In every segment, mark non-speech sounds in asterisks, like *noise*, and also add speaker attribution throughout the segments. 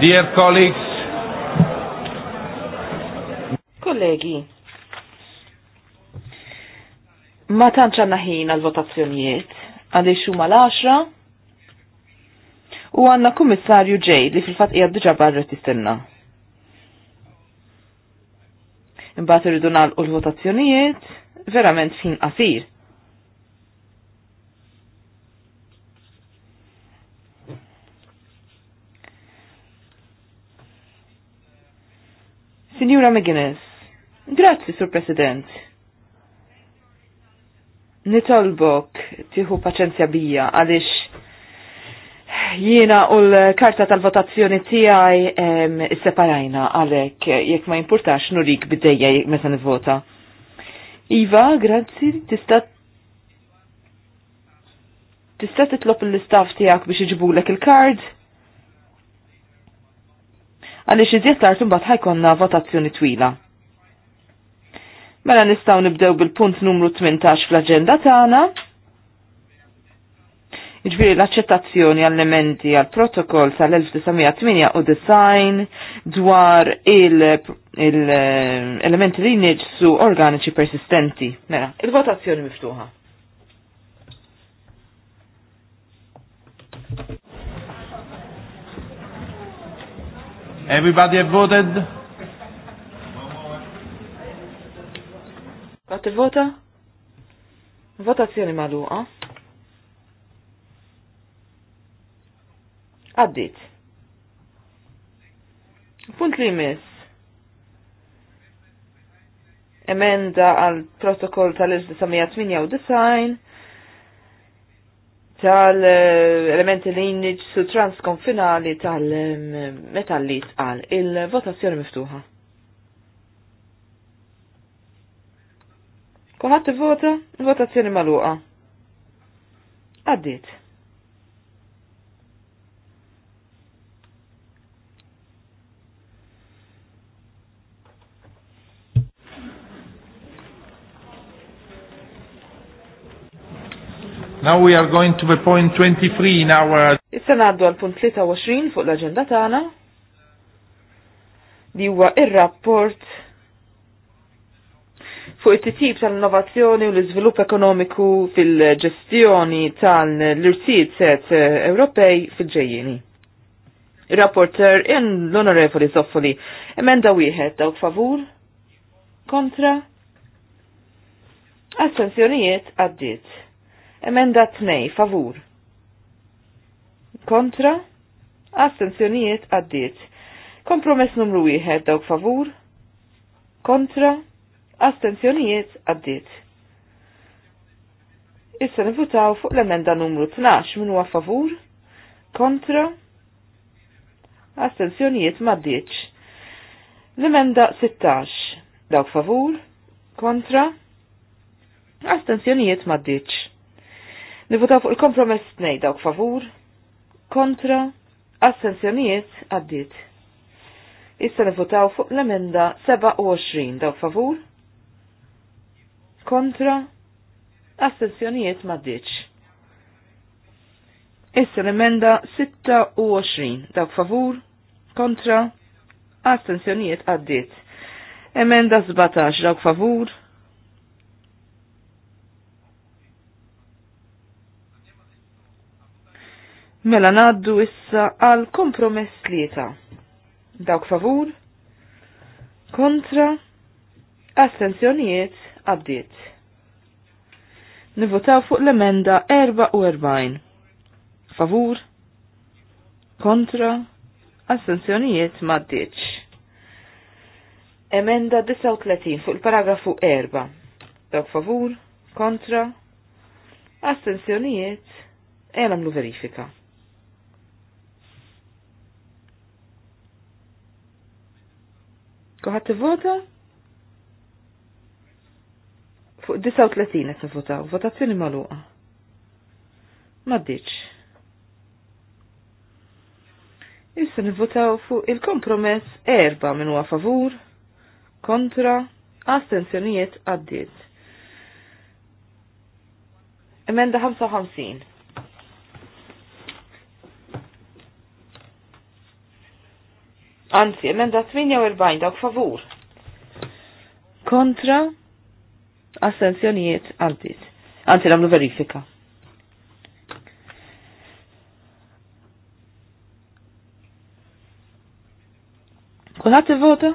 Speaker 1: Dear colleagues.
Speaker 2: Kollegi. Ma tantx għandna ħin għal-votazzjonijiet għaliex huma l-10 u għandna kummissarju ġej li fil-fatt qiegħed diġà barra tistenna. Imbagħad irridu nagħlqu l-votazzjonijiet verament fin qasir. Signora McGuinness, grazzi, Sur President. Nitolbok tiħu paċenzja bija għalix jiena u l-karta tal-votazzjoni tiegħi separajna għalhekk jekk ma jimpurtax nurik bidejja meta nivvota. Iva, grazzi, tista' tista' titlob l-istaff tiegħek biex iġbulek il-kard? għaliex iżjed tard imbagħad ħajkonna votazzjoni twila. Mela nistgħu nibdew bil-punt numru 18 fl-aġenda tagħna. Iġbiri l-accettazzjoni għall emendi għal-protokoll tal-1998 dwar il-elementi il, li su organiċi persistenti. Mela, il-votazzjoni miftuħa.
Speaker 1: Everybody have voted?
Speaker 2: Għati vota? Votazzjoni maluqa. Għaddit. Punt li mis. Emenda għal protokoll tal-1998 tal-elementi li jinniġsu transkonfinali tal-metalli tqal. Il-votazzjoni miftuħa. Kuħat vota, votazzjoni maluqa. Għaddit.
Speaker 1: Now we are going to the point 23 in our...
Speaker 2: Issa naddu għal punt 23 fuq l-agenda tagħna li huwa il rapport fuq it-titib tal-innovazzjoni u l-iżvilupp ekonomiku fil-ġestjoni tal-irsid set eh, Ewropej fil ġejjini il Rapporter in l-onorevoli Soffoli, emenda wieħed daw favur, kontra, astensjonijiet għaddiet. Emenda 2 favur. Kontra? Astenzjonijiet għaddiet. Kompromess numru 1 dawk favur. Kontra? Astenzjonijiet għaddiet. Issa nivutaw fuq l-emenda numru 12 minn huwa favur, kontra, astensjonijiet maddiċ. L-emenda 16 dawk favur, kontra, astensjonijiet maddiċ. Nivutaw fuq il-kompromess tnej dawk favur, kontra, assenzjonijiet għaddit. Issa nivutaw fuq l-emenda 27 dawk favur, kontra, assenzjonijiet maddiċ. Issa l-emenda 26 dawk favur, kontra, astensjonijiet għaddit. Emenda 17 dawk favur, Mela naddu issa għal kompromess ta. Dawk favur, kontra, astenzjonijiet, abdiet. Nivotaw fuq l-emenda 44. Favur, kontra, astenzjonijiet, maddiċ. Emenda 39 fuq il-paragrafu 4. Dawk favur, kontra, astenzjonijiet, elam lu verifika. ħat t-vota? Fuq 39 qed votaw, votazzjoni magħluqa. Maddiċ. Issa nivvotaw fuq il-kompromess erba' minn huwa favur, kontra, astenzjonijiet għaddiet. Emenda 55. Anzi, emenda 48 dawk favur. Kontra astensjonijiet għaddit. Anzi, namlu verifika. Kulħat vota?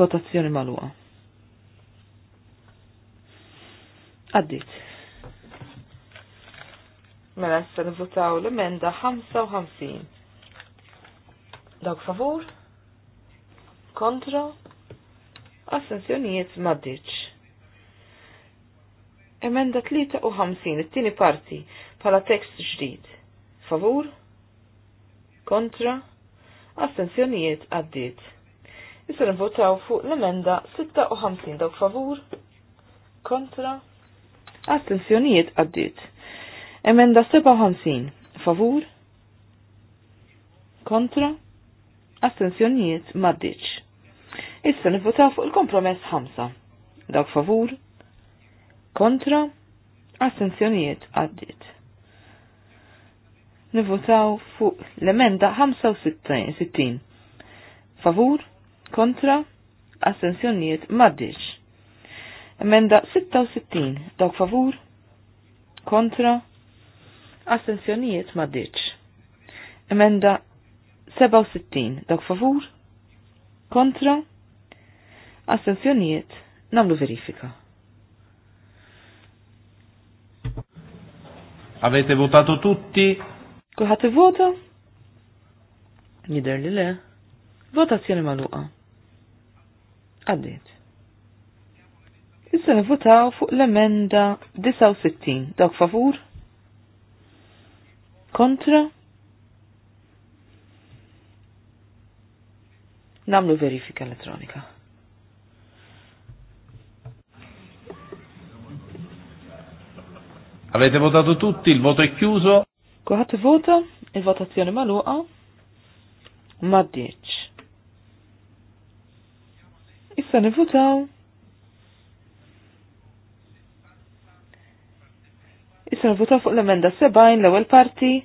Speaker 2: Votazzjoni maluqa. Għaddit. Mela s nivutaw l-emenda 55. Dawk favur? Kontra? Assenzjonijiet maddiċ. Emenda 53, it-tieni parti, pala tekst ġdid. Favur? Kontra? assenzjonijiet għaddit. Issa nivvotaw fuq l-emenda 56 dawk favur? Kontra? assenzjonijiet għaddit. Emenda 57, favur? Kontra? astensjonijiet maddiċ. Issa nivvotaw fuq il-kompromess 5. Dawk favur, kontra, astensjonijiet għaddit. Nivvotaw fuq l-emenda 65. Favur, kontra, astensjonijiet maddiċ. Emenda 66. Dawk favur, kontra, astensjonijiet maddiċ. Emenda 67 dak favur kontra astensjonijiet namlu verifika.
Speaker 1: Avete votato tutti?
Speaker 2: Kulħat vota? Jider li le. Votazzjoni maluqa. Għaddit. Issa nivvotaw fuq l-emenda 69. Dawk favur? Kontra? namlu verifika elettronika.
Speaker 1: Avete votato tutti, il voto è chiuso.
Speaker 2: Kuħat vota, il-votazzjoni maluqa, ma dieċ. Issa nivutaw. Issa nivutaw fuq l-emenda sebajn l-ewel parti,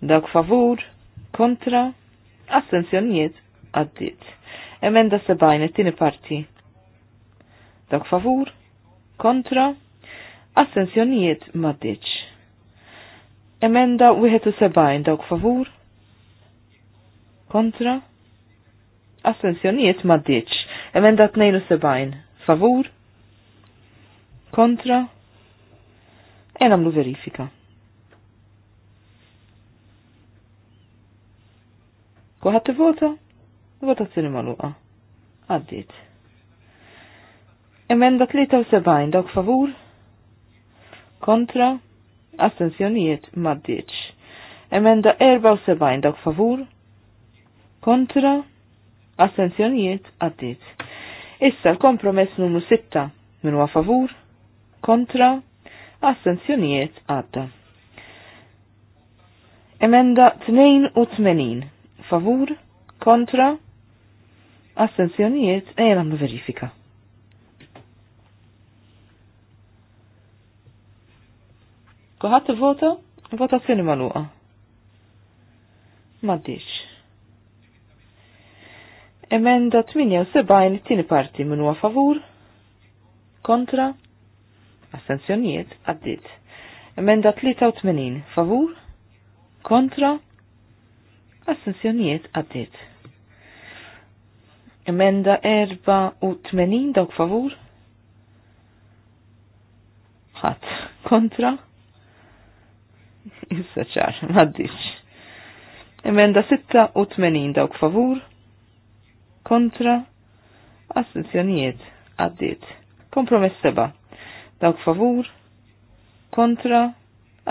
Speaker 2: dak favur, kontra, Astenzjonijiet għaddit. Emenda 70, it tini parti. Dak favur, kontra, assenzjonijiet maddiċ. Emenda 71, dawk favur, kontra, assenzjonijiet maddiċ. Emenda 72, favur, kontra, Enam lu verifika. Kuħat vota? Votazzjoni maluqa. Għaddit. Emenda 73 dawk favur. Kontra. Astenzjonijiet maddiċ. Emenda 74 dawk favur. Kontra. Astenzjonijiet għaddit. Issa l-kompromess numru 6 minu huwa favur. Kontra. Astenzjonijiet għadda. Emenda 82 favur. Kontra Astenzjonijiet, ejja nagħmlu verifika. Kuħat il voto Votazzjoni maluqa. Maddiċ. Emenda 78 it-tieni parti minn huwa favur, kontra, assenzjonijiet għaddit. Emenda 83 favur, kontra, assenzjonijiet għaddit. Emenda erba' tmenin dawk favur. Ħadd kontra. *laughs* Issa ċar, m'għaddix. Emenda sitta' u tmenin dawk favur. Kontra. assenzjonijiet għaddit. Kompromess seba. Dawk favur. Kontra.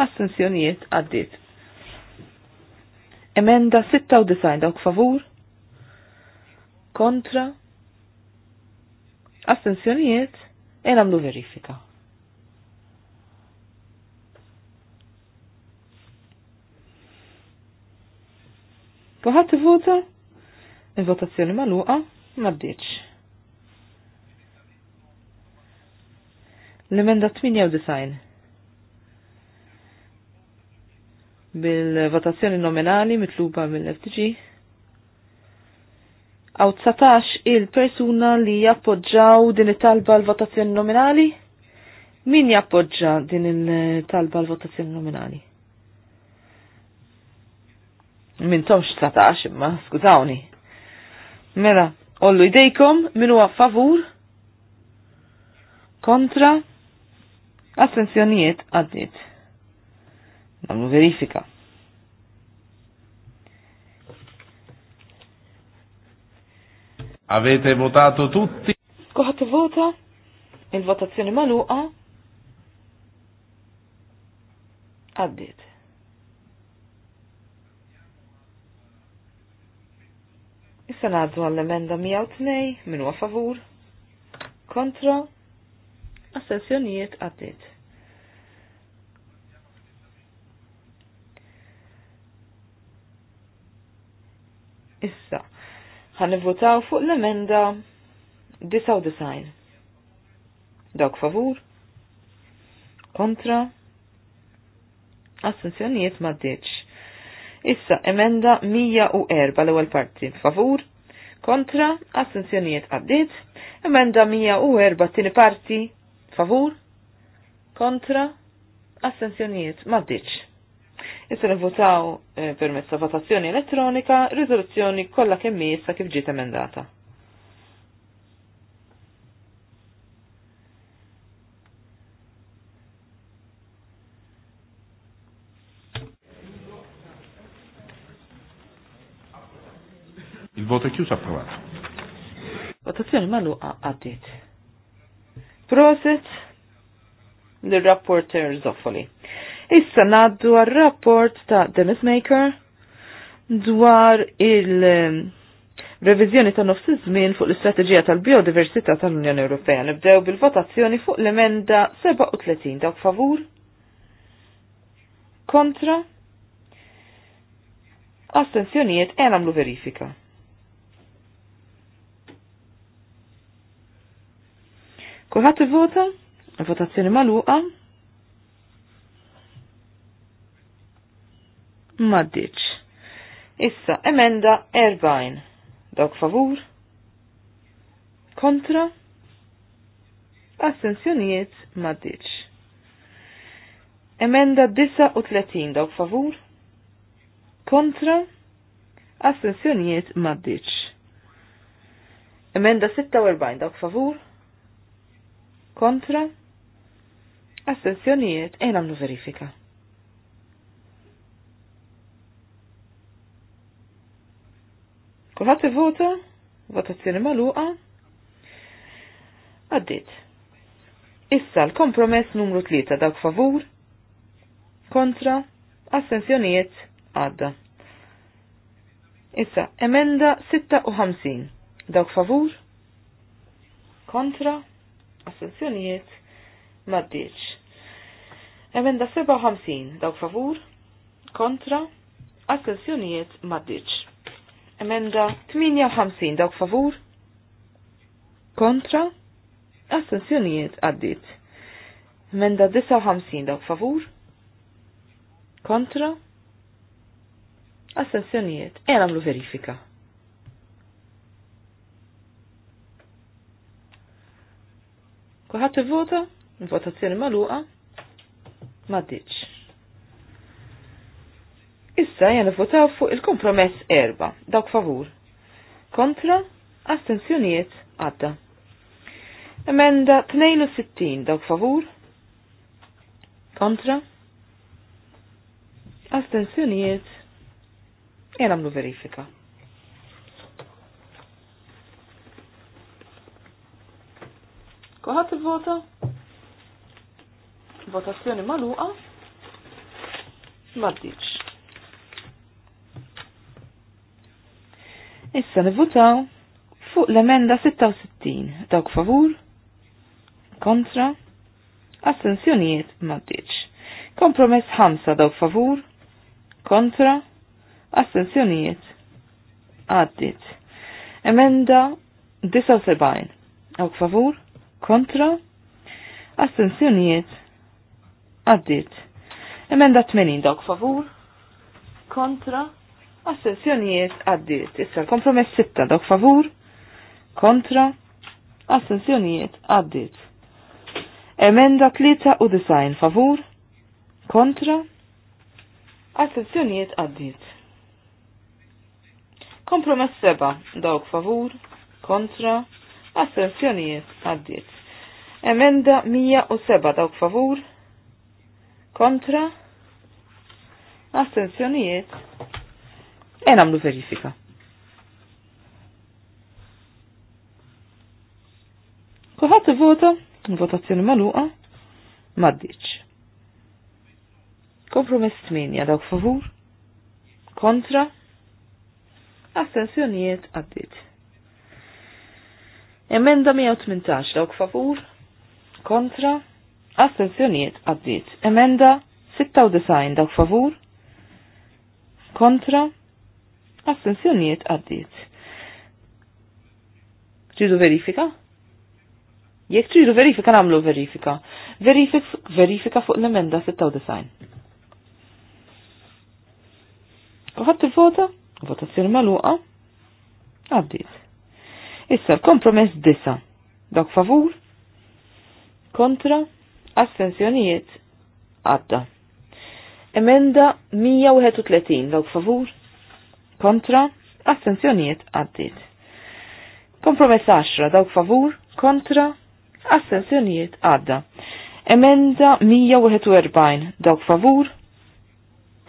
Speaker 2: assenzjonijiet għaddit. Emenda 96 dawk favur kontra, astensjonijiet, e namlu verifika. Kuħat vota? Il-votazzjoni maluqa ma bdiċ. L-emenda 98. Bil-votazzjoni nominali mitluba mill-FTG għaw 19 il-persuna li jappoġġaw din it-talba l-votazzjoni nominali? Min jappoġġa din il-talba l-votazzjoni nominali? Min tomx 19 imma, skużawni. Mela, ollu idejkom, min huwa favur? Kontra? Assenzjonijiet għaddit. Namlu verifika.
Speaker 1: Avete votato tutti?
Speaker 2: Kuħat vota? Il-votazzjoni maluqa? Għaddit. Issa naddu għall-emenda 102 minn huwa favur. Kontra? Astenzjonijiet għaddit. Issa, ħanivvotaw fuq l-emenda 99. Dawk favur? Kontra? Assenzjonijiet ma Issa emenda 104 l-ewwel parti. Favur? Kontra? Assenzjonijiet għaddit. Emenda 104 t-tini parti. Favur? Kontra? Assenzjonijiet ma Issa nivvotaw eh, permezz ta' votazzjoni elettronika rizoluzzjoni kollha kemm issa kif ġiet emendata. Il voto è chiuso approvato. Votazione maluqa għaddit. Proset the rapporter Zoffoli. Issa naddu għal-rapport ta' Dennis Maker dwar il- ehm, Revizjoni ta' nofs iż-żmien fuq l-istrateġija tal-biodiversità tal-Unjoni Ewropea nibdew bil-votazzjoni fuq l-emenda 37 dawk favur. Kontra. astensjonijiet e nagħmlu verifika. Kulħadd ivota? Votazzjoni magħluqa? Maddiċ. Issa, emenda 40. Dawk favur? Kontra? Assenzjoniet maddiċ. Emenda 39 dawk favur? Kontra? Assenzjoniet maddiċ. Emenda 46 dawk favur? Kontra? Assenzjoniet ejna verifika. verifika. Kulħadd vota, votazzjoni magħluqa. Għaddit. Issa l-kompromess numru 3 dawk favur, kontra, assenzjonijiet għadda. Issa, emenda 56. Dawk favur? Kontra? Assenzjonijiet? Maddiċ. Emenda 57. Dawk favur? Kontra? Assenzjonijiet? Maddiċ. Emenda 58 dawk favur. Kontra. Assenzjonijiet għaddit. Emenda 59 dawk favur. Kontra. Assenzjonijiet. E namlu verifika. Kuħat vota votazzjoni maluqa, ma Issa jena votaw fuq il-kompromess erba, dawk favur. Kontra, astensjonijiet, għadda. Emenda 62, dawk favur. Kontra, astensjonijiet, jena mlu verifika. Kuħat il-vota? Votazzjoni maluqa? Maddiċ. Issa nivvutaw fuq l-emenda 66 dawk favur, kontra, assenzjonijiet maddiċ. Kompromess 5 dawk favur, kontra, assenzjonijiet għaddit. Emenda 79 dawk favur, kontra, assenzjonijiet għaddit. Emenda 80 dawk favur, kontra, Assenzjonijiet għaddiet. Issa l-kompromess sitta dok favur, kontra, assenzjonijiet għaddiet. Emenda tlita u design favur, kontra, assenzjonijiet għaddiet. Kompromess seba dawk favur, kontra, assenzjonijiet għaddiet. Emenda 107 dawk favur, kontra, assenzjonijiet e namlu verifika. Kuħat vota, votazzjoni maluqa, maddiċ. Kompromess 8 dawk favur, kontra, astensjonijiet għaddit. Emenda 118 dawk favur, kontra, astensjonijiet għaddit. Emenda 96 dawk favur, kontra, astensjonijiet għaddiet. Tridu verifika? Jekk tridu verifika namlu verifika. Verifik, verifika fuq l-emenda 96. Uħat il-vota? Vota sir maluqa? Għaddit. Issa l-kompromess disa. Dok favur? Kontra? assenzjonijiet Għadda. Emenda 131. Dawk favur? kontra, astenzjonijiet għaddit. Kompromess 10 dawk favur, kontra, astenzjonijiet għadda. Emenda 141 dawk favur,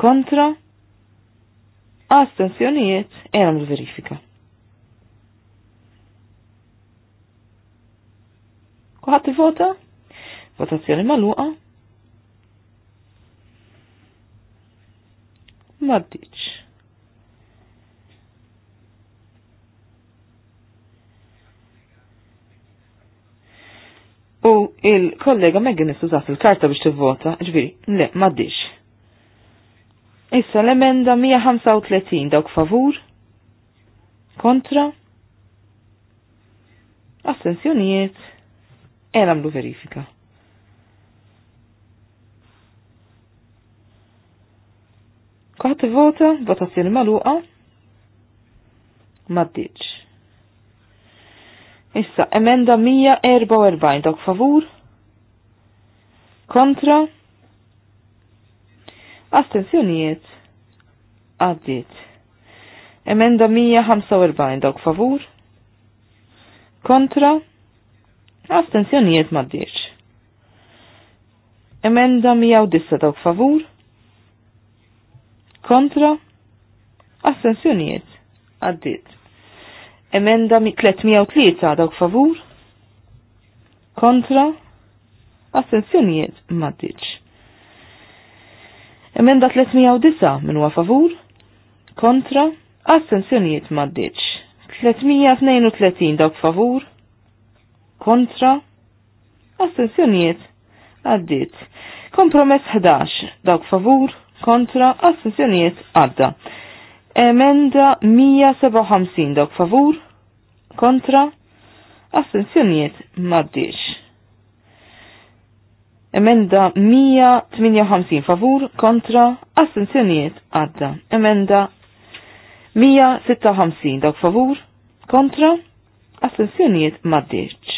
Speaker 2: kontra, astenzjonijiet l verifika. Kuħat vota? Votazzjoni maluqa? Maddit. U il-kollega Megan użat il-karta biex tivvota, ġviri, le, maddix. Issa l-emenda 135 dawk favur, kontra, assenzjonijiet, e namlu verifika. Kħat vota, votazzjoni maluqa, maddiċ. Issa, emenda 144, dok favur? Kontra? Astenzjonijiet? Addit. Emenda 145, dok favur? Kontra? Astenzjonijiet maddiċ. Emenda 109, dok favur? Kontra? Astenzjonijiet? Addit. Emenda 303 dawk favur. Kontra. Assenzjonijiet maddiċ. Emenda 309 minn huwa favur. Kontra. Assenzjonijiet maddiċ. 332 dawk favur. Kontra. Assenzjonijiet għaddit. Kompromess 11 dawk favur. Kontra. Assenzjonijiet għadda. Emenda 157 dawk favur kontra, astensjonijiet maddix. Emenda 158 favur kontra, astensjonijiet għadda. Emenda 156 dak favur kontra, astensjonijiet maddiċ.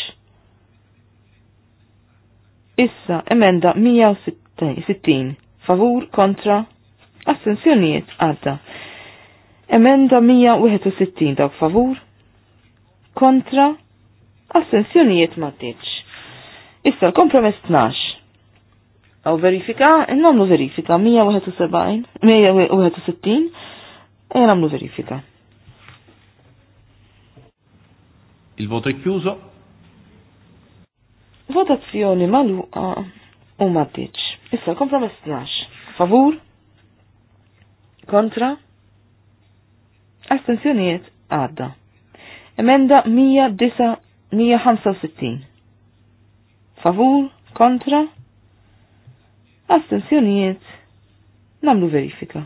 Speaker 2: Issa emenda 160 favur kontra, astensjonijiet għadda. Emenda 161 dak favur kontra assenzjonijiet ma Issa l-kompromess 12. Aw verifika, namlu verifika, 171, 161, e namlu verifika.
Speaker 1: Il voto è chiuso.
Speaker 2: Votazzjoni maluqa u ma Issa l-kompromess 12. Favur? Kontra? Astenzjonijiet għadda. Emenda 165. Favur, kontra, astensjonijiet, namlu verifika.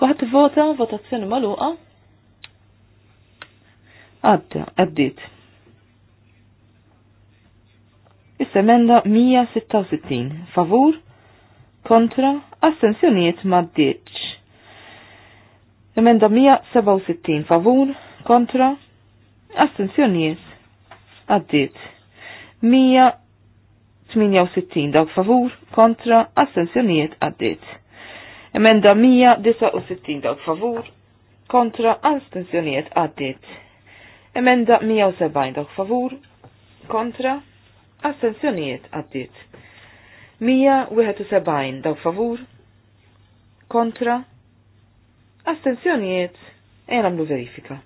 Speaker 3: Kuħat vota, votazzjoni maluqa.
Speaker 2: Għadda, għaddit. Issa emenda 166. Favur, kontra, astensjonijiet maddiċ. Emenda 167 favur kontra astenzjonijiet għaddit. 168 dawk favur kontra astenzjonijiet għaddit. Emenda 169 dawk favur kontra astenzjonijiet għaddit. Emenda 170 dawk favur kontra astenzjonijiet għaddit. 171 dawk favur kontra Astenzjonijiet, e namlu verifika.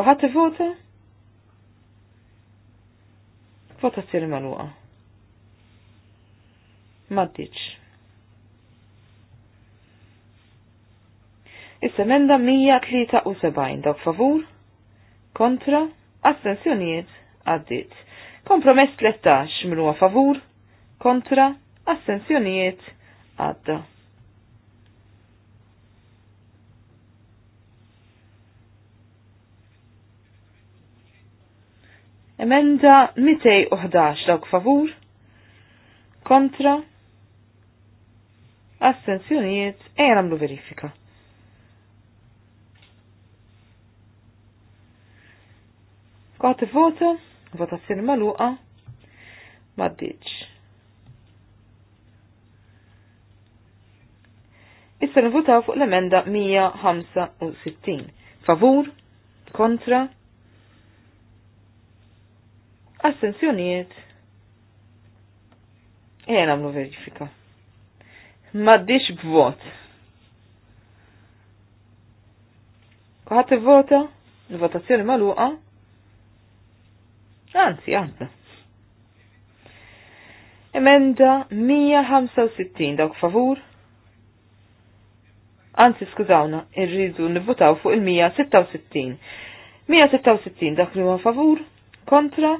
Speaker 2: Kuħat vota? t-sir maluqa. Maddiċ. Is-semenda 173 dawk favur, kontra, astensjonijiet, għaddit. Kompromess 13 mluwa favur, kontra, assenzjonijiet għadda. Emenda 211 dawk favur, kontra, assenzjonijiet, ejja għamlu verifika. Kati vota, votazzjoni maluqa, maddiċ. Issa nivutaw fuq l-emenda 165. Favur, kontra, assenzjoniet. Ejja għamlu verifika. Maddix b'vot. Għat vota l-votazzjoni maluqa. Anzi, għadda. Emenda 165 dawk favur, Anzi, skużawna, irridu nivvotaw fuq il-166. 166 dak li huwa favur, kontra,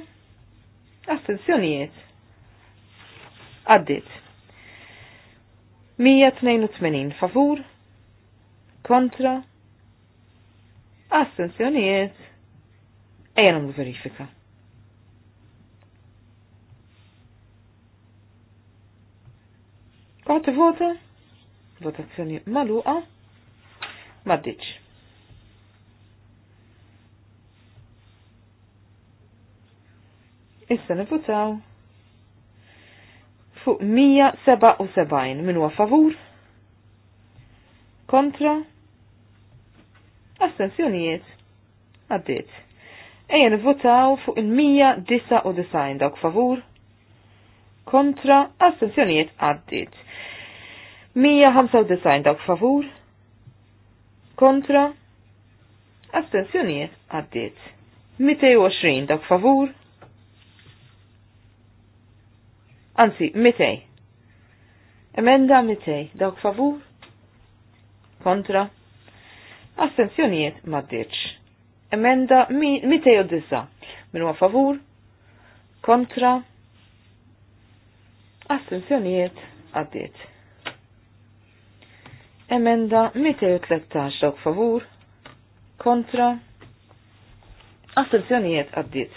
Speaker 2: astenzjonijiet. Għaddit. 182 favur, kontra, astenzjonijiet, Ejja nagħmlu verifika. Għat vota? Votazzjoni maluqa? Maddiċ. Issa nifutaw fuq 177 minn huwa favur kontra astensjonijiet għaddit. Ejja nivvotaw fuq il-199 dawk favur kontra astensjonijiet għaddit. 195 dawk favur kontra, astensjoniet għaddit. 220 dak favur, anzi, 200. Emenda 200 dak favur, kontra, astensjoniet maddiċ. Emenda 209 minn huwa favur, kontra, astensjoniet għaddit. Emenda 213 dawk favur, kontra, astenzjonijiet għaddit.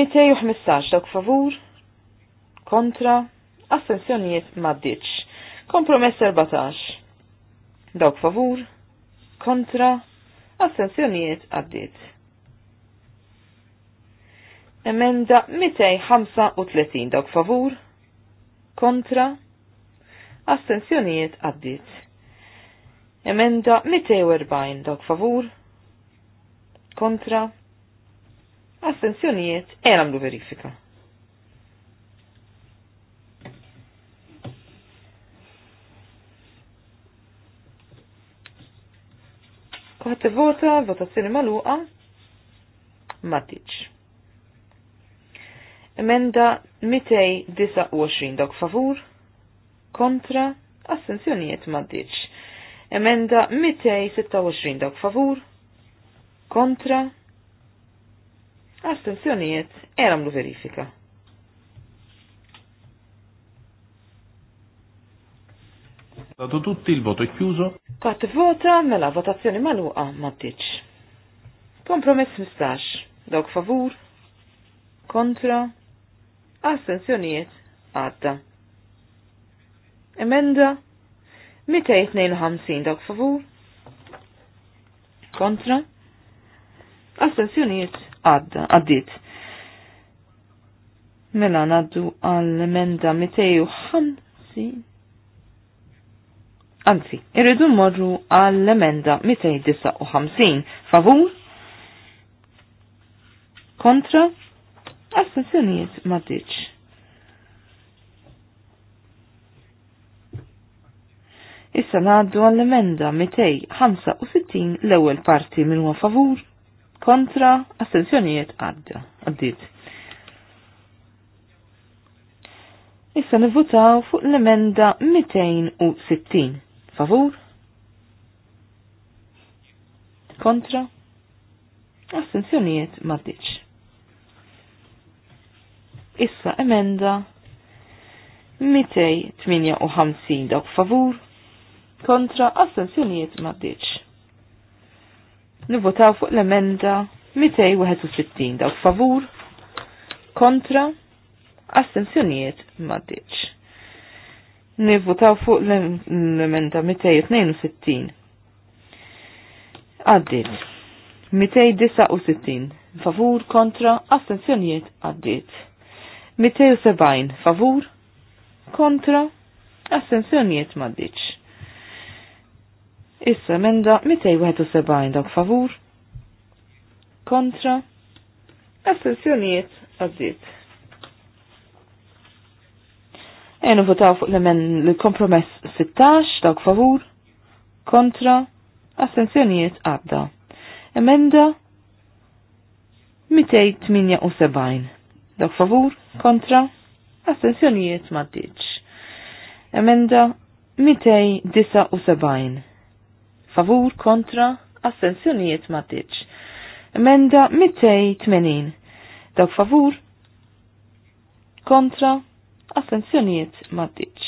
Speaker 2: 215 dawk favur, kontra, astenzjonijiet maddiċ. Kompromess 14. Dawk favur, kontra, astenzjonijiet għaddit. Emenda 235 dawk favur, kontra, astenzjonijiet għaddit. Emenda 240 dok favur. Kontra. Astenzjonijiet eram du verifika. Kuħat vota, votazzjoni maluqa, matiċ. Emenda 229 dok favur, kontra, astenzjonijiet matiċ. Emenda 226 dawk favur, kontra, astenzjonijiet, eramlu verifika.
Speaker 1: Dato tutti il voto è chiuso.
Speaker 2: Kat vota mela votazzjoni maluqa mattiċ. Kompromess mistax. Dawk favur, kontra, astenzjonijiet, għadda. Emenda 252 dak favur kontra Astensjoniet għadda għaddit mela naddu għall-emenda 250 Anzi, irridu morru għall-emenda 259 favur kontra Astensjoniet maddiċ. Issa naddu għall-emenda 265 l-ewwel parti minn huwa favur kontra astensjonijiet għadda għaddiet. Issa nivvutaw fuq l-emenda 260 favur kontra astensjonijiet maddiċ. Issa emenda 258 dawk favur kontra assenzjonijiet ma bdiċ. Nivvotaw fuq l-emenda 261 daw favur kontra assenzjonijiet ma bdiċ. Nivvotaw fuq l-emenda 262 għaddit. 269 favur kontra astensjonijiet għaddit. 270 favur kontra assenzjonijiet ma bdiċ. Issa emenda 271 dak favur kontra astensjonijiet għaddit. Enu votaw fuq l-emen l-kompromess 16 dak favur kontra astensjonijiet għadda. Emenda 278 dak favur kontra astensjonijiet maddiċ. Emenda 279 favur kontra assenzjonijiet ma tiċ. Emenda 280 dawk favur kontra assenzjonijiet matiċ. tiċ.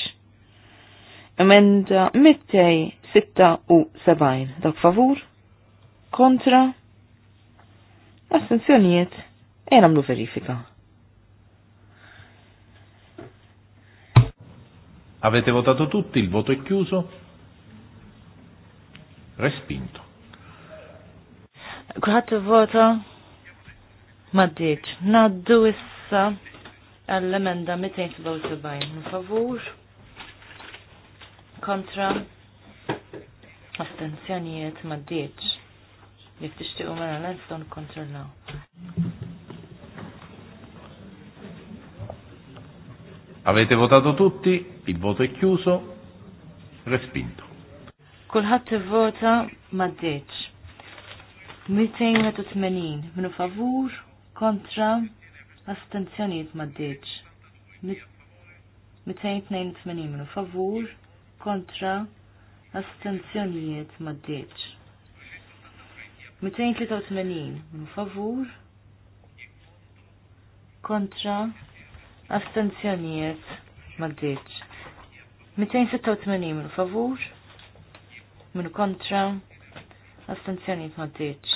Speaker 2: Emenda 276 dawk favur kontra assenzjonijiet e namlu verifika.
Speaker 1: Avete votato tutti, il voto è chiuso. Respinto.
Speaker 4: Kulħadd vota maddiċ. Naddu issa għall-emenda 277 favur kontra astenzjonijiet maddiċ. Jek u mela l-enston kontrollaw.
Speaker 1: Avete votato tutti, il voto è chiuso, respinto.
Speaker 4: Kulħadd ivvota m'għaddiċ. 280 minu favur kontra astenzjonijiet m'għaddiċ. 282 minu favur kontra astenzjonijiet m'għaddiċ. 283 minu favur kontra astenzjonijiet m'għaddiċ. 286 minu favur minu kontra astenzjoniet t ddiċ.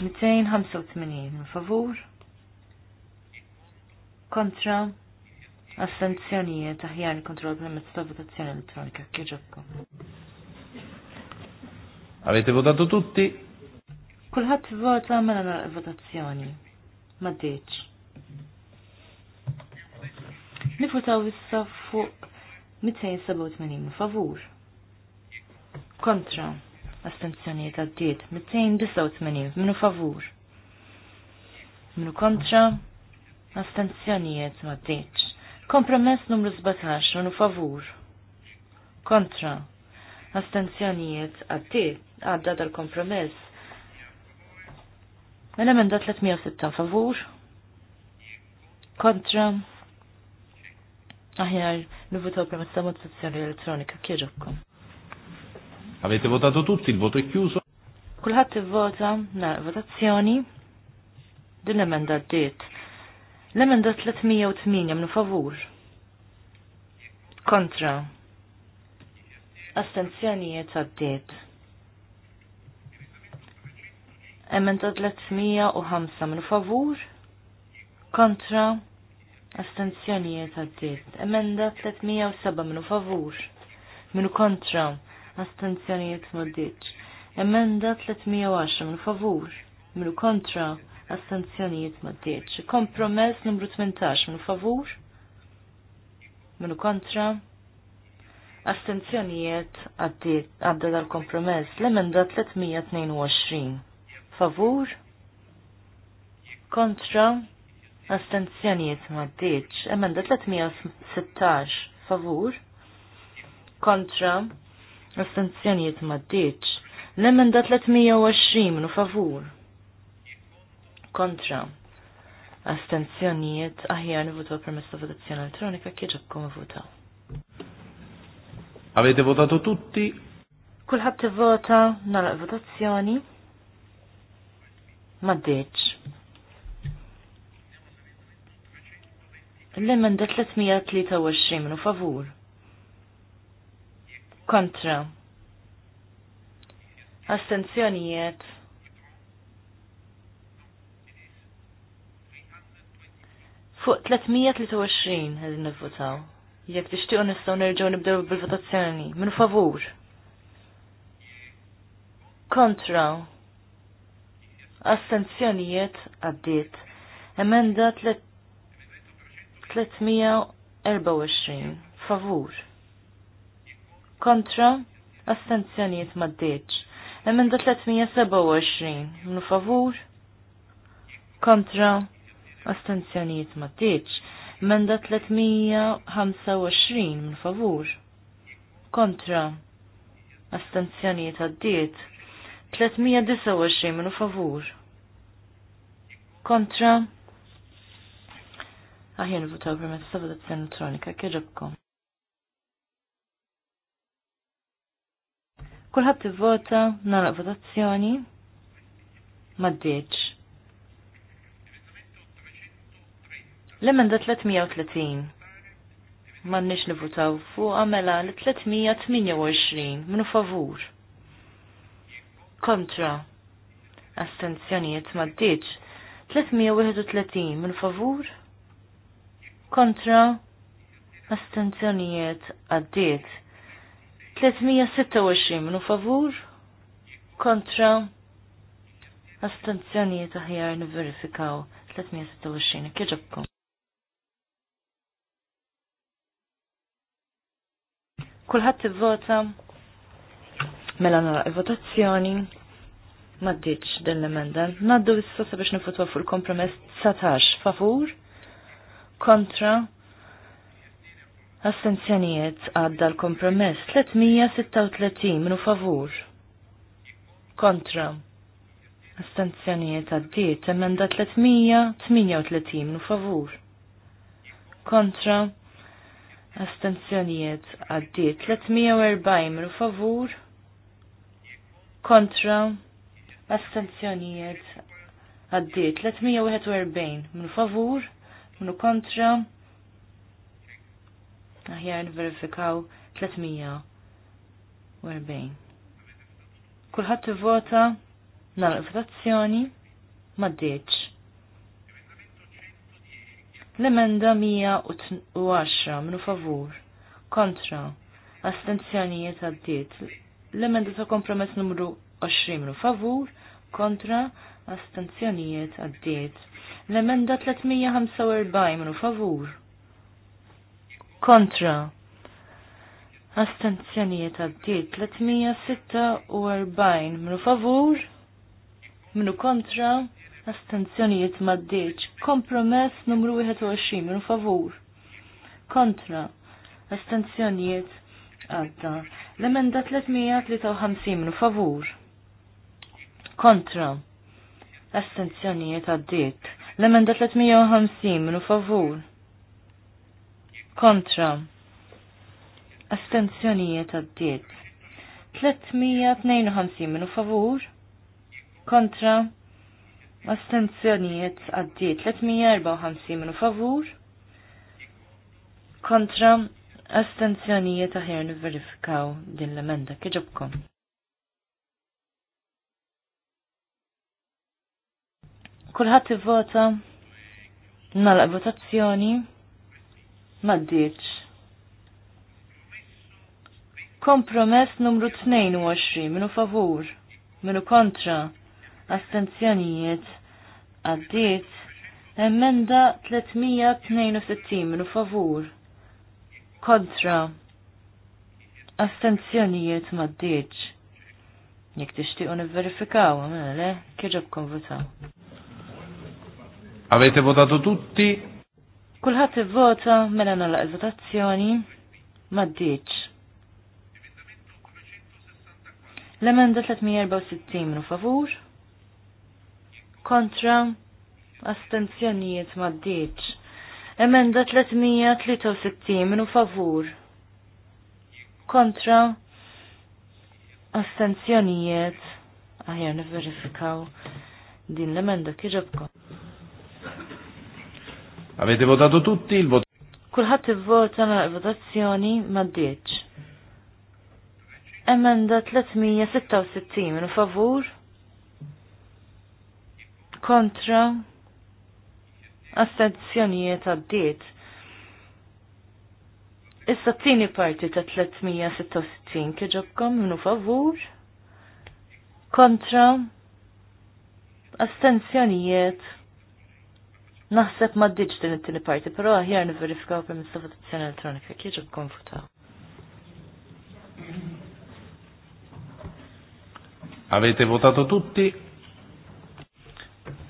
Speaker 4: 285 minu favur kontra astenzjoniet aħjar kontrol permezz ta' votazzjoni elettronika.
Speaker 5: Kieġobko.
Speaker 1: Avete votato tutti?
Speaker 4: Kulħadd vota mela nara votazzjoni. Ma Nifutaw issa fuq 287 favur kontra astenzjoniet għaddiet 289 minu favur minu kontra astenzjoniet ma kompromess numru 17 minu favur kontra astenzjoniet għaddiet għadda dal-kompromess L-emenda 306 favur kontra aħjar nivuta permezz ta' mozzjoni elettronika kieġobkom.
Speaker 1: Avete votato tutti, il voto è chiuso.
Speaker 4: Kulħadd ivvota na mela votazzjoni din l-emenda ddiet. L-emenda 308 minn favur. Kontra. Astenzjonijiet għaddiet. Emenda 305 minn favur. Kontra. Astenzjonijiet għaddiet. Emenda 307 minn favur. Minn kontra astenzjonijiet maddiċ. Emenda 310 minn favur minn kontra astenzjonijiet maddiċ. Kompromess numru 18 minn favur minn kontra astenzjonijiet għadda dal-kompromess l-emenda 322. Favur? Kontra? Astenzjonijiet maddiċ. Emenda 316. Favur? Kontra? Astenzjonijiet maddiċ. L-emenda 320 minu favur. Kontra. Astenzjonijiet aħjar nivutaw permess ta' votazzjoni elettronika kieġab kum votaw.
Speaker 1: Avete votato tutti?
Speaker 4: Kulħadd tivvota nara votazzjoni. Maddiċ. L-emenda 323 minu favur kontra astenzjonijiet fuq 323 għedin nivvotaw. Jek tixtiqu nistgħu nerġgħu nibdew bil-votazzjoni. Min favur. Kontra. Astenzjonijiet għaddit. Emenda 324. Favur kontra astenzjoniet maddeċ. Emenda 327, minu favur, kontra astenzjoniet maddeċ. Emenda 325, minu favur, kontra astenzjoniet għaddiet. 329, minu favur, kontra Aħjen votaw permezz ta' votazzjoni elettronika, kieġobkom. Kulħadd vota nara votazzjoni maddeċ. L-emenda 330 m'għandniex nivotaw fuq għamela li 328 minu favur. Kontra. Astenzjonijiet maddeċ, 331 minu favur. Kontra. Astenzjonijiet għaddiet. 326 minu favur kontra astanzjonijiet aħjar niverifikaw 326 kieġobkom. Kulħadd ivvota mela nara votazzjoni maddiċ din l-emenda. Naddu issa biex nifutwa fuq il-kompromess 19 favur kontra Astenzjonijiet għadda l-kompromess 336 minu favur. Kontra. Astenzjonijiet għaddiet emenda 338 minu favur. Kontra. Astenzjonijiet għaddiet 340 minu favur. Kontra. Astenzjonijiet għaddiet 341 minu favur. Minu kontra aħjar nverifikaw 340. Kulħadd ivvota nagħlaq votazzjoni m'għaddiex. L-emenda 110 minu favur, kontra, astenzjonijiet għaddiet. L-emenda ta' kompromess numru 20 minu favur, kontra, astenzjonijiet għaddiet. L-emenda 345 minu favur, kontra. Astenzjonijiet għaddit 346 minu favur, minu kontra, astenzjonijiet maddiċ. Kompromess numru 21 minu favur, kontra, astenzjonijiet għadda. L-emenda 353 minu favur, kontra, astenzjonijiet għaddit. L-emenda 350 minu favur, kontra astenzjonijiet għaddiet. 352 minu favur kontra astenzjonijiet għaddiet. 354 minu favur kontra astenzjonijiet aħjar nivverifikaw din l-emenda. Kieġobkom. Kulħat vota nalaq votazzjoni maddiċ. Kompromess numru 22, minu favur, minu kontra, astenzjonijiet, għaddiet, emenda 362, minu favur, kontra, astenzjonijiet maddiċ. Jek tixtiqu nivverifikaw, għamela le, kieġab konvotaw.
Speaker 1: Avete votato tutti?
Speaker 4: Kulħadd ivvota mela nagħlaq il-votazzjoni m'għaddiċ. L-emenda 364 minu favur, kontra astenzjonijiet m'għaddiċ. Emenda 363 minu favur, kontra astenzjonijiet aħjar verifikaw din l-emenda kieġabkom.
Speaker 1: Avete votato tutti il voto?
Speaker 4: Kulħadd ivvota mal mela votazzjoni ma ddiċ. Emenda 366 minu favur kontra astenzjonijiet għaddiet. Issa t-tini parti ta' 366 keġobkom minu favur kontra astenzjonijiet Naħseb ma d-dġ din it-tieni parti, però aħjar niverifikaw permezz ta' votazzjoni elettronika kif ġib konfuta.
Speaker 1: Avete votato tutti?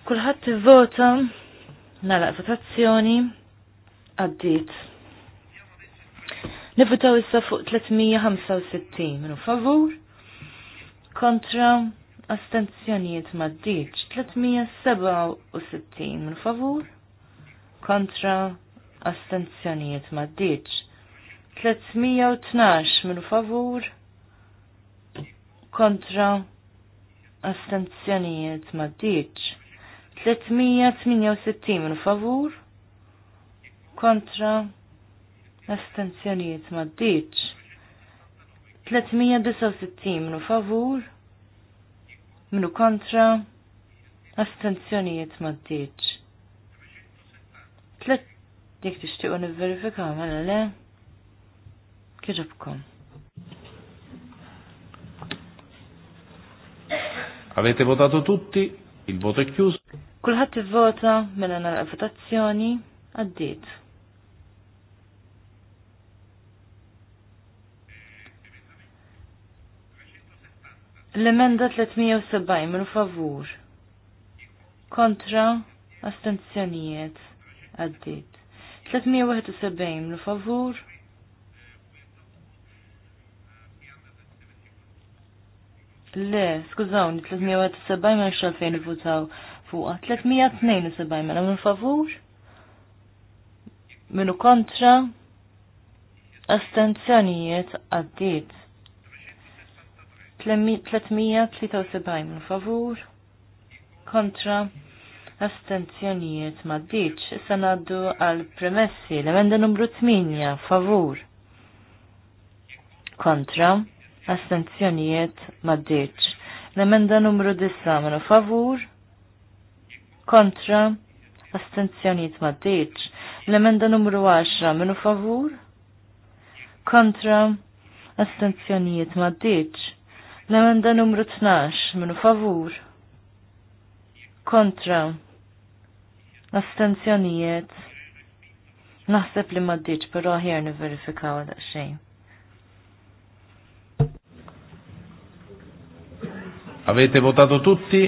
Speaker 4: Kulħadd ivvota nala votazzjoni għaddiet. Nivvotaw issa fuq 365 minu favur kontra astenzjonijiet maddiċ 367 minn favur kontra astenzjonijiet ma ddiċ. 312 minu favur kontra astenzjonijiet ma ddiċ. 368 minu favur kontra astenzjonijiet ma ddiċ. 369 minu favur minu kontra astenzjonijiet ma ddiċ. Tlet jek tixtiqu nivverifikaw mela le. Kieġobkom.
Speaker 1: Avete votato tutti? Il voto è chiuso.
Speaker 4: Kulħadd ivvota mela nara votazzjoni għaddiet. L-emenda 370 minn favur. Kontra astenzjonijiet għaddit. 371 l favur Le, skużawni, 371 ma nxal fejn votaw fuqa. 372 ma minn favur? Minu kontra? Astenzjonijiet għaddit. 373 minn favur? Kontra? astenzjonijiet maddiċ. Issa sanaddu għal premessi l-emenda numru 8 favur kontra astenzjonijiet maddiċ. L-emenda numru 10 minu favur kontra astenzjonijiet maddiċ. L-emenda numru 10 minu favur kontra astenzjonijiet maddiċ. L-emenda numru 12 minu favur kontra astenzjonijiet naħseb li maddiċ pero ħjar niverifikaw għada xejn.
Speaker 1: Avete votato tutti?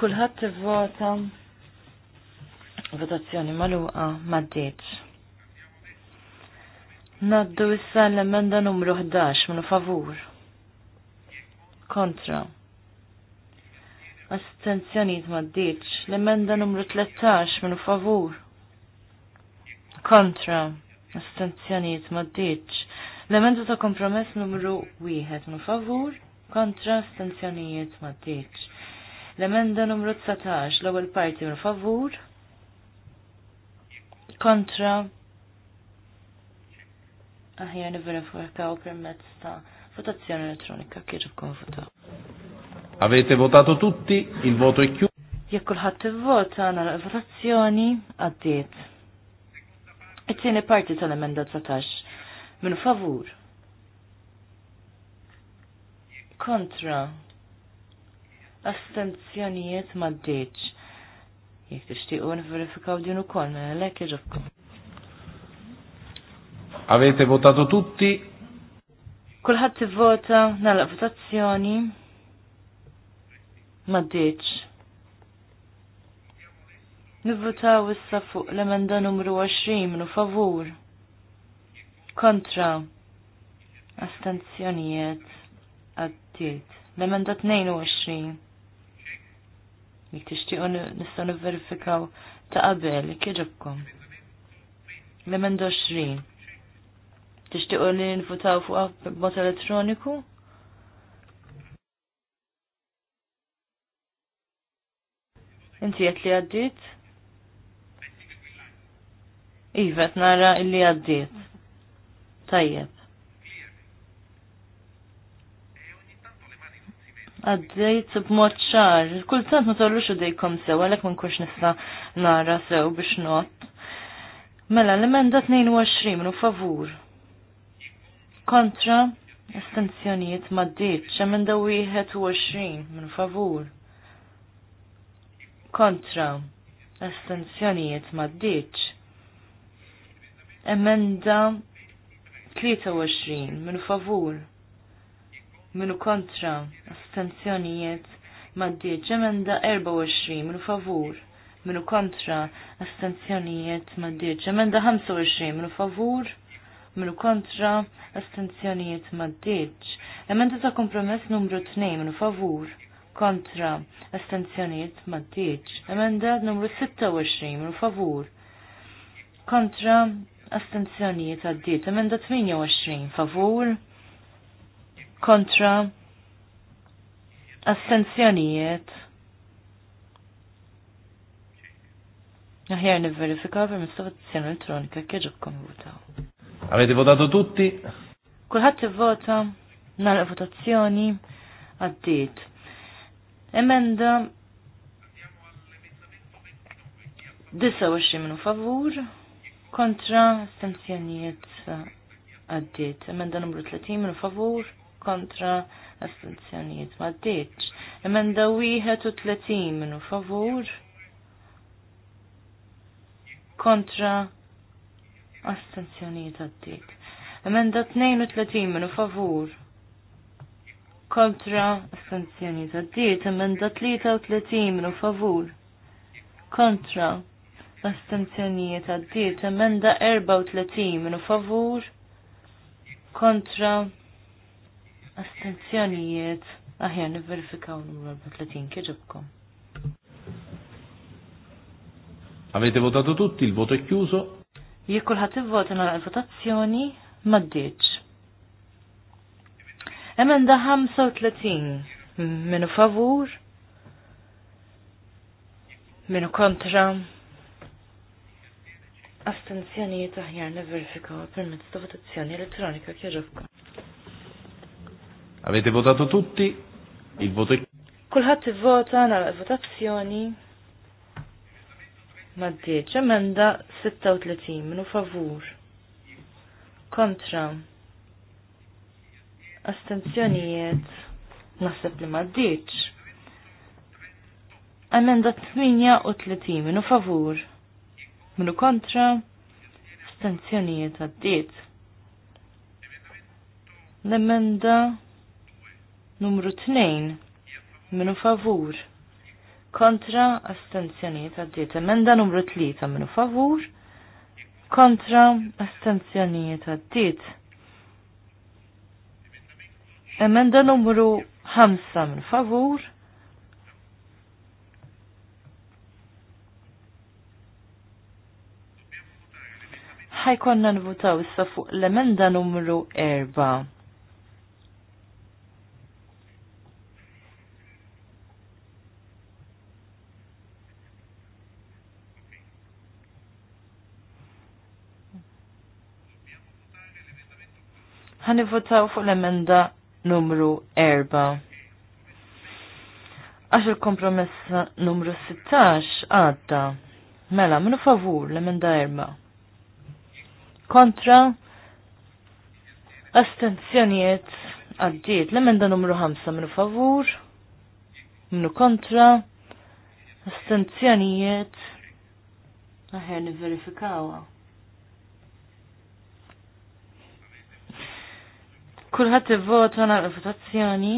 Speaker 4: Kulħadd ivvota votazzjoni maluqa maddiċ. Naddu issa l-emenda numru 11 minu favur. Kontra. Astenzjoniet d ddiċ. L-emenda numru 13 minu favur. Kontra. Astenzjoniet d ddiċ. L-emenda ta' kompromess numru 1 minu favur. Kontra. Astenzjoniet d ddiċ. L-emenda numru 19 l-ewwel parti minu favur. Kontra. Aħjar niverifikaw permezz ta' votazzjoni elettronika kieġu ikun votaw.
Speaker 1: Avete votato tutti, il voto è chiuso.
Speaker 4: Jekk kulħadd ivvota nara votazzjoni għaddiet. It-tieni parti tal-emenda 19 minn favur. Kontra. Astenzjonijiet ma' Jekk tixtiequ tixtiqu nifverifikaw din ukoll minn mela hekk
Speaker 1: Avete votato tutti?
Speaker 4: Kulħadd ivvota nara votazzjoni maddiċ. Nivvotaw issa fuq l-emenda numru 20 minu favur. Kontra. Astenzjonijiet. Għaddiet. L-emenda 22. Jek tixtiqu nistgħu nivverifikaw ta' qabel, kieġobkom. L-emenda 20. Tixtiqu li nivvutaw fuq bot elettroniku? Inti jett li għaddiet? Iva nara illi għaddiet. Tajjeb. Għaddejt b'mod ċar. Kultant ma tollux dejkom sew, għalhekk ma nkux nista' nara sew biex not. Mela l-emenda 22 minu favur. Kontra estensjonijiet ma ddiċ, emenda 21 minu favur kontra astenzjonijiet maddiċ. Emenda 23 minu favur minu kontra astenzjonijiet maddiċ. Emenda 24 minu favur minu kontra astenzjonijiet maddiċ. Emenda 25 minu favur minu kontra astenzjonijiet maddiċ. Emenda ta' kompromess numru 2 minu favur kontra astenzjoniet maddiċ. Emenda numru 26 minn favur kontra astenzjoniet għaddiet. Emenda 28 favur kontra astenzjoniet. Aħjar niverifika per mistoqsija elettronika kieġu konvutaw.
Speaker 1: Avete votato tutti?
Speaker 4: Kulħadd ivvota nara votazzjoni għaddiet. Emenda 29 minu favur kontra astenzjonijiet għaddiet. Emenda numru 30 minu favur kontra astenzjonijiet ma għaddiet. Emenda 31 minu favur kontra astenzjonijiet għaddiet. Emenda 32 minu favur kontra astenzjoni taddiet, emenda 33 minu favur kontra astenzjoni taddiet, emenda 34 minu favur kontra astenzjonijiet aħjar niverifikaw numru 34 kieġibkom.
Speaker 1: Avete votato tutti, il voto è
Speaker 4: chiuso. Jekk kulħadd ivvota nara l-votazzjoni, ma Emenda 35. Minu favur? Minu kontra? Astenzjonijiet aħjar neverifikaw permezz ta' votazzjoni elettronika kjerrufka.
Speaker 1: Avete votato tutti? Il voto è...
Speaker 4: Kulħadd ivvota nara votazzjoni Maddieċ, emenda 36 minu favur. Kontra astenzjonijiet naħseb li ma ddiċ. Emenda 38 minu favur, minu kontra, astenzjonijiet għaddiet. L-emenda numru 2 minu favur, kontra astenzjonijiet għaddiet. Emenda numru 3 minu favur, kontra astenzjonijiet għaddiet Emenda numru 5 min favur. ħajkonna nvutaw issa fuq l-emenda numru 4. ħanivvotaw fuq l-emenda 4 numru 4. Għax il-kompromess numru 16 għadda. Mela, minu favur l-emenda erba. Kontra astenzjoniet għaddiet l-emenda numru 5 minu favur, minu kontra astenzjoniet. Aħer niverifikawa. verifikawa Kulħadd ivvota nagħmel votazzjoni.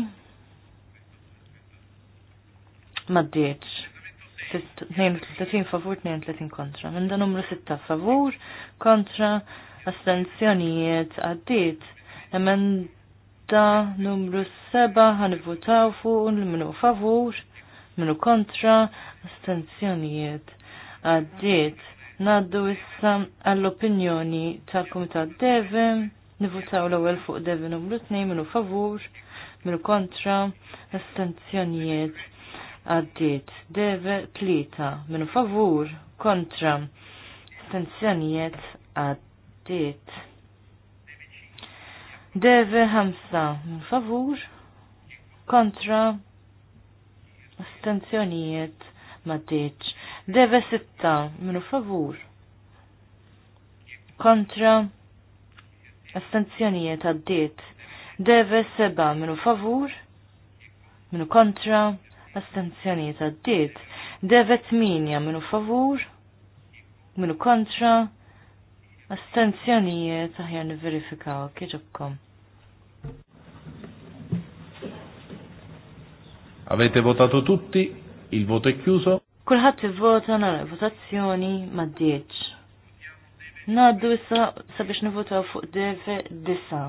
Speaker 4: Ma ddietx. 32 favur, 32 kontra. Minda numru 6 favur, kontra, astenzjonijiet għaddiet. Emenda numru 7 votaw fuq minu favur, minu kontra, astenzjonijiet għaddit. Naddu issa għall-opinjoni tal-Kumitat Devem Nivutaw l-ewwel fuq devi numru 2 minu favur, minu kontra, astenzjonijiet għaddit, Deve 3 minu favur, kontra, astenzjonijiet għaddit. Deve ħamsa minu favur, kontra, astenzjonijiet maddiċ. Deve sitta, minu favur, kontra, Astenzjonijiet għaddiet. Deve seba minu favur, minu kontra, astenzjonijiet għaddiet. Deve tminja minu favur, minu kontra, astenzjonijiet aħjar niverifikaw kieġobkom.
Speaker 1: Avete votato tutti? Il voto è chiuso?
Speaker 4: Kulħadd ivvota nara votazzjoni ma' 10. Naddu issa sabiex nivutaw fuq deve disa.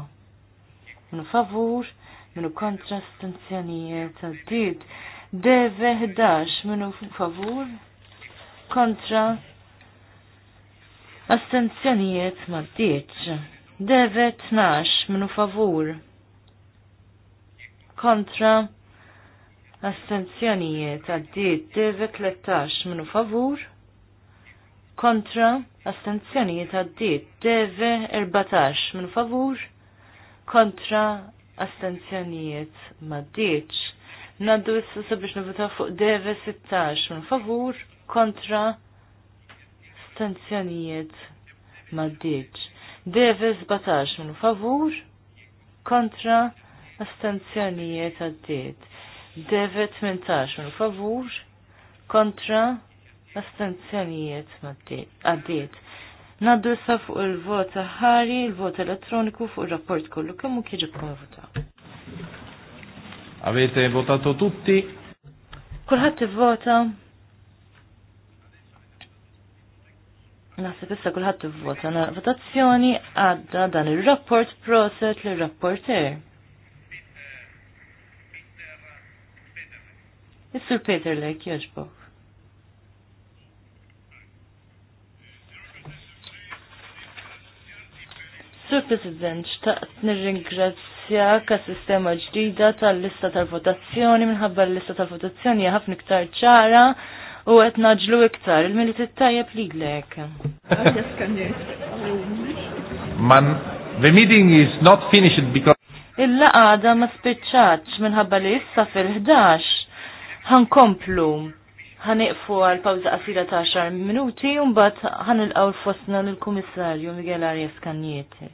Speaker 4: Minu favur, minu kontra stanzjonijiet għaddit. Deve 11, minu favur, kontra astenzjonijiet maddiċ. Deve 12, minu favur, kontra astenzjonijiet għaddit. Deve 13, minu favur, kontra astenzjonijiet għaddit. Deve 14 minn favur kontra astenzjonijiet maddiċ. Naddu issa sabiex nivota fuq deve 16 minn favur kontra astenzjonijiet maddiċ. Deve 17 minn favur kontra astenzjonijiet għaddit. Deve 18 minn favur kontra Astenzjonijiet għaddiet. Naddu issa fuq il-vot ħari, il-vot elettroniku fuq il-rapport kollu kemm kieġibkom kieġi kum votaw.
Speaker 1: Avete votato tutti?
Speaker 4: Kulħadd ivvota. Naħseb issa kulħadd na Votazzjoni għadda dan ir-rapport proset lir-rapporter. Is-Sur Peter Lek jogħġbok. Sur President, xtaqt nir-ringrazzja ka sistema ġdida tal-lista tal-votazzjoni minħabba l-lista tal-votazzjoni ħafna niktar ċara u qed naġlu iktar il-mili tajja lilek.
Speaker 1: Man, the meeting is not finished because
Speaker 4: il għada ma spiċċaċ minħabba li issa fil-11 ħankomplu ħaniqfu għal pawza qasira ta' 10 minuti u mbagħad ħanilqgħu fostna lill-Kummissarju Miguel Arias Kanjeti.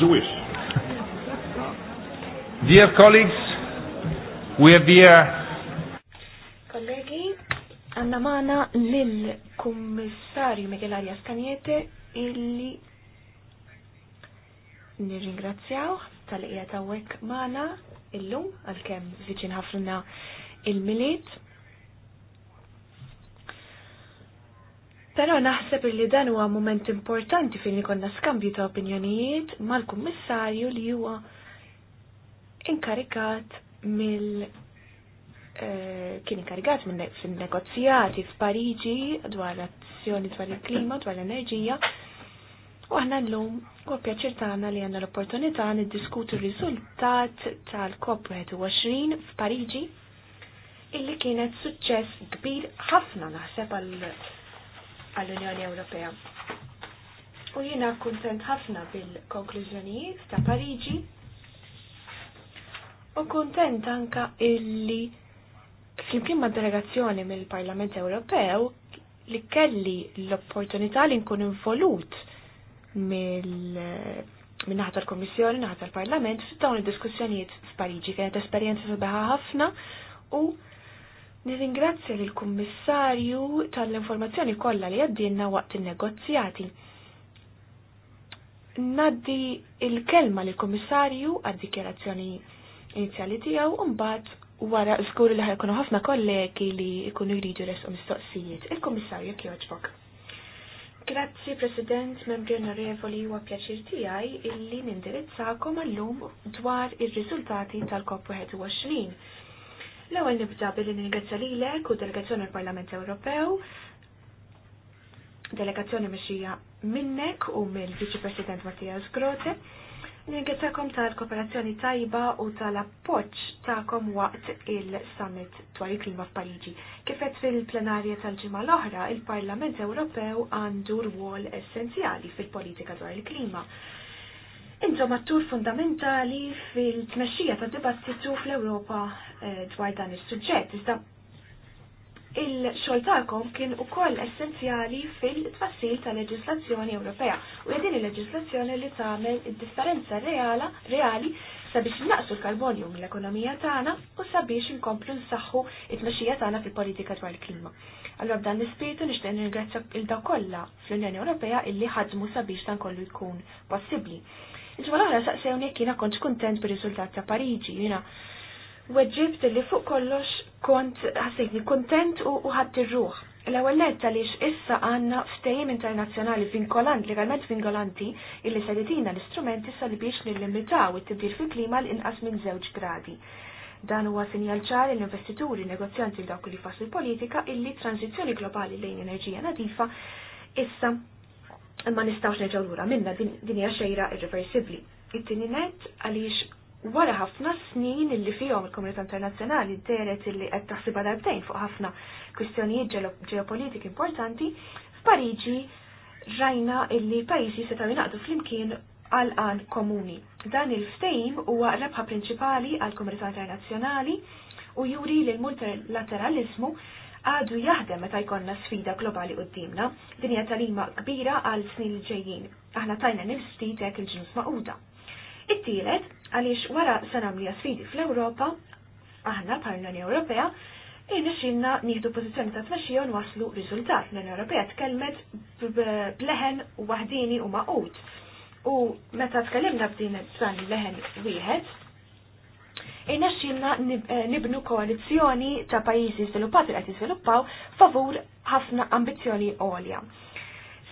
Speaker 5: someone's
Speaker 1: wish. Dear colleagues, we are here.
Speaker 3: Kollegi, għanna maħna lill-Kummissarju Miguel Arias illi nirringrazzjaw tal-qiegħed Wek Mana illum għalkemm viċin ħafna il-miliet Pero naħseb li dan huwa moment importanti fejn ikonna skambju ta' opinjonijiet mal-kummissarju li huwa inkarikat mill eh, kien inkarigat minn fin-negozjati f'Pariġi dwar azzjoni dwar il-klima, dwar l-enerġija. U aħna llum huwa pjaċir tagħna li għandna l-opportunità niddiskutu r-riżultat tal-COP21 f'Pariġi illi kienet suċċess kbir ħafna naħseb għal għall-Unjoni Ewropea. U jiena kuntent ħafna bil-konklużjonijiet ta' Pariġi u kuntent anka illi flimkien ma' delegazzjoni mill-Parlament Ewropew li kelli l-opportunità li nkun involut mill- minn naħta l-Komissjoni, naħta l-Parlament, f'dawn id-diskussjonijiet f'Pariġi kienet esperjenza sabiħa ħafna u Nirringrazzja lil kummissarju tal-informazzjoni kollha li għaddinna waqt il-negozjati. Naddi il-kelma lil kummissarju għad-dikjerazzjoni inizjali tiegħu u mbagħad Wara, zgur li ħajkunu ħafna kollegi li ikunu jridu resqu mistoqsijiet. il kummissarju jogħġbok. Grazzi, President, membri onorevoli, huwa pjaċir tiegħi illi nindirizzakom għallum dwar ir-riżultati tal-COP21 L-ewwel nibda billi ningrazzja lilek u delegazzjoni l-Parlament Ewropew. Delegazzjoni mexxija minnek u mill-Viċi President Mattias Grote. Ningrazzjakom tal-kooperazzjoni tajba u tal-appoġġ tagħkom waqt il-summit dwar il-klima f'Pariġi. Kif qed fil-plenarja tal-ġimgħa l-oħra, il-Parlament Ewropew għandu rwol essenzjali fil-politika dwar il-klima. il klima Intom attur fundamentali fil-tmexxija ta' dibattitu fl-Ewropa eh, dwar dan is-suġġett. Iżda il-xogħol tagħkom kien ukoll essenzjali fil-tfassil ta' leġislazzjoni Ewropea u din il-leġislazzjoni li tagħmel id-differenza reala reali sabiex naqsu l-karbonju mill-ekonomija tagħna u sabiex inkomplu nsaħħu it-tmexxija tagħna fil-politika dwar il-klima. Allora b'dan l-ispiritu nixtieq nirgrazzja il daw kollha fl-Unjoni Ewropea illi ħadmu sabiex dan kollu jkun possibbli. Ġimma l-oħra saqsewni kiena kont kontent bir-riżultat ta' Pariġi, jina. weġġibt li fuq kollox kont ħassejtni kontent u ħadd ir-ruħ. L-ewwel lett għaliex issa għandna ftehim internazzjonali vinkolant, legalment vinkolanti, illi jitina l-istrument issa li biex nillimitaw it-tibdil fil-klima l-inqas minn żewġ gradi. Dan huwa sinjal ċar l-investituri negozjanti dawk li fassu l-politika illi tranzizzjoni globali lejn enerġija nadifa issa ma nistawx l lura minna din hija xejra irreversibbli. It-tieni net għaliex wara ħafna snin illi fihom il-komunità internazzjonali deret illi qed taħsibha darbtejn fuq ħafna kwistjonijiet ġeopolitik importanti, f'Pariġi rajna illi pajjiżi setgħu jingħaqdu flimkien għal għan komuni. Dan il-ftejm huwa rebħa prinċipali għal komunità internazzjonali u juri li l-multilateralizmu għadu jaħdem meta jkollna sfida globali qoddimna, din hija talima kbira għal snin li ġejjin. Aħna tajna nifs ftit il-ġnus maquda. It-tielet, għaliex wara se nagħmlu sfidi fl-Ewropa, aħna bħal l-Unjoni Ewropea, Ejna xinna nieħdu pożizzjoni ta' tmexxija waslu riżultat. L-Unjoni Ewropea tkellmet bleħen waħdini u maqut. U meta tkellimna b'din dan leħen wieħed, irna xilna eh, nibnu koalizjoni ta' pajizi sviluppati li għati sviluppaw favur ħafna ambizjoni għolja.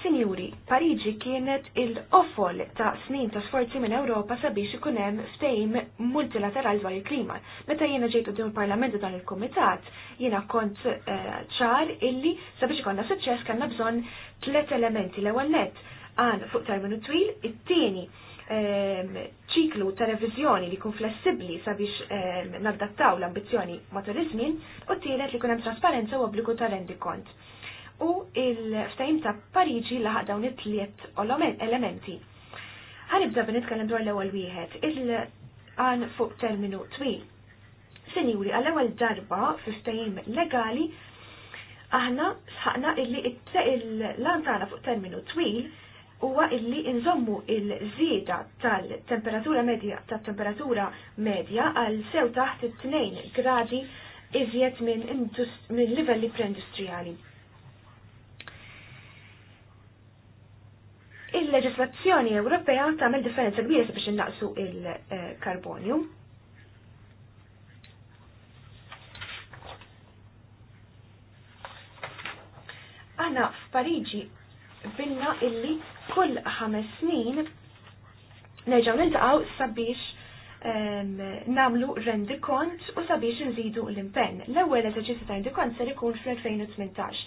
Speaker 3: Sinjuri, Pariġi kienet il-offol ta' snin ta' sforzi minn Ewropa sabiex ikun hemm ftehim multilaterali dwar il-klima. Meta jiena ġejtu din il-Parlament dan il-Kumitat, jiena kont eh, ċar illi sabiex ikollna suċċess kellna bżonn tliet elementi l-ewwel nett għan fuq terminu twil, it-tieni Ehm, ċiklu ta' revizjoni li jkun flessibbli sabiex ehm, naddattaw l-ambizzjoni matul iż-żmien u tielet li jkun hemm trasparenza u obbligu ta' rendikont. U il-ftajim ta' Pariġi laħaq dawn it-tliet elementi. Ħanibda nitkellem dwar l-ewwel wieħed, il-għan fuq terminu twil. Sinjuri, għall-ewwel darba fi ftajim legali aħna sħaqna illi l-lan tagħna fuq terminu twil huwa illi inżommu il-żieda tal-temperatura medja tat-temperatura medja għal sew taħt it-2 gradi iżjed minn min livelli preindustrijali. Il-leġislazzjoni Ewropea tagħmel differenza kbira biex innaqsu il-karbonju. Għana f'Pariġi binna illi kull ħames snin nerġaw niltaqgħu sabiex namlu rendikont u sabiex nżidu l-impenn. L-ewwel eżerċizzju ta' rendikont ser ikun fl-2018.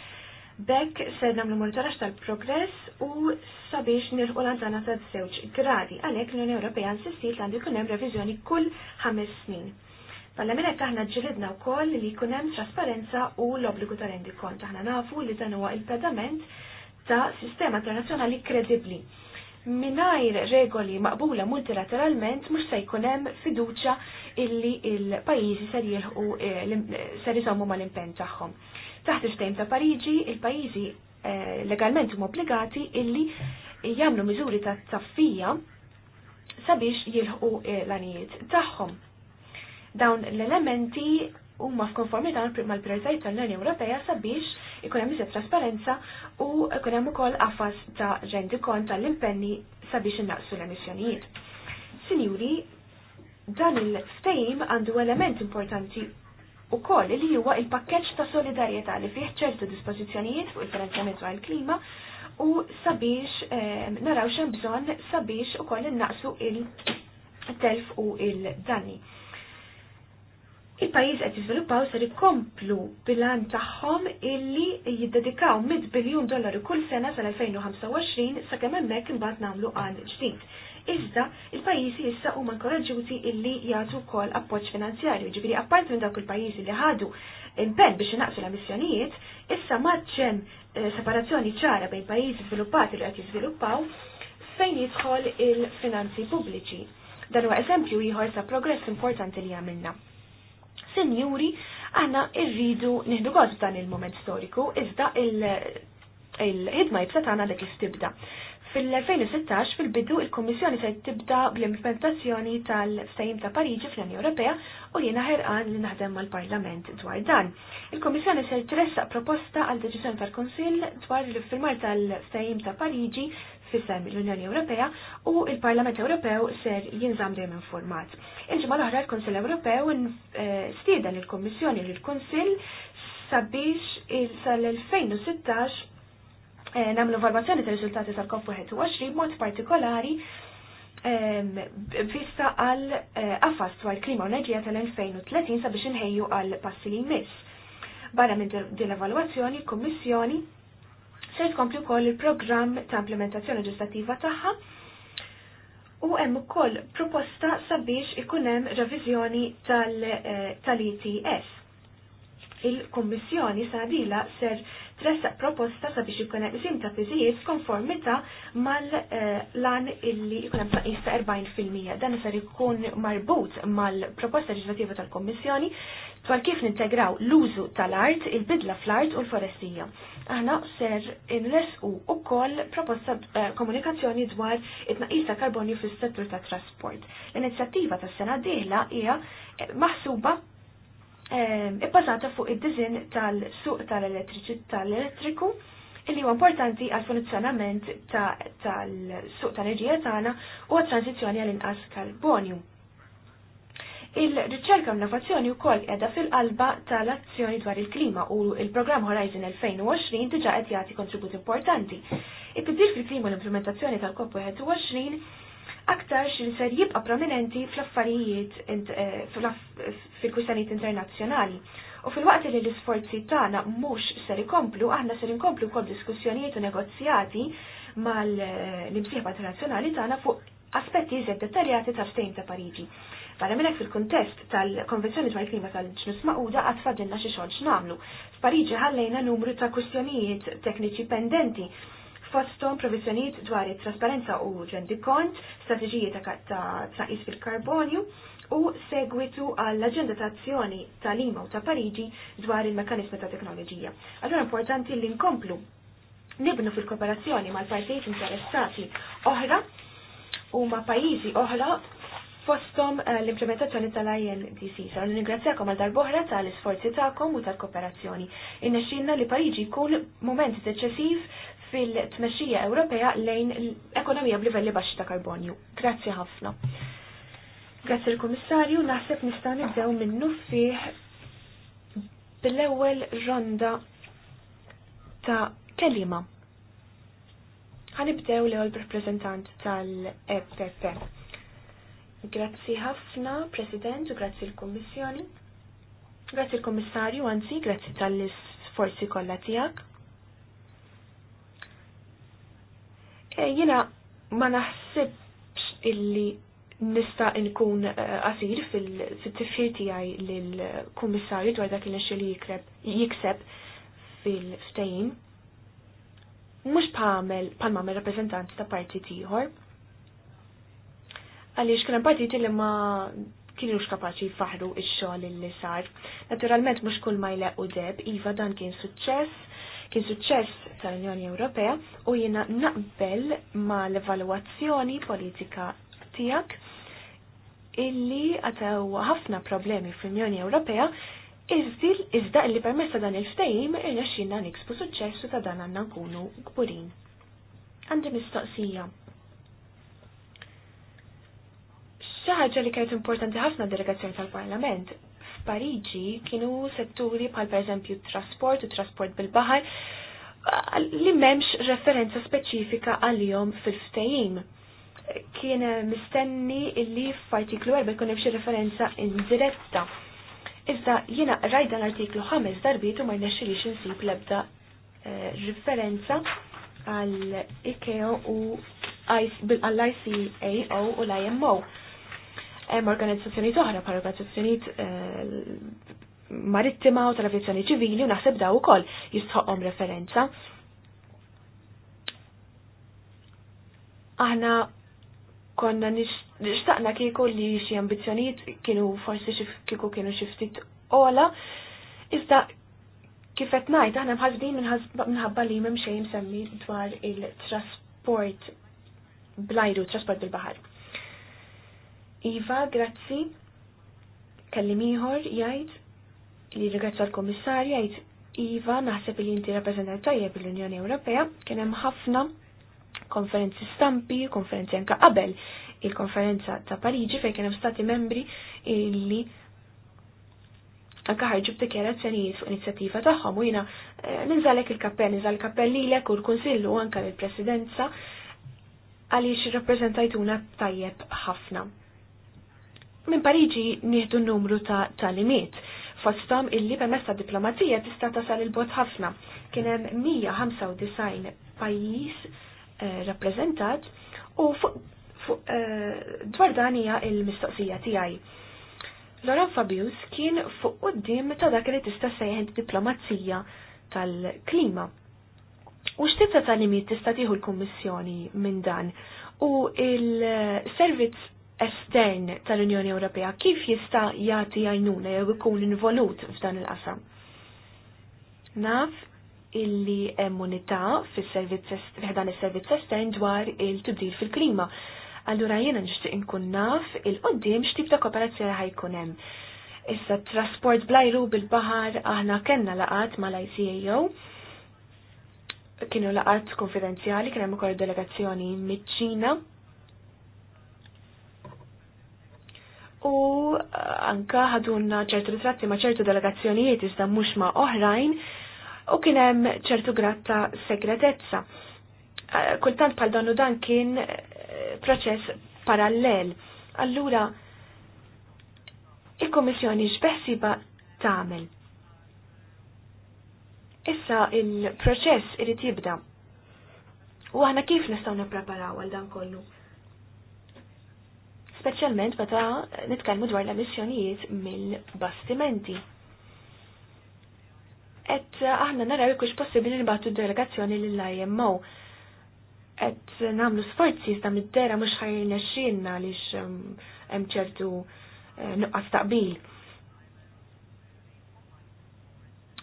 Speaker 3: Bekk se namlu monitoraġġ tal-progress u sabiex nirħu l-għandana ta' żewġ gradi għalhekk l-Unjoni Ewropea insistiet għandu jkun hemm reviżjoni kull ħames snin. Palla minna taħna ġilidna u koll li kunem trasparenza u l-obligu tal rendikont. Aħna nafu li dan huwa il-pedament ta' sistema internazjonali kredibbli. Minajr regoli maqbula multilateralment mhux se jkun hemm fiduċja illi il-pajjiżi ser jilħu eh, ser iżommu mal-impenn tagħhom. Taħt il-ftehim ta' Pariġi, il-pajjiżi eh, legalment huma obbligati illi jagħmlu miżuri ta' taffija sabiex jilħu eh, l-anijiet tagħhom. Dawn l-elementi huma f'konformità mal-prioritajiet tal-Unjoni Ewropea sabiex ikun hemm trasparenza u jkun hemm ukoll qafas ta' rendi kont tal-impenni sabiex innaqsu l-emissjonijiet. Sinjuri, dan il-ftehim għandu element importanti u koll li huwa il-pakkeġġ ta' solidarjetà li fih ċertu dispożizzjonijiet fuq il-finanzjament għal klima u sabiex ehm, naraw xem bżonn sabiex ukoll innaqsu il-telf u il-danni. il telf u il danni il pajis qed jiżviluppaw ser ikomplu bilan tagħhom illi jiddedikaw 100 biljun dollari kull sena sal-2025 sakemm hemmhekk imbagħad nagħmlu għan ġdid. Iżda, il-pajjiżi issa huma inkoraġġuti illi jagħtu wkoll appoġġ finanzjarju, ġifieri apparti minn dawk il-pajjiżi li ħadu impenn biex inaqsu l-emissjonijiet, issa maġġem eh, separazzjoni ċara bejn pajjiżi żviluppati li qed jiżviluppaw fejn jidħol il-finanzi pubbliċi. Dan huwa eżempju ieħor sa' progress importanti li għamilna. Senjuri, għanna irridu nihdu għaz dan il-moment storiku, iżda il-ħidma jibsa tagħna dak istibda. Fil-2016, fil-bidu, il-Kommissjoni se tibda bl-implementazzjoni tal-stajim ta' Pariġi fl-Unjoni Ewropea u jiena ħerqan li naħdem mal-Parlament dwar dan. Il-Kommissjoni se tressaq proposta għal deċiżjoni tal konsil dwar l-firmar tal-stajim ta' Pariġi fissem l-Unjoni Ewropea u il-Parlament Ewropew ser jinżam dejjem informat. Il-ġimgħa l-oħra l-Kunsill Ewropew eh, stieden il-Kummissjoni lill-Kunsill sabiex sal-2016 eh, nagħmlu valvazzjoni tar-riżultati tal-COP21 b'mod partikolari vista għal eh, affas dwar klima u enerġija tal-2030 sabiex inħejju għal passi li jmiss. Barra minn din l-evalwazzjoni, il-Kummissjoni se tkompli wkoll il-programm ta' implementazzjoni ġustativa tagħha u hemm ukoll proposta sabiex ikun hemm reviżjoni eh, tal-ETS il-Kommissjoni sadila ser tressaq proposta sabiex ikun hemm isim ta' fiżijiet konformita mal-lan illi jkun hemm tnaqqis ta' 40%. Dan ser ikun marbut mal-proposta leġislativa tal-Kommissjoni dwar kif nintegraw l-użu tal-art, il-bidla fl-art u l-forestija. Aħna ser inresqu ukoll proposta eh, komunikazzjoni dwar it-tnaqqis ta' karbonju fis-settur tat trasport. L-inizjattiva tas-sena d-dieħla hija maħsuba Ehm, ibbażata fuq id-dizin tal-suq tal-elettriku illi huwa importanti għal funzjonament tal-suq tal-enerġija tagħna u għat-tranzizzjoni għall inqas karbonju. Il-riċerka innovazzjoni wkoll qiegħda fil-qalba tal-azzjoni dwar il-klima u il-programm Horizon 2020 diġà qed jagħti kontribut importanti. It-tibdil fil-klima u l-implementazzjoni tal-COP21 aktar xin ser jibqa' prominenti fl-affarijiet eh, fil kustanijiet internazzjonali. U fil-waqt li l-isforzi tagħna mhux ser ikomplu, aħna ser inkomplu kol diskussjonijiet u negozjati mal-imsieħba eh, internazzjonali tagħna fuq aspetti iżjed dettaljati tal stejn ta' Pariġi. Barra minnek fil-kontest tal-Konvenzjoni dwar il-klima tal-ġnus maquda għad xi xogħol x'namlu. F'Pariġi ħallejna numru ta' kwistjonijiet tekniċi pendenti fostom provizjoniet dwar it-trasparenza u ġendi kont, strategijiet ta' tnaqis fil-karbonju u segwitu għall-agenda ta' azzjoni ta' Lima u ta' Pariġi dwar il-mekanizmi ta' teknoloġija. Allora importanti li nkomplu nibnu fil-kooperazzjoni mal-partijiet interessati oħra u ma' pajizi oħra fostom eh, l-implementazzjoni tal-INDC. Sa' ringrazzjakom għal darbohra tal-isforzi ta'kom u tal-kooperazzjoni. Innexxinna li Pariġi jkun moment deċessiv fil-tmexxija Ewropea lejn l-ekonomija b'livelli baxx ta' karbonju. Grazzi ħafna. Grazzi l-Kummissarju, naħseb nista' nibdew minnu fih bl ewwel ronda ta' kelima. Ħanibdew l-ewwel rappreżentant tal-EPP. Grazzi ħafna, President, u grazzi l-Kummissjoni. Grazzi l-Kummissarju, anzi, grazzi tal-isforzi kollha tiegħek Eh, jina ma naħsibx illi nista nkun eh, qasir fil-tifħir tiegħi lill-kummissarju dwar dak il-nexxu li jikseb fil-ftehim. Mhux bħamel bħal m'għamel rappreżentanti ta' partit ieħor. Għaliex kien hemm partiti li ma kienux kapaċi jfaħru ix-xogħol li sar. Naturalment mhux kull ma u deb, iva dan kien suċċess, kien suċċess tal-Unjoni Ewropea u jiena naqbel ma l-evalwazzjoni politika tiegħek illi għataw ħafna problemi fl-Unjoni Ewropea iżdil iżda illi permessa dan il-ftehim irna xina niksbu suċċessu ta' dan għandna nkunu kburin. Għandi mistoqsija. Xi ħaġa li kienet importanti ħafna delegazzjoni tal-Parlament f'Pariġi kienu setturi bħal pereżempju trasport u trasport bil-baħar li m'hemmx referenza speċifika għal fil ftehim Kien mistenni illi f'artiklu 4 jkun hemm xi referenza indiretta. Iżda jiena rajda l-artiklu 5 darbiet u ma jnexxilix insib l-ebda eh, referenza għal IKEO u għall-ICAO u l-IMO. Hemm organizzazzjonijiet oħra bħal organizzazzjonijiet eh, marittima u tal-avjazzjoni ċivili u naħseb daw ukoll jistħoqhom referenza. Aħna konna nixtaqna kieku li xi ambizzjonijiet kienu forsi kieku kienu xi ftit ola, iżda kif qed ngħid aħna mħasbin minħabba li m'hemm xejn semmi dwar il-trasport blajru, trasport bil-baħar. Iva, grazzi. Kellim ieħor jgħid li ringrazzja l komissar jgħid Iva, naħseb li inti rappresentant tajjeb l-Unjoni Ewropea, kien hemm ħafna konferenzi stampi, konferenzi anka qabel il-konferenza ta' Pariġi fejn kienem hemm stati membri li anka ħarġu b'dikjarazzjonijiet fuq inizjattiva tagħhom u jiena eh, ninżalek il-kappell, ninżal il-kappell lilek u l-Kunsillu anka l-Presidenza għaliex rappresentajtuna tajjeb ħafna. Minn Pariġi nieħdu numru ta' talimiet fostom illi permess ta' diplomazija tista' tasal il-bot ħafna. Kien hemm 195 pajjiż eh, rappreżentat u fuq eh, dwar dan hija l-mistoqsija tiegħi. Loran Fabius kien fuq qudiem ta' dak li tista' sejħed diplomazija tal-klima. U x'tibta ta' talimiet tista' tieħu l-Kummissjoni minn dan u il-servizz estern tal-Unjoni Ewropea kif jista' jagħti għajnuna jew ikun involut f'dan il-qasam. Naf illi hemm unità fis-servizz dan is-servizz estern dwar il-tibdil fil-klima. Allura jiena nixtieq inkun naf il-qoddim x'tip ta' kooperazzjoni ħajkun hemm. Issa trasport blajru bil-baħar aħna kellna laqat mal-ICAO kienu laqat konfidenzjali kien hemm ukoll delegazzjoni miċ-Ċina u eh, anka ħadunna ċertu ritratti ma' ċertu delegazzjonijiet iżda mhux ma' oħrajn u kien hemm ċertu grad ta' segretezza. Eh, kultant bħal dan u dan kien eh, proċess parallel. Allura il kummissjoni x'beħsiba tagħmel. Issa il-proċess irid jibda. U aħna kif nistgħu nippreparaw għal dan kollu? speċjalment meta nitkellmu dwar l-emissjonijiet mill-bastimenti. Et aħna naraw kux possibli nibatu delegazzjoni lill-IMO. Et namlu sforzi sta mid-dera mux ħajrin xinna li hemm ċertu eh, nuqqas taqbil.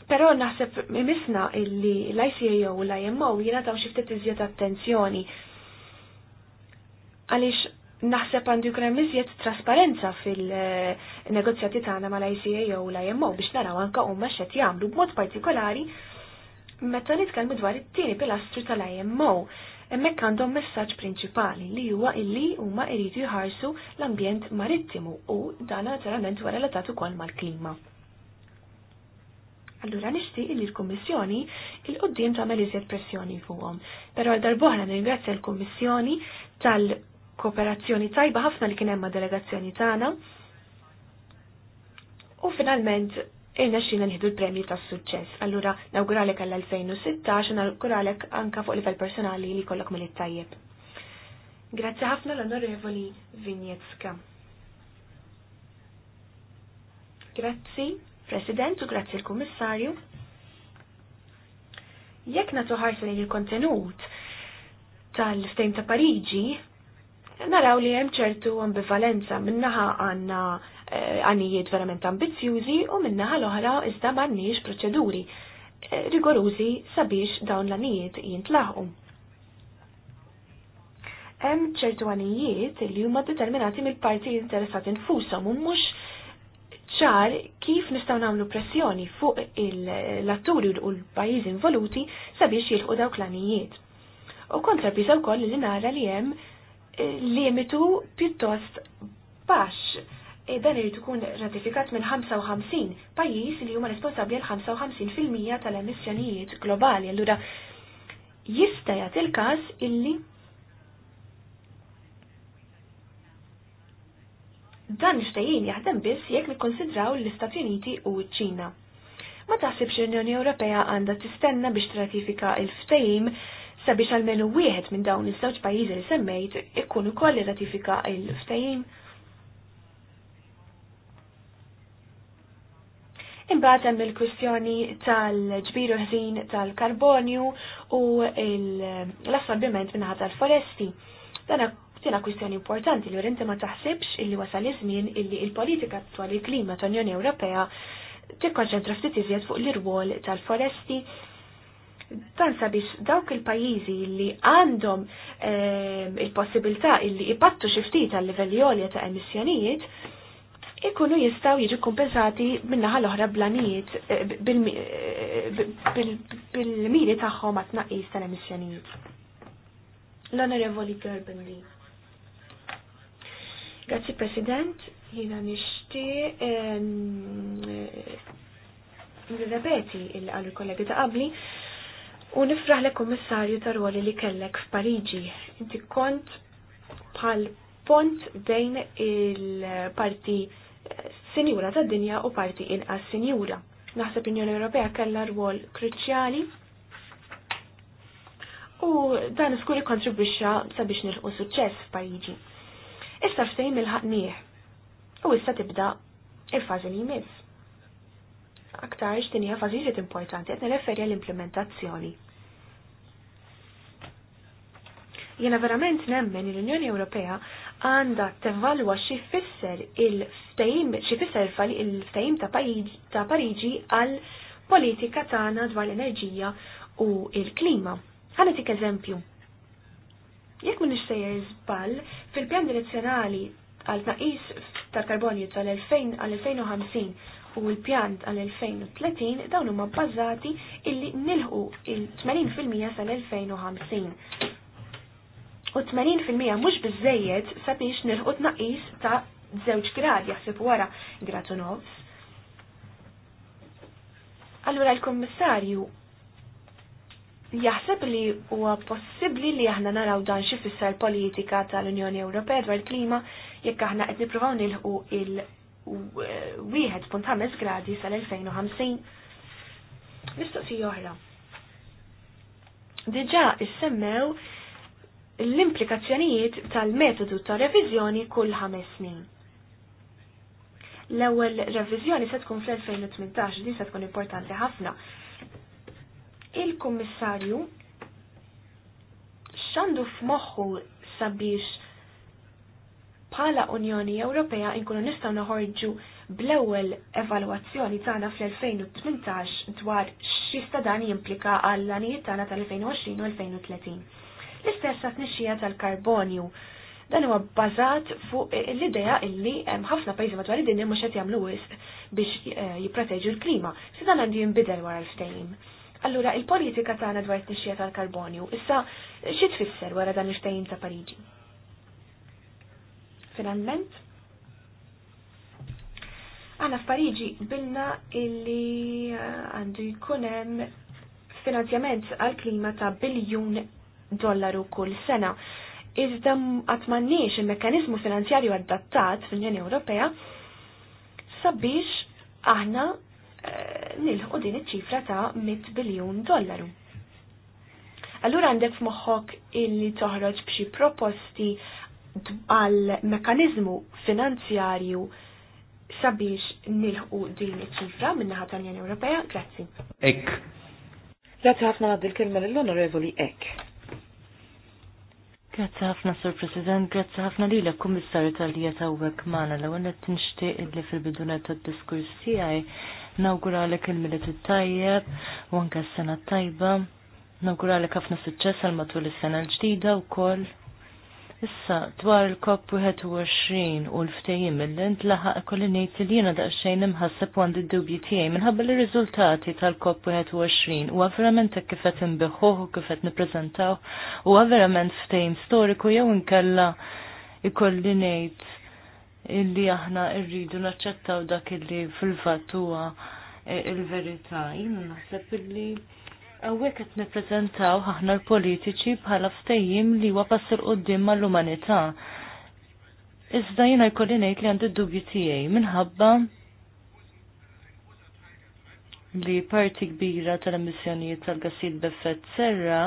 Speaker 3: Pero naħseb imisna illi l-ICAO u l-IMO jina taw xiftet iżjed attenzjoni. Għalix naħseb għandu jkun hemm iżjed trasparenza fil-negozjati tagħna mal-ICA jew l-IMO biex naraw anke huma x'qed jagħmlu b'mod partikolari meta nitkellmu dwar it-tieni pilastru tal-IMO. Hemmhekk għandhom messaġġ prinċipali li huwa illi huma jridu jħarsu l-ambjent marittimu u dan naturalment huwa relatat ukoll mal-klima. Allura nixtieq li l-Kummissjoni il qudiem tagħmel iżjed pressjoni fuqhom. Però għal darbohra nirringrazzja l-Kummissjoni tal- kooperazzjoni tajba ħafna li kien hemm delegazzjoni tagħna. U finalment Ejna xina nħidu l-premju ta' suċċess. Allura, nawguralek għall-2016, nawguralek anka fuq livell personali li kollok mill tajjeb Grazzi ħafna l-onorevoli Vinjetska. Grazzi, President, u grazzi l-Kummissarju. Jekk natu ħarsa il kontenut tal-ftejm ta' Pariġi, naraw li hemm ċertu ambivalenza minnaħa għandna eh, għanijiet verament ambizzjużi u minnaħa l-oħra iżda m'għandniex proċeduri eh, rigorużi sabiex dawn l-għanijiet jintlaħu. Hemm ċertu għanijiet li huma determinati mill-parti interessati nfushom u mhux ċar kif nistgħu nagħmlu pressjoni fuq l-atturi u l-pajjiżi involuti sabiex jilħu dawk l-għanijiet. U kontra biża wkoll li nara li hemm limitu pjuttost baxx. E dan irid ikun ratifikat minn 55 pajjiż li huma responsabbli għal 55% tal-emissjonijiet globali. Allura jista' jagħti il-każ illi dan ixtejjin jaħdem biss jekk nikkonsidraw l-Istati Uniti u ċ-Ċina. Ma taħsibx l-Unjoni Ewropea għandha tistenna biex tratifika il-ftehim sabiex għalmenu wieħed minn dawn iż-żewġ pajjiżi li semmejt ikun ukoll ratifika l-ftajim. Imbagħad hemm il-kwistjoni tal-ġbir ħżin tal-karbonju u l-assorbiment minħa tal-foresti. Dan tina kwistjoni importanti li rinti ma taħsibx illi wasal iż-żmien illi il-politika dwar il-klima tal-Unjoni Ewropea tikkonċentra ftit iżjed fuq l-irwol tal-foresti Tansa sabiex dawk il-pajizi li għandhom ehm, il-possibilità illi ipattu xiftit għal livelli għolja ta' emissjonijiet, ikunu jistaw jiġu kompensati minna l-oħra blanijiet eh, eh, bil-miri tagħhom għat naqis tal-emissjonijiet. L-Onorevoli Gerbendi. Grazzi President, jina nishti ehm, eh, nirrepeti il-għallu kollegi ta' qabli U nifraħ li kummissarju tar ruoli li kellek f'Pariġi. Inti kont bħal pont bejn il-parti sinjura ta' dinja u parti inqas sinjura. Naħseb l-Unjoni Ewropea kellha rwol kruċjali u dan skuri kontribwixxa sabiex nilħu suċċess f'Pariġi. Issa ftehim il-ħaqnieh u issa tibda il-fażi li jmiss aktar fażi fażijiet importanti qed nirreferi għall-implementazzjoni. Jena verament nemmen l-Unjoni Ewropea għanda tevalwa xi fisser il-ftajim, xi il-ftajim ta' Pariġi għal politika tagħna dwar l-enerġija u il-klima. Għanetik eżempju. Jekk minn sejjer żball fil-pjan direzzjonali għal naqis tal-karbonju tal 2050 u l-pjan għal-2030 dawn huma bbażati illi nilħu il-80% sal-2050 u 80% mhux biżejjed sabiex nilħu tnaqqis ta' żewġ gradi jaħseb wara gradu nofs. Allura l-Kummissarju jaħseb li huwa possibbli li aħna naraw dan xi fissar politika tal-Unjoni Ewropea dwar il-klima jekk aħna qed nippruvaw nilħu
Speaker 4: il-1.5
Speaker 3: gradi sal-2050. Mistoqsija oħra. Diġà issemmew l-implikazzjonijiet tal-metodu ta' reviżjoni kull ħames snin. L-ewwel reviżjoni se tkun fl-2018 din se tkun importanti ħafna. Il-Kummissarju x'għandu f'moħħu sabiex bħala Unjoni Ewropea inkunu nistgħu noħorġu bl-ewwel evalwazzjoni tagħna fl-2018 dwar x'jista' dan jimplika għall anijiet tagħna tal-2020 u 2030 l-istess tnixxija tal-karbonju. Dan huwa bbażat fuq l-idea illi hemm ħafna pajjiżi madwar id-dinja mhux qed jagħmlu wisq biex eh, jipproteġu l-klima. Se dan għandu jinbidel wara l-ftehim. Allura il-politika tagħna dwar it-tnixxija tal-karbonju issa xi tfisser wara dan l-ftehim ta' Pariġi? Finalment, Għana f'Pariġi bilna illi eh, għandu jkunem finanzjament għal-klima ta' biljun dollaru kull sena. Iżda għatmanniex il mekanizmu finanzjarju adattat fl-Unjoni Ewropea sabiex aħna eh, nilħu din iċ-ċifra ta' 100 biljun dollaru. Allura għandek f'moħħok illi toħroġ b'xi proposti għal mekanizmu finanzjarju sabiex nilħu din iċ-ċifra minnaħa tal-Unjoni Ewropea. Grazzi.
Speaker 1: Ek.
Speaker 2: Grazzi ħafna għad kelma l-Onorevoli Ek.
Speaker 4: Grazzi ħafna, Sur President, grazzi ħafna li l-Kummissarju tal ta' Uwek Mana. l-għu għet nishtiq li fil-bidunet tad diskurs tijaj nawguralek il-milet tajjeb u anka s-sena tajba, nawguralek ħafna suċċess għal matul is-sena l-ġdida u koll Issa, dwar il-COP21 u l-ftejim mill-lent laħaq kolli nejt li jena daqxajn imħasseb għand id-dubji tiegħi minħabba li riżultati tal-COP21 u verament ta' kifet imbiħuħ u kifet niprezentaw u verament ftejim storiku jew inkella ikolli nejt illi aħna irridu naċċettaw dak illi fil-fatt huwa eh, il-verità. Jena naħseb illi Għawek għet neprezentaw ħahna l-politiċi bħala ftejjim li huwa passir qoddim mal-umanità. Iżda jina jkolli ngħid li għandu dubju tiegħi minħabba li parti kbira tal-emissjonijiet tal-gassil b'effett serra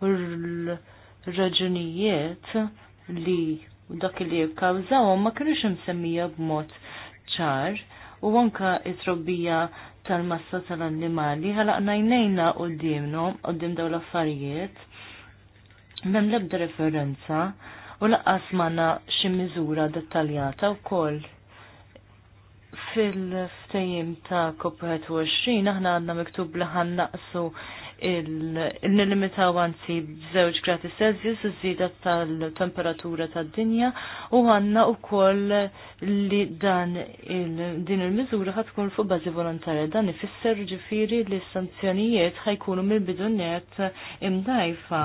Speaker 4: u l-raġunijiet li dak li jikkawżawhom ma kienux imsemmija b'mod ċar u anka it-trobbija tal-massa tal-annimali ħalaqna jnejna u dimnom u dim daw l-affarijiet mem lebda referenza u laqqas manna xi miżura dettaljata wkoll fil-ftejim ta' COP21 aħna għandna miktub li ħannaqsu il-nilimitaw għanzi b'żewġ gradi Celsius zida tal-temperatura tad-dinja u għanna u koll li dan din il-miżura ħatkun fuq bażi volontarja. Dan ifisser ġifiri li s-sanzjonijiet ħajkunu mill-bidunet imdajfa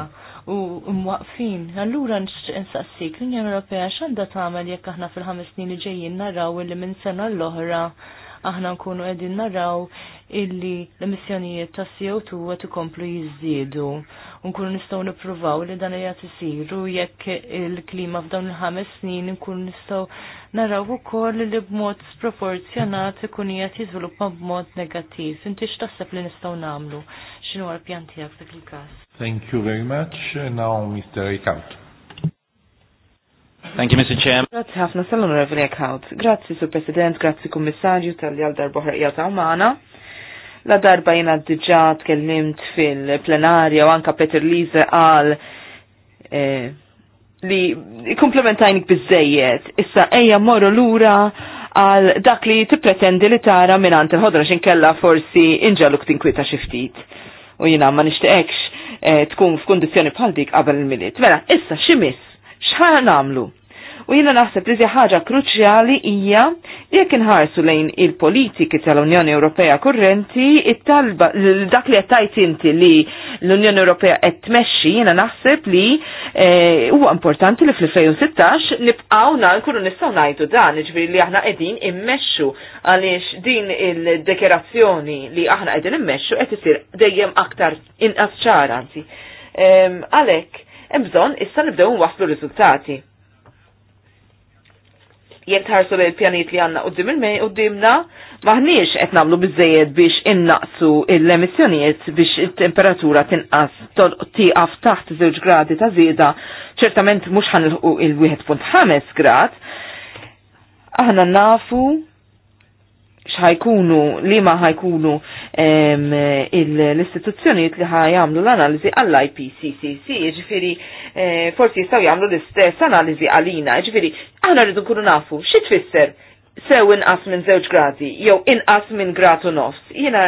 Speaker 4: u mwaqfin. Allura nsaqsik, insaqsik l-Unjoni Ewropea x'għandha tagħmel jekk aħna fil-ħames snin li ġejjin naraw li minn sena l-oħra aħna nkunu qegħdin naraw illi l-emissjonijiet ta' CO2 għet ikomplu jizzidu. Nkunu nistgħu nippruvaw li dan għajat isiru jekk il-klima f'dawn il-ħames snin nkunu nistgħu naraw ukoll li b'mod sproporzjonat ikun qed jiżviluppa b'mod negattiv. Inti x'taħseb li nistgħu nagħmlu?
Speaker 2: X'inhu l-pjan tiegħek dak il-każ?
Speaker 1: Thank you very much. Now Mr. Ricard. Thank you, Mr. Chairman.
Speaker 2: Grazie ħafna, sal-onorevoli Eckhout. Grazie, Sur President, grazie, Kummissarju, tal għal darba ħraqja ta' umana. La darba jena diġa tkellimt fil-plenarja u anka Peter Lise għal eh, li komplementajnik bizzejiet. Issa eja morru lura għal dak li tippretendi li tara minn għant il-ħodra kella forsi inġaluk tinkwita xiftit. U jina ma nishtiqx eh, tkun f'kondizjoni bħal dik qabel il-miliet. Mela, issa ximis x'ħan nagħmlu. U jiena naħseb li ħaġa kruċjali hija jekk inħarsu lejn il-politiki tal-Unjoni Ewropea kurrenti, it-talba dak li qed tajt inti li l-Unjoni Ewropea qed tmexxi, jiena naħseb li e, huwa importanti li fl-2016 nibqgħu nkunu nistgħu ngħidu dan, jiġifieri li aħna qegħdin immexxu għaliex din il-dekerazzjoni li aħna qegħdin immexxu qed isir dejjem aktar inqas ċara anzi. Għalhekk, imbżon bżonn issa nibdew nwasslu riżultati. Jekk tħarsu l pjanit li għandna uddim il-mej uddimna, maħniex qed nagħmlu bizzejed biex innaqsu l-emissjonijiet biex it-temperatura tinqas tieqaf taħt żewġ gradi ta' żieda, ċertament mhux ħanilħu il-1.5 grad, aħna nafu xħajkunu, li ma ħajkunu l-istituzzjoniet li ħajamlu l-analizi għall-IPCCC, ġifiri eh, forsi jistaw jamlu l-istess analizi għalina, ġifiri aħna rridu nkunu nafu, xie tfisser sew inqas minn żewġ gradi, jew inqas minn gradu nofs. Jiena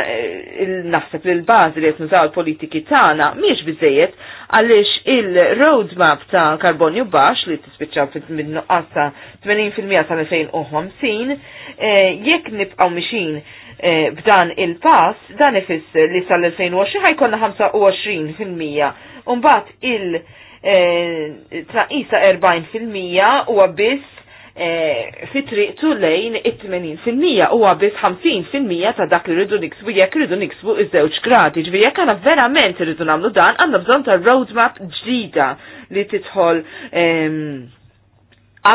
Speaker 2: naħseb li l-bażi li qed nużaw politiki tagħna mhix biżejjed għaliex il-roadmap ta' karbonju baxx li tispiċċaw min-nuqqas ta' 80% tal-2050 jekk nibqgħu mixin b'dan il-pass, dan ifisser li sal-2020 ħajkonna 25%. Umbat il- traqisa 40% u għabbis Eh, fitriq tullejn it-80% huwa biss 50% ta' dak li rridu niksbu jek rridu niksbu iż-żewġ gradi. Ġifieri jekk verament rridu nagħmlu dan, għandna bżonn ta' roadmap ġdida li tidħol ehm,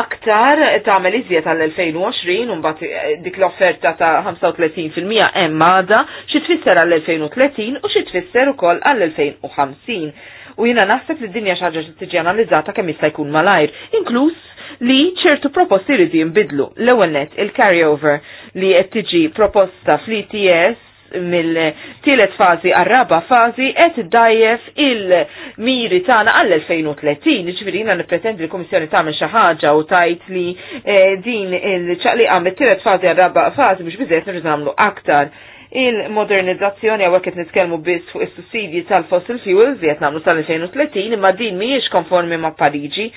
Speaker 2: aktar tagħmel iżjed għall-2020 u mbagħad eh, dik l-offerta ta' 35% hemm għada xi tfisser għall-2030 u xi tfisser ukoll għall-2050 u jina naħseb li d-dinja xaġa t tiġi analizzata kemm jista' jkun malajr, inkluż li ċertu proposti li di jimbidlu. l net, il-carryover li qed tiġi proposta fl-ITS mill-tielet fazi għarraba fazi qed dajef il-miri tagħna għall-2030, ġifieri jiena nippretendi l-Kummissjoni tagħmel xi ħaġa u tajt li eh, din il-ċaqliqa mit-tielet fażi għarraba fażi biex biżejjed nagħmlu aktar il-modernizzazzjoni għawek qed nitkellmu biss fuq is-sussidji tal-fossil fuels qed nagħmlu tal 2030 imma din mhijiex konformi ma' Pariġi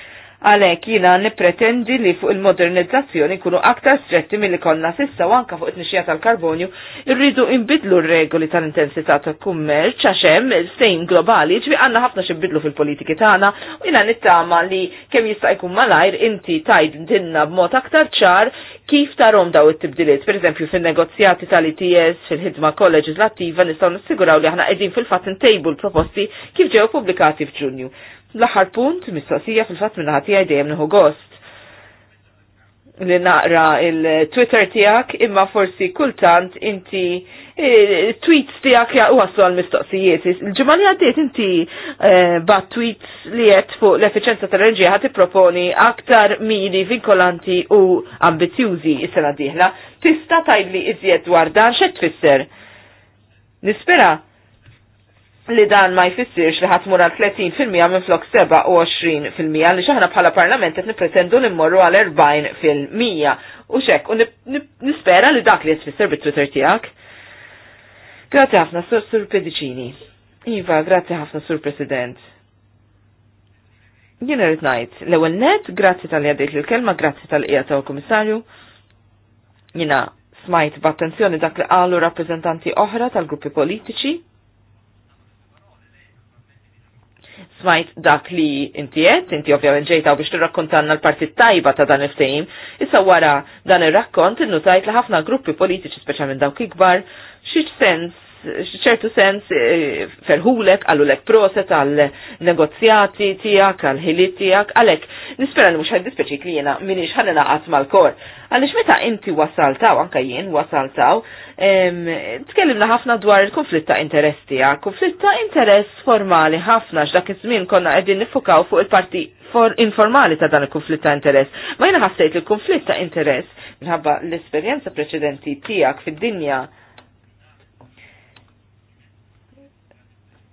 Speaker 2: Għalek jina nipretendi li fuq il-modernizzazzjoni kunu aktar stretti mill-li konna sissa u anka fuq it-nixija tal-karbonju irridu imbidlu r-regoli tal-intensità tal-kummerċ għaxem sejn globali ġvi għanna ħafna xibidlu fil-politiki tagħna u jina nittama li kemm jista' jkun malajr inti tajd dinna b'mod aktar ċar kif tarom daw it-tibdiliet. Per eżempju, fil-negozjati tal-ITS, fil-ħidma kolleġislattiva nistgħu nissiguraw li aħna qegħdin fil-fatt intejbu l-proposti kif ġew pubblikati f'Ġunju L-aħħar punt, mistoqsija fil-fatt minn ħatija dejjem nieħu gost li naqra il-Twitter tiegħek imma forsi kultant inti e, tweets tiegħek ja waslu għal mistoqsijiet. il ġimgħa li għaddiet inti e, bat tweets li qed fuq l effiċenza tal-enerġija ħadd tipproponi aktar mili vinkolanti u ambizjużi is-sena d-dieħla, Tista tajli iżjed dwar dan xed tfisser? Nispera li dan ma jfissirx li ħatmur għal 30% minn flok 27% li xaħna bħala parlament qed nippretendu li mmorru għal 40% u xek u nispera li dak li jtfisser bit-Twitter tiegħek. Grazzi ħafna Sur Pedicini. Iva, grazzi ħafna Sur President. Jien irid ngħid l-ewwel net, grazzi tal għadejt il-kelma, grazzi tal-qija tal-Kummissarju. Jiena smajt b'attenzjoni dak li qalu rappreżentanti oħra tal-gruppi politiċi smajt dak li inti qed, inti ovvjament ġejta biex t-rakkontanna l-partit tajba ta' dan il fejm issa wara dan ir-rakkont innutajt li ħafna gruppi politiċi speċa minn dawk ikbar xieċ sens ċertu sens eh, ferħulek, lek proset għall negozjati tijak, għal ħiliet tijak, għalek nispera li mux ħad dispeċi klijena minix ħan naqat mal-kor. Għalix meta inti wasaltaw, anka jien wasaltaw, tkellimna ħafna dwar il-konflitt ta' interess tijak, konflitt ta' interess formali ħafna x'dak iż-żmien konna qegħdin nifukaw fuq il-parti informali ta' dan il-konflitt ta' interess. Ma jiena ħassejt il-konflitt ta' interess minħabba l-esperjenza preċedenti tijak fid-dinja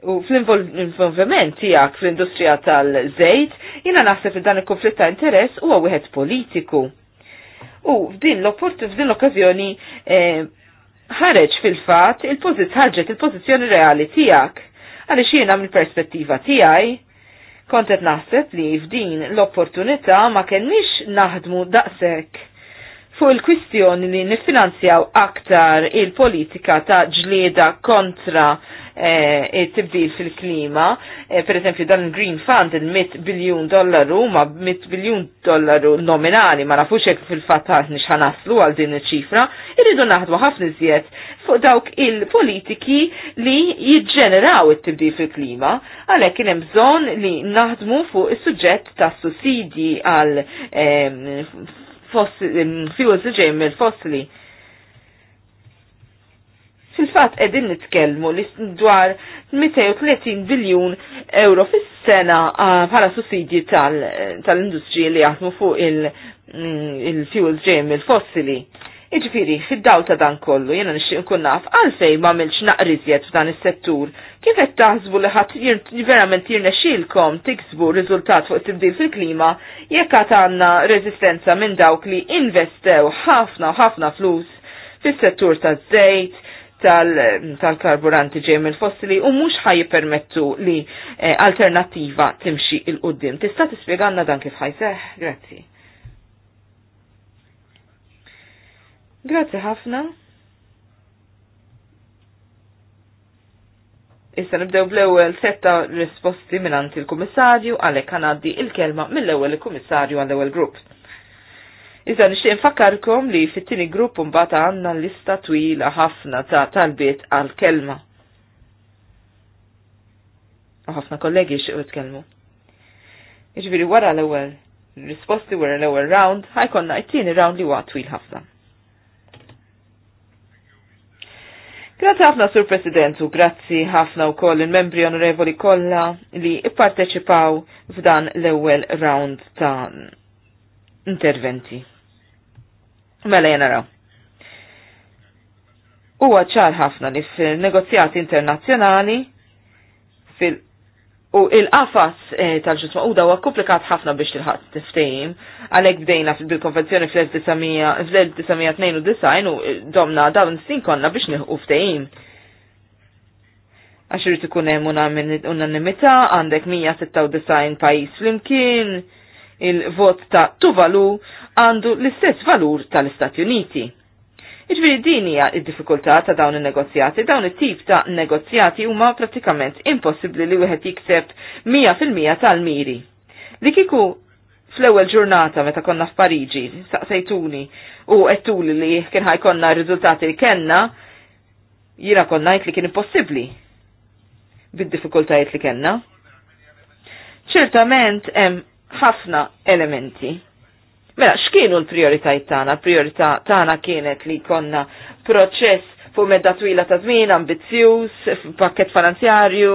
Speaker 2: u fl-involviment tijak fl-industrija tal-żejt, jina naħseb li dan il-konflitt ta' interess huwa wieħed politiku. U f'din l-okkażjoni eh, ħareġ fil-fatt il-pożizzjoni ħarġet il-pożizzjoni reali tijak. Għaliex jiena mill-perspettiva tiegħi kontet naħseb li f'din l-opportunità ma kenniex naħdmu daqshekk fuq il-kwistjoni li nifinanzjaw aktar il-politika ta' ġlieda kontra eh, tibdil fil-klima, eh, per eżempju dan il-Green Fund il-100 biljun dollaru ma 100 biljun dollaru nominali ma nafux hekk fil-fatt nix ħanaslu għal din iċ-ċifra, irridu naħdmu ħafna iżjed fuq dawk il-politiki li jiġġeneraw it-tibdil fil-klima, għalhekk kien hemm bżonn li naħdmu fuq is-suġġett tas sussidji għal eh, fuels li ġej mill-fossili. Fil-fat edin nitkellmu li dwar 230 biljun euro fis-sena bħala sussidji eh, tal-industriji li jaħdmu fuq mm, il-fuels ġejmi l fossili Iġifiri, fid-daw ta' dan kollu, jena nixtieq nkun naf, għalfej ma' milx naqrizjet f'dan is-settur, kif qed taħsbu li ħadd verament jirnexxielkom tiksbu riżultat fuq tibdil fil-klima jekk għad għandna reżistenza minn dawk li investew ħafna ħafna flus fis-settur taż-żejt, tal-karburanti ġej mill-fossili u mhux ħajpermettu li eh, alternattiva timxi il-qudiem. Tista' tispjegana dan kif ħajseħ? Grazzi. Grazzi ħafna. Issa nibdew bl-ewwel setta risposti mingħand il-Kummissarju għalhekk kanaddi il-kelma mill-ewwel il-Kummissarju għall-ewwel grupp. Iżda nixtieq nfakkarkom li fit-tieni grupp mbagħad għandna lista twila ħafna ta' talbiet għall-kelma. U ħafna kollegi xiequ tkellmu. Jiġifieri wara l-ewwel risposti wara l-ewwel round ħajkonna t-tieni round li huwa twil ħafna. Grazzi ħafna Sur President u grazzi ħafna u koll il-membri onorevoli kolla li ipparteċipaw f'dan l-ewwel round ta' interventi. Mela jenaraw. Huwa ċar ħafna li fil-negozjati internazzjonali fil U il-qafas eh, tal-ġusma u dawa komplikat ħafna biex tilħat tiftejim, għalek bdejna bil-konvenzjoni fl-1992 u eh, domna dawn sin konna biex nħu ftejim. Għax irid ikun hemm unanimità għandek 196 pajjiż flimkien, il-vot ta' Tuvalu għandu l-istess valur tal-Istati Uniti. Iġviri din hija id-diffikultà ta' dawn in-negozjati, dawn it-tip ta' negozjati huma prattikament impossibbli li wieħed jikseb 100% tal-miri. Li kiku fl-ewwel ġurnata meta konna f'Pariġi, saqsejtuni u qedtuli li kien ħajkonna r-riżultati li kellna, jiena konna li kien impossibbli bid-diffikultajiet li kellna. Ċertament hemm ħafna elementi Mela, x'kienu l-prioritajiet tagħna? L-priorità tagħna kienet li konna proċess fuq medda twila ta' żmien ambizzjuż, pakket finanzjarju,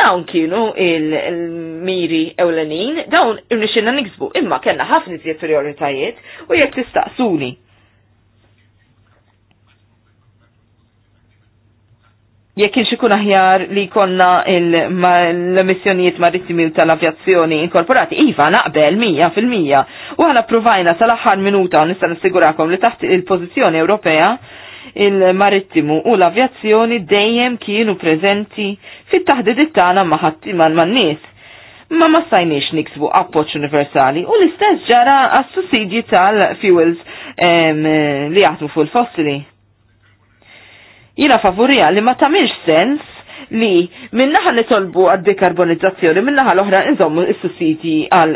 Speaker 2: dawn kienu il-miri ewlenin, dawn irnixinna niksbu, imma kena ħafna iżjed prioritajiet u jekk tistaqsuni jekk kienx ikun aħjar li konna l-emissjonijiet marittimi tal-avjazzjoni inkorporati, iva naqbel 100%. U għana provajna tal-aħħar minuta u nista' nassigurakom li taħt il-pożizzjoni Ewropea il-marittimu u l-avjazzjoni dejjem kienu preżenti fit-taħdidiet tagħna ma' ħattiman man-nies ma ma stajniex niksbu appoċ universali u l-istess ġara għas sussidji tal-fuels li jgħatmu fuq il-fossili. Jina favurija li ma tamilx sens li minnaħa nitolbu għad dekarbonizzazzjoni, minnaħa l-oħra nżommu s-sussidi għal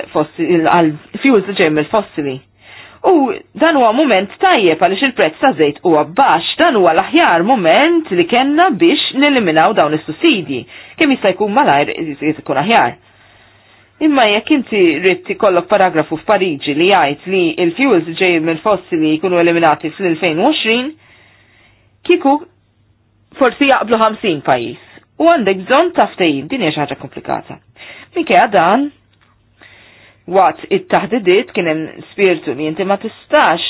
Speaker 2: fuels li ġejm il-fossili. U dan huwa moment tajjeb għaliex il-prezz ta' żejt huwa baxx, dan huwa l-aħjar moment li kellna biex neliminaw dawn is sussidi Kemm jista' jkun malajr jkun aħjar. Imma jekk inti rrid kollok paragrafu f'Pariġi li jgħid li l-fuels ġej mill fossili jkunu eliminati fl-2020, kiku forsi jaqblu 50 pajis. U għandek bżon taftejn, din hija ħaġa komplikata. Minkejja dan, waqt it-taħdidiet kien hemm spiritu li inti ma tistax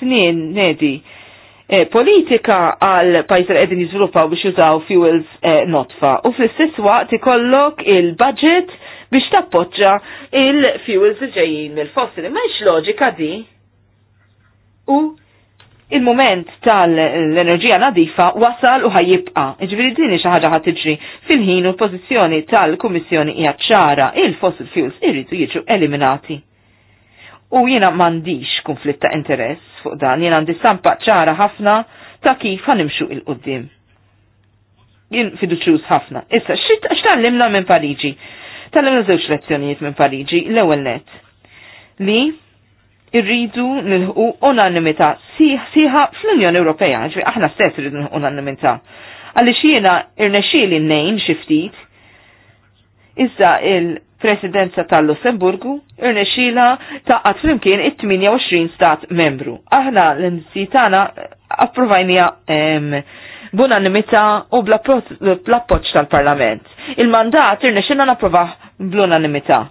Speaker 2: tnien nedi e, politika għal pajjiż li qegħdin jiżviluppaw biex jużaw fuels e, notfa u fl-istess waqt ikollok il-budget biex tappoġġa il-fuels li ġejjin mill-fossili. Ma loġika di? U il-moment tal-enerġija nadifa wasal u ħajjibqa. Iġviri din xi ħaġa fil-ħin u l-pożizzjoni tal-Kummissjoni hija ċara il-fossil fuels irridu jiġu eliminati. U jiena m'għandix konflitta ta' interess fuq dan, jiena għandi stampa ċara ħafna ta' kif għanimxu il-qoddim. Jien fiduċjuż ħafna. Issa, x'tallimna minn Pariġi? Tallimna żewġ lezzjonijiet minn Pariġi, l-ewwel net. Li irridu nilħu unanimità siħa fl-Unjoni Ewropea, ġvi aħna stess irridu nilħu unanimità. Għalli xiena irnexxieli nejn xiftit, iżda il-presidenza tal-Lussemburgu irnexxiela taqqat flimkien it-28 stat membru. Aħna l-nzitana approvajnija b'unanimità u bl-appoċ tal-Parlament. Il-mandat irnexxielna napprovaħ bl-unanimità.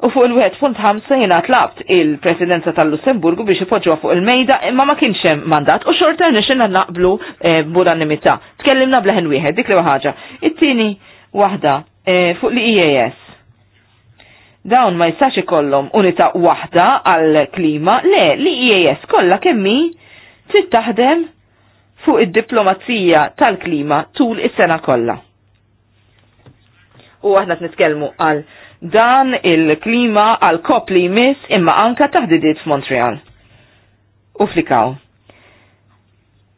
Speaker 2: U fuq il-1.5 jena tlabt il-presidenza tal-Lussemburgu biex ipoġġuha fuq il-mejda imma ma kienx hemm mandat u xorta nixinna naqblu eh, nimita. Tkellimna bleħen wieħed dik li ħaġa. It-tieni waħda eh, fuq li IAS. Dawn ma jistax ikollhom unità waħda għal klima, le li IAS kollha kemmi trid taħdem fuq id-diplomazija tal-klima tul is-sena kollha. U aħna t għal dan il-klima għal kop li jmiss imma anka taħdidiet f'Montreal. U flikaw.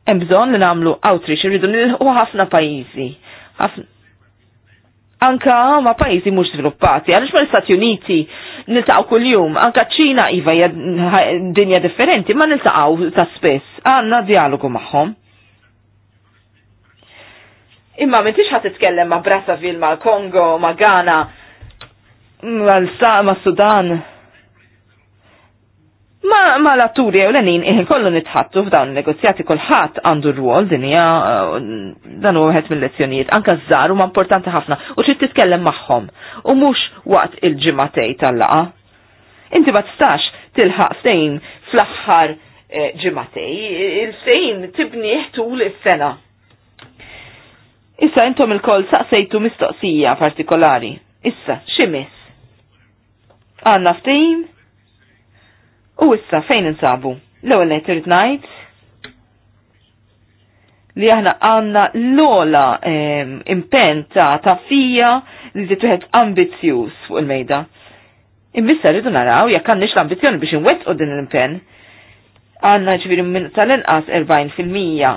Speaker 2: Hemm bżonn li nagħmlu outreach irridu nilħu ħafna pajjiżi. Anka ma pajjiżi mhux sviluppati, għaliex mal-Istati Uniti niltaqgħu kuljum, anka ċina iva dinja differenti, ma niltaqgħu ta' spess, għandna dialogu magħhom. Imma m'intix ħat titkellem ma' Brazzaville, ma' Kongo, ma' Ghana, għal-saq ma' Sudan. Ma, ma la turi u l-enin iħin eh, kollu nitħattu f'dawn negozjati kolħat għandu r-rwol dinja eh, dan u għet mill-lezzjonijiet, anka z-żaru ma importanti ħafna u t-tkellem magħhom u mhux waqt il-ġimatej tal-laqa. Inti ma tistax tilħaq fejn fl-aħħar eh, ġimatej, il-ftejn tibniħ tul is-sena. Issa intom il kol saqsejtu mistoqsija partikolari. Issa, ximis? għanna ftim, u issa fejn insabu? L-ewel li trid ngħid li aħna għanna l-ola ehm, impenta ta' fija li titwieħed ambizjus fuq il-mejda. Imbissa rridu naraw jekk għandix l-ambizjoni biex inwettqu din l-impen. Għanna ġviri minn tal-inqas 40%.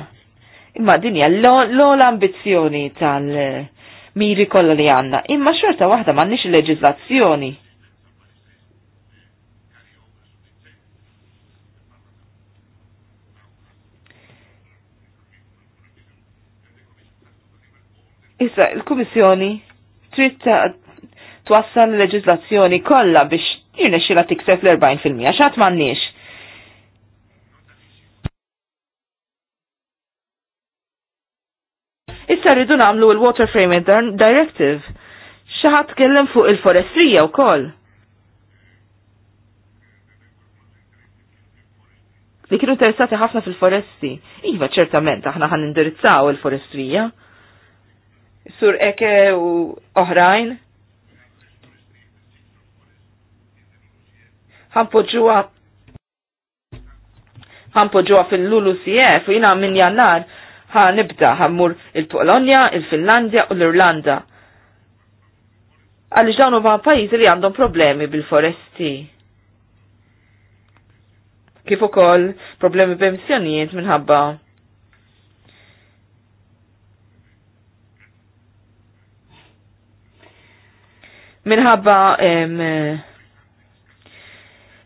Speaker 2: Imma din hija l-ola ambizjoni tal- eh, miri kollha li għandna. Imma xorta waħda m'għandniex l-leġizlazzjoni. Issa, il-Kummissjoni trid twassal l leġislazzjoni kollha biex jirnexxila tikseb l-40% x'għad m'għandniex. Issa rridu nagħmlu l-Water Frame Directive. Xi ħadd tkellem fuq il-forestrija wkoll. Li kienu interessati ħafna fil-foresti. Iva ċertament aħna ħan indirizzaw il-forestrija. il forestrija Sur Eke u oħrajn. Ħampoġuwa ħampoġuwa fil-Lulu CF u jina minn jannar ħa nibda ħammur il-Polonja, il-Finlandja u l-Irlanda. Għalli dawn huma pajjiżi li għandhom problemi bil-foresti. Kif ukoll problemi b'emissjonijiet minħabba minħabba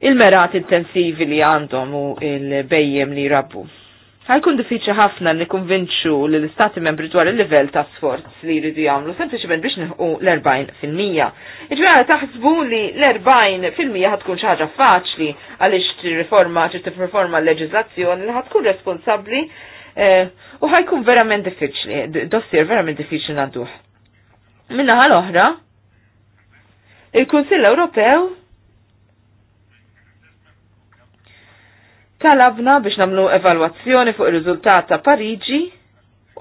Speaker 2: il-merat intensivi li għandhom u il-bejjem li rabbu. Ħajkun diffiċi ħafna li konvinċu li l-istati membri dwar il-level ta' sforz li jridu jagħmlu sempliċiment biex nħu l-40%. Iġvera taħsbu li l-40% ħatkun xi ħaġa faċli għaliex tirriforma t tirriforma l leġizazzjoni li ħatkun responsabbli eh, u ħajkun verament diffiċli, dossier verament diffiċli nadduħ. Minna ħal oħra, Il-Kunsill Ewropew talabna biex namlu evalwazzjoni fuq ir-riżultat ta' Pariġi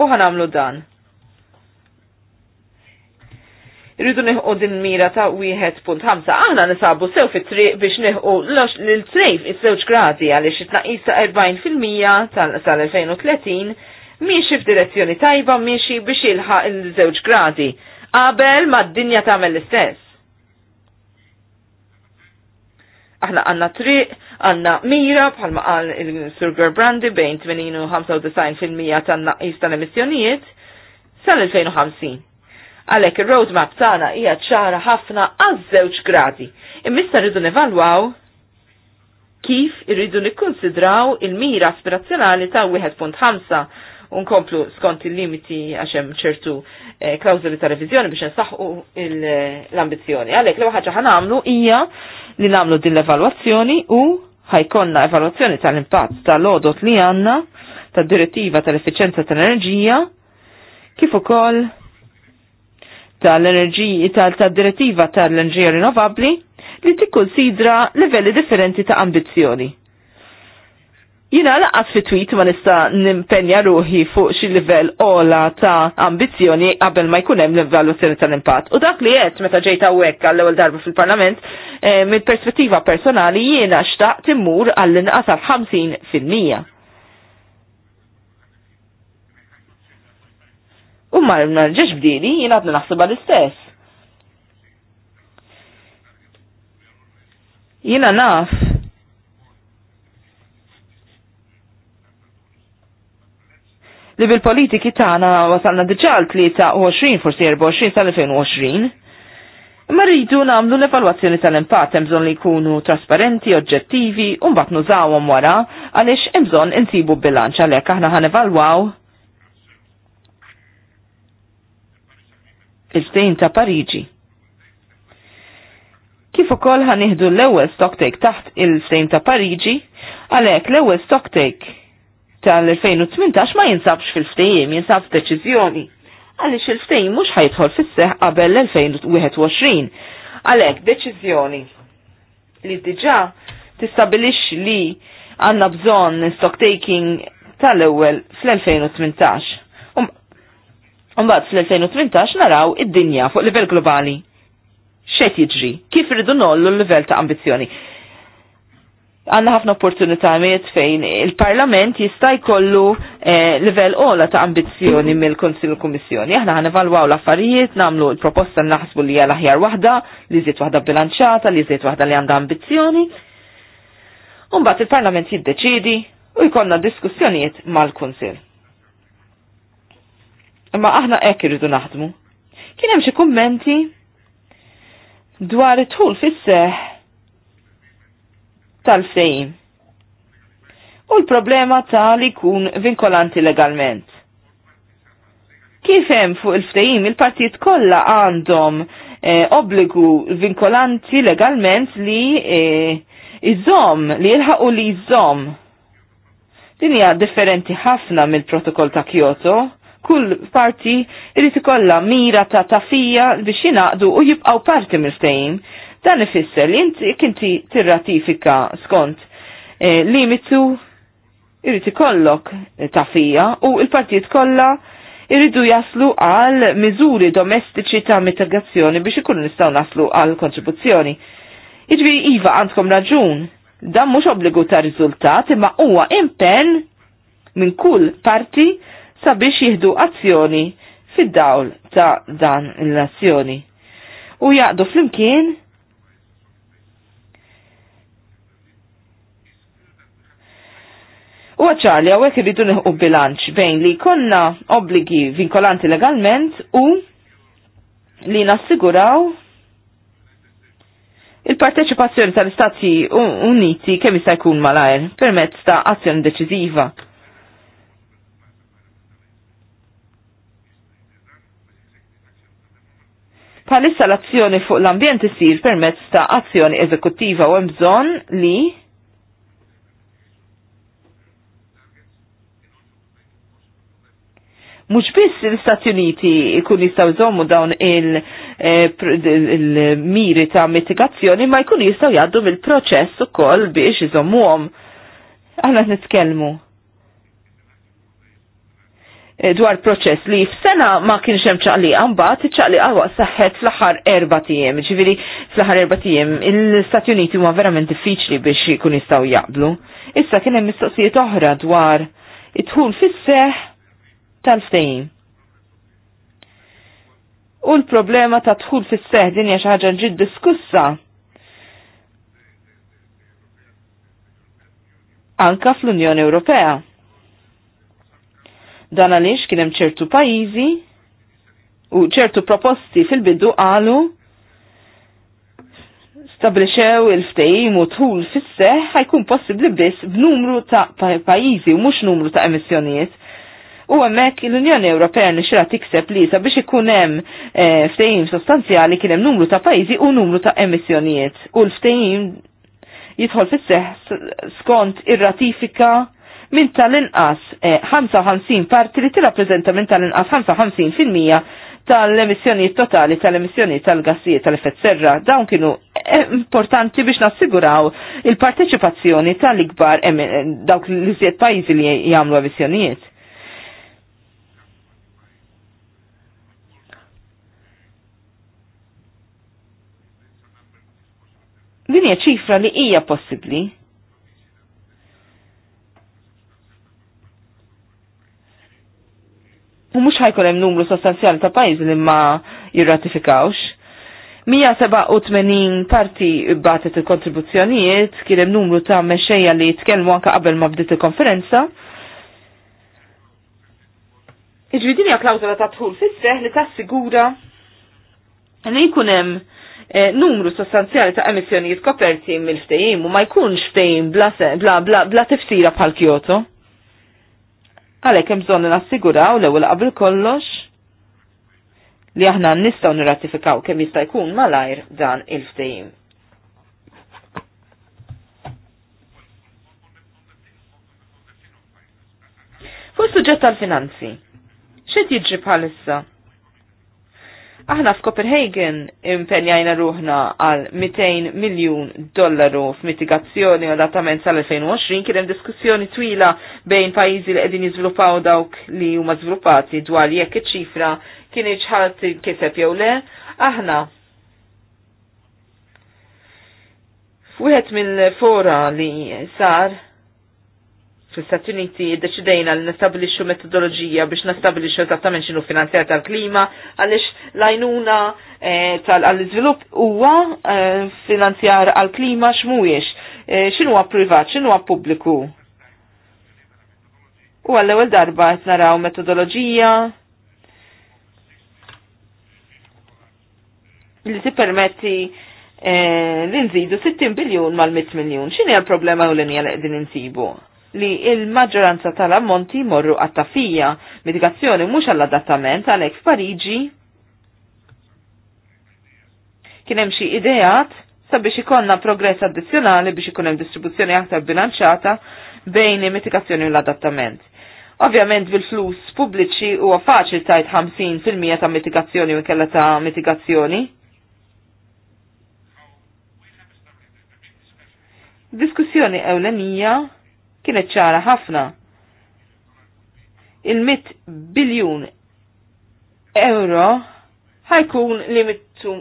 Speaker 2: u ħanamlu dan. Irridu neħu din mira ta' 1.5. Aħna nisabu sew fit-triq biex neħu l-trejf is-żewġ gradi għaliex it-naqis ta' 40% tal-2030 miexi f'direzzjoni tajba miexi biex jilħaq il-żewġ gradi. Qabel ma d-dinja tagħmel l-istess. aħna għanna triq, għanna mira bħalma għal il-Sur Gerbrandi bejn 85 fil-mija tan naqis tal-emissjonijiet sal-2050. Għalek il-roadmap tana hija ċara ħafna għaż-żewġ gradi. Immissa rridu nevalwaw kif irridu nikkonsidraw il-mira aspirazzjonali ta' 1.5 unkomplu skont il-limiti għaxem ċertu eh, klawzuli ta' revizjoni biex nsaħu l-ambizjoni. Għalek li waħħaġa ħanamlu hija li namlu din l-evalwazzjoni u ħajkonna evalwazzjoni tal-impatt tal-odot li għanna tad-direttiva tal-efficienza tal-enerġija kif ukoll tal-enerġiji tal-direttiva tal-enerġija rinnovabbli li tikkonsidra livelli differenti ta' ambizzjoni. Jina laqqas fi tweet ma nista nimpenja ruħi fuq xi livell ola ta' ambizzjoni qabel ma jkun hemm l-evaluazzjoni tal-impatt. U dak li qed meta ġejt hawnhekk għall-ewwel darba fil-Parlament, eh, mill-perspettiva personali jiena xtaqt immur għall-inqas għal 50 fil-mija. U ma rġiex bdini, jiena għadna naħseb l-istess. Jiena naf li bil-politiki tagħna wasalna diġà 23 forsi 24 sal-2020. Imma rridu nagħmlu l-evalwazzjoni tal-impatt hemm bżonn li jkunu trasparenti, oġġettivi u mbagħad nużawhom wara għaliex hemm insibu bilanċ għalhekk aħna ħanevalwaw il-ftehim ta' Pariġi. Kif ukoll ħanieħdu l-ewwel stocktake taħt il-ftehim ta' Pariġi, għalhekk l-ewwel stocktake tal-2018 ma jinsabx fil-ftejim, jinsab deċizjoni. Għaliex il-ftejim mhux ħajtħol fis-seħ qabel l-2021. Għalhekk deċiżjoni li diġà tistabilix li għandna bżonn stock taking tal-ewwel fl-2018. Umbad um, fl-2018 naraw id-dinja fuq livell globali. Xet jiġri? Kif rridu nollu l-livell ta' ambizjoni? għanna ħafna opportunitajiet fejn il-Parlament jista' jkollu level eh, livell ola ta' ambizzjoni mill-Konsil Kummissjoni. Aħna ħan evalwaw l-affarijiet, nagħmlu l-proposta naħsbu li hija l-aħjar waħda, li żiet waħda bilanċata, li żiet waħda li għandha ambizzjoni. Umbagħad il-Parlament jiddeċidi u jkollna diskussjonijiet mal konsil Imma aħna hekk irridu naħdmu. Kien hemm xi kummenti dwar it-tul fis tal-fejn. U l-problema ta' li kun vinkolanti legalment. Kif hemm fuq il-ftehim il-partijiet kollha għandhom eh, obbligu vinkolanti legalment li eh, iżom, li jilħaqu li iżom. Din hija differenti ħafna mill-protokoll ta' Kyoto. Kull parti irid ikollha mira ta' tafija biex jingħaqdu u jibqgħu parti mill-ftehim. Dan ifisser li inti kinti tirratifika skont eh, limitu irrid ikollok eh, tafija u il-partijiet kollha irridu jaslu għal miżuri domestiċi ta' mitigazzjoni biex ikunu nistgħu naslu għal kontribuzzjoni. Jiġri iva għandkom raġun, dan mhux obbligu ta' riżultat imma huwa impenn minn kull parti sabiex jieħdu azzjoni fid-dawl ta' dan l-azzjoni. U jaqdu flimkien U għacċarli għawek irridu neħu bilanċ bejn li konna obbligi vinkolanti legalment u li nassiguraw il-parteċipazzjoni tal-Istati Uniti kemm jista' jkun malajr permezz ta' azzjoni deċiżiva. Palissa l-azzjoni fuq l-ambjent isir permezz ta' azzjoni eżekuttiva u hemm bżonn li mhux biss l-Istati Uniti ikun jistgħu jżommu dawn eh, il-miri ta' mitigazzjoni ma jkun jistgħu jaddu mill-proċess ukoll biex iżommuhom. Aħna nitkellmu eh, dwar proċess li f'sena ma kienx hemm ċaqliqa mbagħad ċaqli għawa waqt saħħet fl-aħħar erba' tiem. Ġifieri fl-aħħar erba' tiem l-Istati Uniti huma verament diffiċli biex jkun jistgħu jaqblu. Issa kien hemm mistoqsijiet oħra dwar it-tħul fis-seħħ tal-ftejn. U l-problema ta' dħul fis seħ din hija xi ħaġa ġid diskussa. Anka fl-Unjoni Ewropea. Dan għaliex kien hemm ċertu pajjiżi u ċertu proposti fil-bidu qalu stablixew il-ftehim u tħul fis seħ ħajkun possibbli biss b'numru ta' pajjiżi u mhux numru ta' emissjonijiet U għemmek l-Unjoni Ewropea nixra tikseb lisa biex ikun hemm eh, ftehim sostanzjali kien hemm numru ta' pajjiżi u numru ta' emissjonijiet. U l-ftehim jidħol fis-seħ skont ir-ratifika minn tal-inqas 55 eh, parti li tirrappreżenta minn tal-inqas 55% tal-emissjonijiet totali tal-emissjonijiet tal-gassijiet tal-effett serra. Dawn kienu eh, importanti biex nassiguraw il-parteċipazzjoni tal-ikbar dawk l-iżjed pajjiżi li jagħmlu emissjonijiet. din hija ċifra li hija possibbli. U mhux ħajkol hemm numru sostanzjali ta' pajjiżi li ma jirratifikawx. 187 parti batet il-kontribuzzjonijiet, kien hemm numru ta' mexxejja li jitkellmu anke qabel ma bdiet il-konferenza. Iġvidini klawzola ta' tħul fisseħ li ta' sigura li jkun hemm Eh, numru sostanzjali ta' emissjonijiet koperti mill-ftejim u ma jkunx ftejim bla, bla, bla, bla tifsira bħal Kyoto. Għalek hemm bżonn nassiguraw l-ewwel qabel kollox li aħna nistgħu nirratifikaw kemm jista' jkun malajr dan il-ftejim. Fuq suġġett tal-finanzi, xed jiġri bħalissa? Aħna f'Copenhagen impenjajna ruħna għal 200 miljun dollaru f'mitigazzjoni u adattament sal-2020 kien hemm diskussjoni twila bejn pajjiżi li qegħdin jiżviluppaw dawk li huma żviluppati dwar jekk iċ-ċifra kien ħadd kiseb jew le. Aħna F'wieħed mill-fora li sar fl-Stati Uniti deċidejna li nestabilixxu metodoloġija biex nestabilixxu eżattament x'inhu finanzjar tal-klima għaliex l-għajnuna eh, tal-iżvilupp huwa eh, finanzjar għall-klima x'mhuwiex. Eh, x'inhu privat, x'inhu pubbliku? U għall-ewwel darba qed naraw metodoloġija li tippermetti li nżidu 60 biljun mal-100 miljun. X'inhi l-problema u l-inja li qegħdin insibu? li il-maġġoranza tal-ammonti morru għattafija, mitigazzjoni mhux għall-adattament għalhekk f'Pariġi kienem hemm xi ideat sabiex ikonna progress addizzjonali biex ikun hemm distribuzzjoni aktar bilanċata bejn il-mitigazzjoni u l-adattament. Ovvjament bil-flus pubbliċi huwa faċli tajt 50% ta' mitigazzjoni u kella ta' mitigazzjoni. Diskussjoni ewlenija kienet ċara ħafna. Il-100 biljun euro ħajkun limitu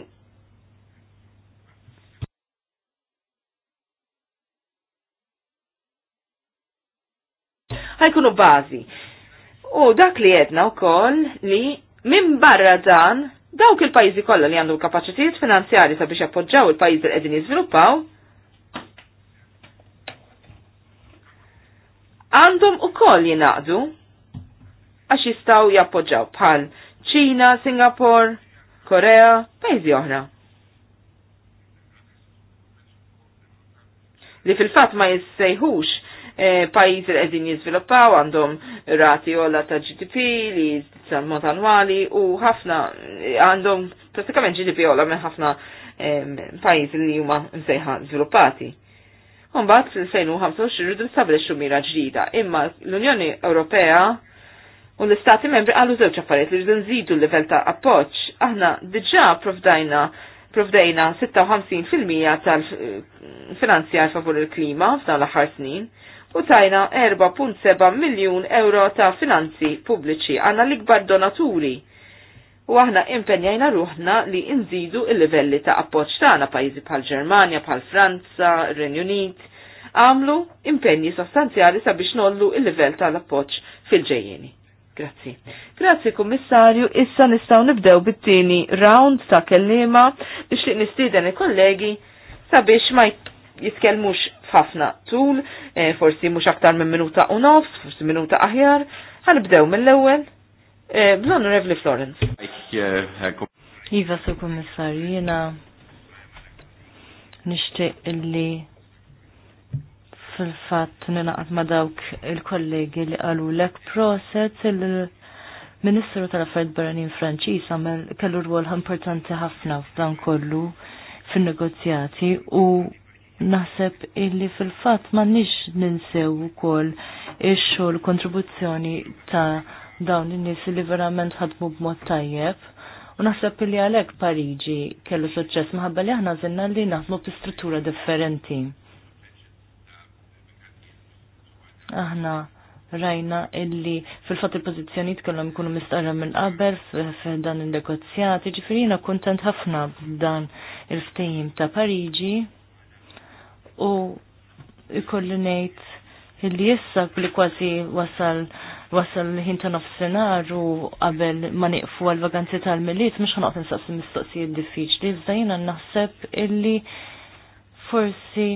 Speaker 2: ħajkunu bazi. U dak li jedna u koll li minn barra dan dawk il-pajzi kollha li għandu kapacitiet finanzjari sabiex appoġġaw il-pajzi li qegħdin jiżviluppaw għandhom u koll jinaqdu għax jistaw jappoġġaw bħal ċina, Singapore, Korea, pajzi oħra. Li fil-fat ma jissejħux eh, li qegħdin jiżviluppaw għandhom rati ola ta' GDP li mod annwali u ħafna e, għandhom prattikament GDP ola minn ħafna eh, li huma msejħa żviluppati. Umbat fil-2025 rridu nistabilixxu mira ġdida. Imma l-Unjoni Ewropea u l-Istati membri qalu żewġ affarijiet li rridu nżidu l-livell ta' appoġġ. Aħna diġà provdajna provdejna 56% tal-finanzjar favur il-klima f'dan l-aħħar snin u tajna 4.7 miljun euro ta' finanzi pubbliċi għanna l-ikbar donaturi u aħna impenjajna ruħna li nżidu il-livelli ta' appoċ tagħna pajjiżi bħal Ġermanja, bħal Franza, Renju Unit, għamlu impenji sostanzjali sabiex nollu il-livell tal-appoċ fil-ġejjeni. Grazzi. Grazzi kummissarju, issa nistaw nibdew bit-tieni round ta' kellima biex li nistieden il-kollegi sabiex ma jitkelmux f'ħafna tul, eh, forsi mhux aktar minn minuta u nofs, forsi minuta aħjar, ħanibdew mill-ewwel Eh, Bl-Onorevli Florence. Iva, Sur Kommissarju, jena nishtiq
Speaker 4: illi fil-fat ninaqat ma dawk il-kollegi li għalu lek proset il-Ministru tal-Affarijiet Barranin Franċis għamel kellu rwol importanti ħafna f'dan kollu fin-negozjati u naħseb illi fil-fat ma nix ninsew ukoll ix-xogħol kontribuzzjoni ta' dawn in-nies li verament ħadmu b'mod tajjeb. U naħseb li għalhekk Pariġi kellu suċċess minħabba li aħna żinna li naħdmu b'istruttura differenti. Aħna rajna illi fil-fat il-pozizjoniet kellhom ikunu mistarra minn qabel f'dan il-negozjati, jiġifieri jiena kuntent ħafna b'dan il-ftehim ta' Pariġi u ikolli ngħid illi issa li kważi wasal wasal ħin ta' nofsinhar u qabel ma nieqfu għal vaganzi tal-miliet mhux ħanoqgħod nistaqsi mistoqsijiet diffiċli, li jiena naħseb illi forsi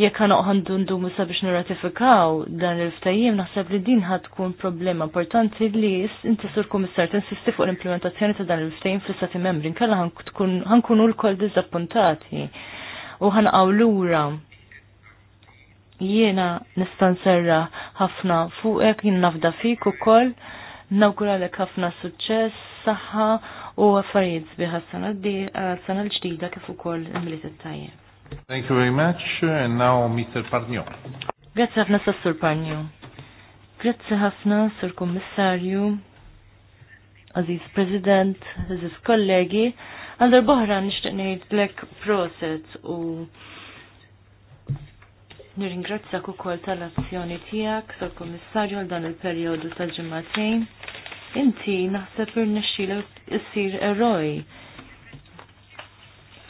Speaker 4: jekk għana għandu ndumu sabiex nirratifikaw dan il-ftajim, naħseb li din ħad tkun problema importanti li inti sur komissar tinsisti fuq l-implementazzjoni ta' dan il-ftajim fl stati membri, nkalla ħankunu l-koll dizappuntati u ħanqaw lura. Jiena nistan nserra ħafna fuqek, jien nafda fik ukoll, nawguralek ħafna suċċess, saħħa u affarijiet s sana eh, l-ġdida kif ukoll imliet il tajjeb
Speaker 1: Thank you very much, and now Mr. Parnio.
Speaker 4: Grazie ħafna Sur Parnio. Grazie ħafna Sur Kommissarju, Aziz President, Aziz Kollegi, għandar boħra nishtiq ngħidlek proset u Nirringrazzjak ukoll tal-azzjoni tiegħek tal-Kummissarju għal dan il-perjodu tal-ġimgħatejn. Inti naħseb irnexxielek issir eroj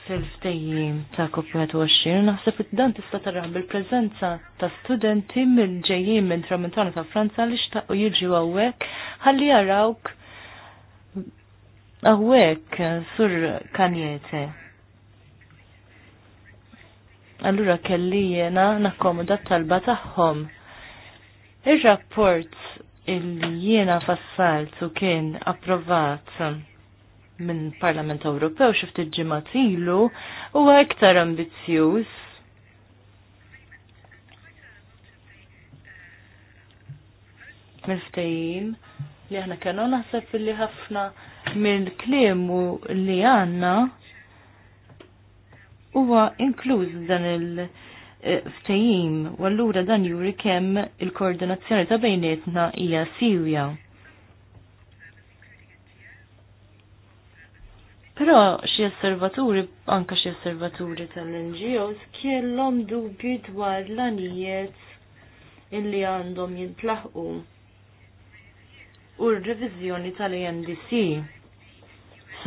Speaker 4: fil-ftejjim ta' COP21 naħseb id-dan tista' taraħ bil prezenza ta' studenti minn ġejjin minn Tramontana ta' Franza li u jiġu hawnhekk ħalli jarawk hawnhekk sur kanjete allura kelli jena nakkomoda talba tagħhom. Ir-rapport il jiena fassalt u kien approvat minn Parlament Ewropew xi ftit ġimgħat ilu huwa iktar ambizzjuż miftejim li aħna kellna naħseb li ħafna mill-kliemu li għandna huwa inkluż dan il- eh, ftejim, u allura dan juri kemm il-koordinazzjoni ta' bejnietna hija Sirja. Però xi osservaturi, anka xi osservaturi tal-NGOs, kellhom dubju dwar l-anijiet illi għandhom jintlaħqu u r revizjoni tal-AMDC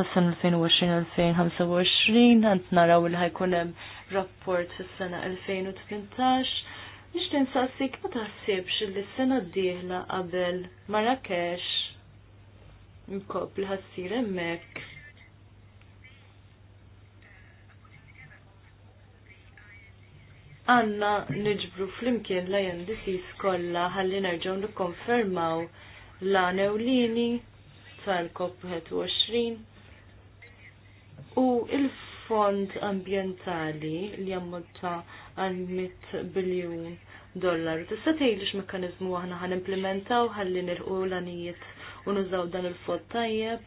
Speaker 4: sas-sena 2020-2025 għand naraw li ħajkun hemm rapport fis-sena 2018. Nixtieq nsaqsik ma taħsibx li s-sena d-dieħla qabel Marrakesh nkop li ħassir hemmhekk. Għanna niġbru flimkien la jendis kollha ħalli nerġgħu nikkonfermaw l newlini tal tal-COP21 U il-fond ambientali li jammulta għal 100 biljun dollar. Tista' x mekkaniżmu aħna ħan implementaw ħalli nirqu l-anijiet u nużaw dan il-fond tajjeb.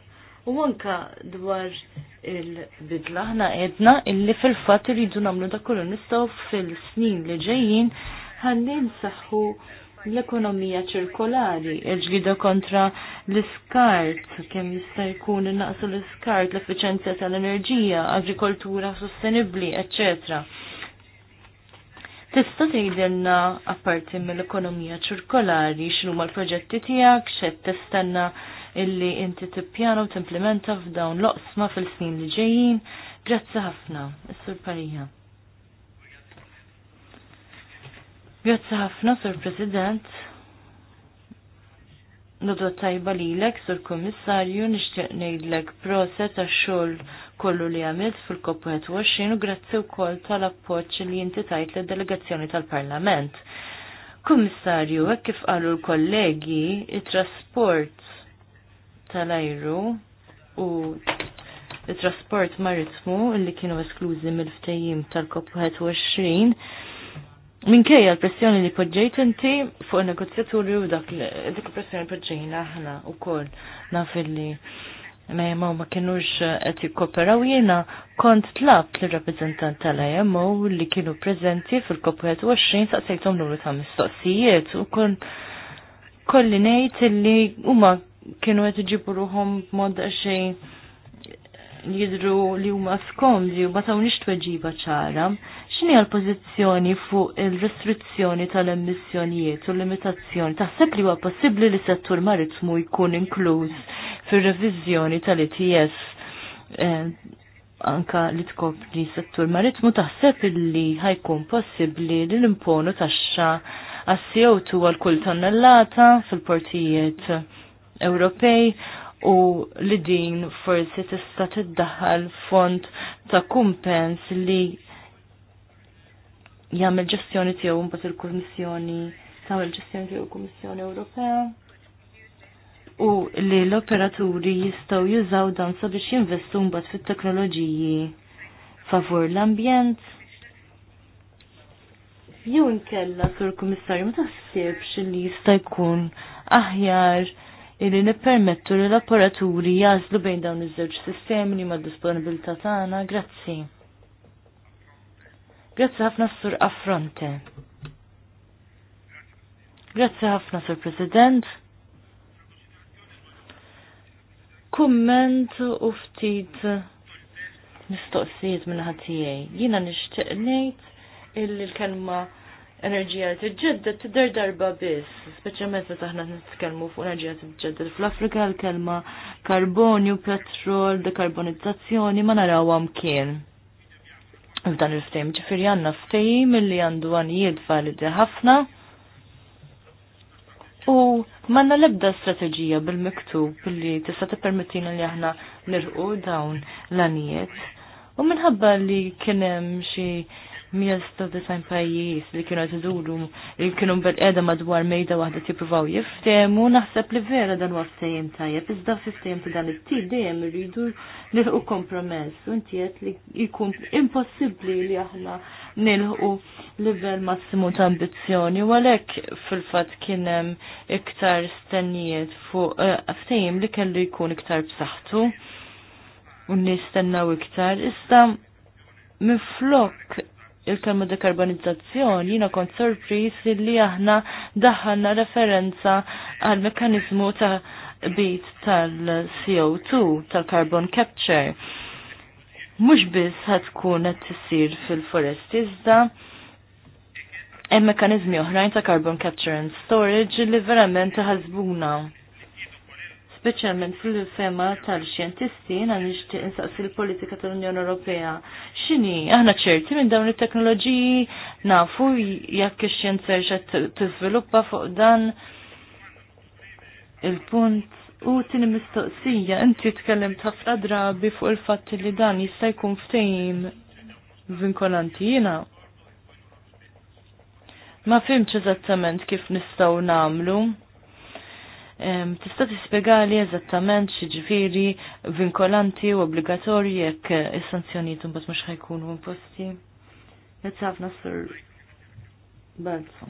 Speaker 4: U anka dwar il-bidla ħna edna illi fil-fatt irridu nagħmlu dak kollu nistgħu fil-snin li ġejjin ħalli nsaħħu l-ekonomija ċirkolari, il-ġlida kontra l-iskart, kemm jista' jkun naqsu l-iskart, l-effiċenzja tal-enerġija, agrikoltura sostenibli, eccetera. Tista' tgħidilna apparti mill-ekonomija ċirkolari x'huma l-proġetti tiegħek, x'qed tistenna illi inti tippjana u timplementa f'dawn l-oqsma fil-snin li ġejjin. Grazzi ħafna, Is-Sur Parija. Grazzi ħafna, Sur President. Nodwa tajba lilek, Sur Kommissarju, nixtieq ngħidlek proset għax-xogħol kollu li għamilt fil-COP21 u grazzi wkoll tal-appoġġ li jinti tajt lid-delegazzjoni tal-Parlament. Kummissarju, hekk kif qalu l-kollegi, il trasport tal-ajru u it-trasport maritmu li kienu esklużi mill ftejim tal tal-COP21 Minkejja l-pressjoni li poġġejt inti fuq negozjaturi u dak dik pressjoni poġġejna aħna u koll naf illi ma jemaw ma kienux eh, qed jikkoperaw jiena kont tlabt li rappreżentant tal-IMO li kienu preżenti fil-COP21 saqsejthom numru ta' mistoqsijiet u kont kolli ngħid illi huma kienu qed iġibu ruhom b'mod xejn jidru li huma skomdi u ma tawniex tweġiba ċara x'inhi l-pożizzjoni fuq il-restrizzjoni tal-emissjonijiet u l limitazzjoni? Taħseb li huwa possibbli li settur maritmu jkun inkluż fir-reviżjoni tal-ETS eh, anka li tkopri settur maritmu taħseb li ħajkun possibbli li l-imponu taxxa għas-CO2 għal kull tonnellata fil-portijiet Ewropej u li din forsi tista' tiddaħħal fond ta' kumpens li jagħmel ġestjoni tiegħu mbagħad il-Kummissjoni tagħmel ġestjoni tiegħu l-Kummissjoni Ewropea u li l-operaturi jistgħu jużaw dan sabiex jinvestu mbagħad fit-teknoloġiji favur l-ambjent. Jew inkella sur kummissarju ma taħsibx li jista' jkun aħjar illi nippermettu li l-operaturi jażlu bejn dawn iż-żewġ sistemi li ma' disponibilità tagħna. Grazzi. Grazzi ħafna sur affronte. Grazzi ħafna sur president. Kumment u ftit mistoqsijiet minn ħatijaj. Jina nishtiq ngħid illi l-kelma enerġija t tidher darba biss, speċjalment taħna t nitkellmu fuq enerġija tiġġedded fl-Afrika l-kelma karbonju, petrol, dekarbonizzazzjoni ma narawhom kien f'dan il ftim Ġifiri għanna ftejm illi għandu għanijiet validi ħafna u manna lebda strategija bil-miktub li tista' tippermettina li aħna nirqu dawn l-għanijiet. U minħabba li kienem xi design pajjiż li kienu qed iduru li kienu bel edha madwar mejda waħda tippruvaw jiftemu, naħseb li vera dan huwa ftehim tajjeb, iżda sistem ta' dan it-tip dejjem irridu nilħu kompromess u inti li jkun impossibbli li aħna nilħu livell massimu ta' ambizzjoni u għalhekk fil-fatt kien hemm iktar stennijiet fuq eh, ftehim li kellu jkun iktar b'saħħtu u nistennaw iktar, issa minflok il-kelma dekarbonizzazzjoni, jina kont sorpris li aħna daħanna referenza għal mekanizmu ta' bit tal-CO2, tal-carbon capture. Mux biss ħatkun qed tisir fil forest izda, hemm mekanizmi oħrajn ta' carbon capture and storage li verament ħasbuna speċjalment fil-fema tal-xjentisti għan nixtieq insaqsi l-politika tal-Unjoni Ewropea. X'inhi aħna ċerti minn dawn it-teknoloġiji nafu jekk ix-xjenza qed tiżviluppa fuq dan il-punt U tini mistoqsija, inti tkellem ħafna drabi fuq il-fatt li dan jista' jkun ftehim vinkolanti jiena. Ma fimx eżattament kif nistgħu nagħmlu. Tista' tispjegali eżattament x'ġifieri vinkolanti u obbligatorji jekk eh, is-sanzjonijiet imbagħad mhux ħajkunu imposti? Let's ħafna sur Balzo.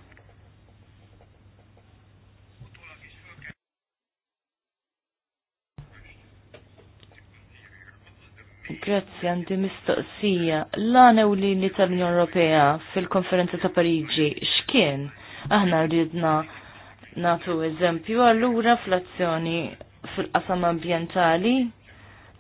Speaker 4: Grazzi, għandi mistoqsija. L-għanew li tal-Unjon Ewropea fil-konferenza ta' Pariġi x'kien? Aħna rridna natu eżempju, allura fl-azzjoni fil-qasam ambientali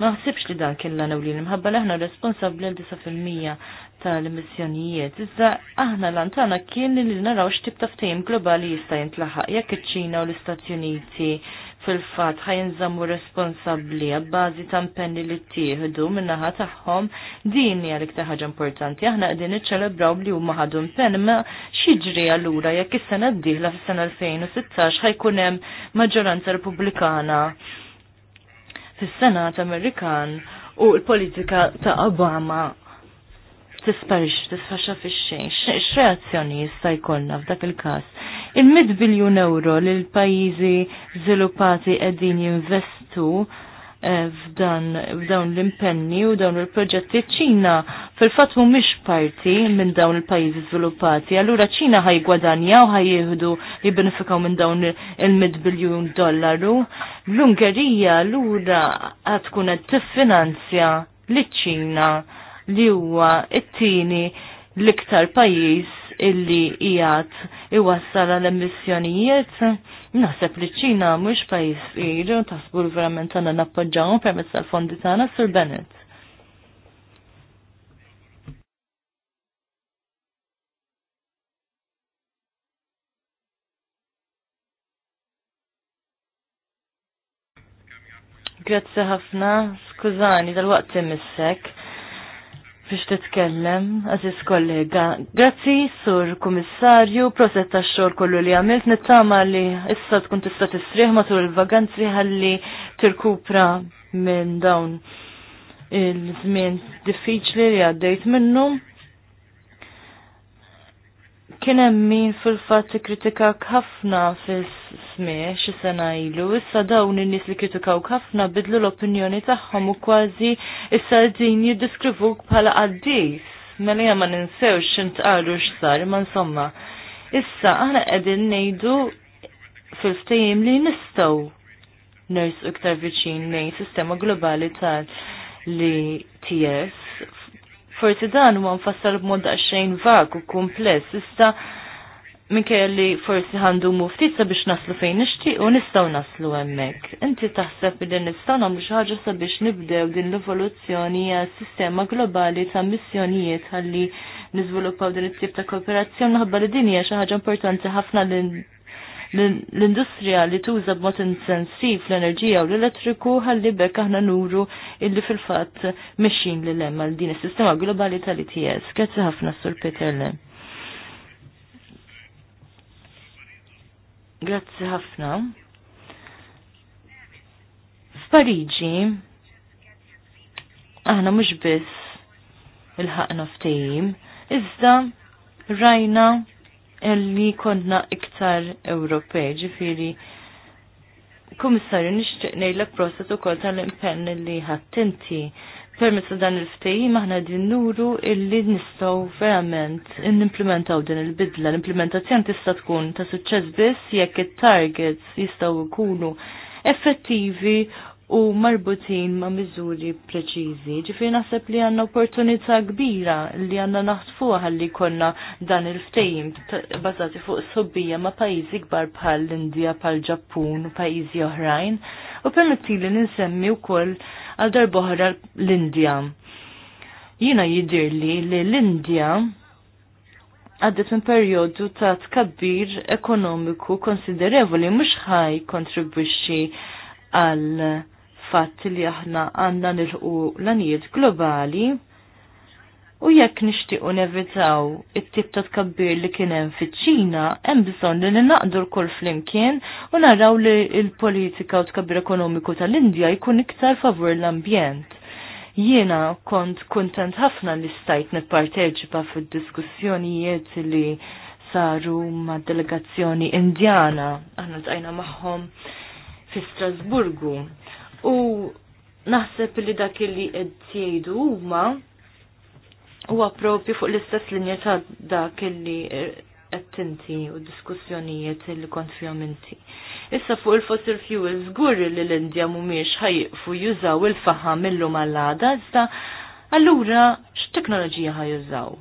Speaker 4: ma ħsibx li dan kien l-għana u li mħabba aħna responsabli l-9% tal-emissjonijiet. Iżda aħna l-antana kien li naraw xtib taftajim globali jista' jintlaħaq jekk iċ-Ċina u l-Istati Uniti fil-fat ħajnżammu responsabli għabbażi ta' penni li t-tieħdu minnaħa taħħom din hija l-iktar ħaġa importanti. Aħna qegħdin iċċelebraw li huma ħadu mpenn ma x'jiġri allura jekk is-sena d-dieħla fis-sena 2016 ħajkun hemm maġġoranza Repubblikana fis-Senat Amerikan u l-politika ta' Obama tisparix, tisfaxa fi xejn. X-reazzjoni jista' jkollna f'dak il-każ? il-mid biljun euro li l-pajizi żviluppati qegħdin jinvestu eh, f'dawn l-impenni u dawn il-proġetti ċina fil-fatt mhumiex parti minn dawn il-pajjiżi żviluppati. Allura ċina gwadanja u ħaj jihdu jibbenefikaw minn dawn il-mid biljun dollaru. L-Ungerija allura għad tkun qed tiffinanzja liċ-Ċina li huwa it-tieni l-iktar pajjiż illi ijat iwassal l-emissjonijiet, naħseb li ċina mux pajis ir, tasbur verament għanna nappoġġaw permezz tal-fondi tagħna sur Bennett. Grazzi ħafna, skużani, dal-waqt imissek biex titkellem, aziz kollega. Grazzi, sur Kommissarju. proset ta' xor kollu li għamilt, nittama li issa tkun tista tisriħ matul il-vaganzi għalli tirkupra minn dawn il-żmien diffiċli li għaddejt minnu kien hemm min fil-fatt kritika ħafna fis-smie xi sena ilu, issa dawn in-nies li kritikaw ħafna bidlu l-opinjoni tagħhom u kważi issa din jiddiskrivuk bħala qaddis. Mela ma ninsewx intqalu x'sar, ma insomma. Issa aħna qegħdin ngħidu fil-ftehim li nistgħu ners iktar viċin lejn sistema globali tal li TS Forsi dan huwa mfassal b'mod daqsxejn vag u kumpless, issa li forsi għandu muftizza biex naslu fejn nixtieq u nistgħu naslu hemmhekk. Inti taħseb li nistgħu nagħmlu xi ħaġa sabiex nibdew din l-evoluzzjoni għas sistema globali ta' missjonijiet ħalli niżviluppaw din it-tip ta' kooperazzjoni naħba li din hija xi ħaġa importanti ħafna lin l-industrija li tuża b'mod intensiv l-enerġija u l-elettriku ħalli bekk aħna nuru illi fil-fatt mexxin li lemma din is-sistema globali tal-ITS. Grazzi ħafna Sur Peterle. Grazzi ħafna. F'Pariġi aħna mhux biss il-ħaqna ftehim, iżda rajna li konna iktar Ewropej, ġifiri. komissarju nixtieq ngħidlek proset ukoll tal-impenn li ħadd inti. Permezz dan il-ftehim aħna din nuru illi nistgħu verament nimplementaw din il-bidla. L-implementazzjoni tista' tkun ta' suċċess biss jekk it-targets jistgħu jkunu effettivi u marbutin ma' miżuri preċiżi. Ġifieri naħseb li għandna opportunità kbira li għandna naħtfu għalli konna dan il-ftejim bażati fuq sobbija ma' pajjiżi kbar bħal l-Indja, bħal ġappun u pajjiżi oħrajn. U permetti li ninsemmi wkoll għal darboħra l-Indja. Jina jidirli li l-Indja għaddet minn periodu ta' tkabbir ekonomiku konsiderevoli mhux ħaj kontribwixxi għal fatt li aħna għandna nilħu l-anijiet globali u jekk nixtiequ nevitaw it-tip ta' tkabbir li kien hemm fiċ-Ċina, hemm bżonn li ninaqdu l-kull flimkien u naraw li l-politika u tkabbir ekonomiku tal-Indja jkun iktar favur l-ambjent jiena kont kuntent ħafna li stajt nipparteċipa fid diskussjonijiet li saru ma' delegazzjoni indjana. Aħna tajna maħħom fi Strasburgu. U naħseb li dak li qed jgħidu huma huwa propju fuq l-istess linja ta' dak li qed tinti u diskussjonijiet li kont fihom inti. Issa fuq il-fossil fuels żgur li l-Indja mhumiex ħajqfu jużaw il-faħam illum għall-għada, iżda allura x'teknoloġija jużaw?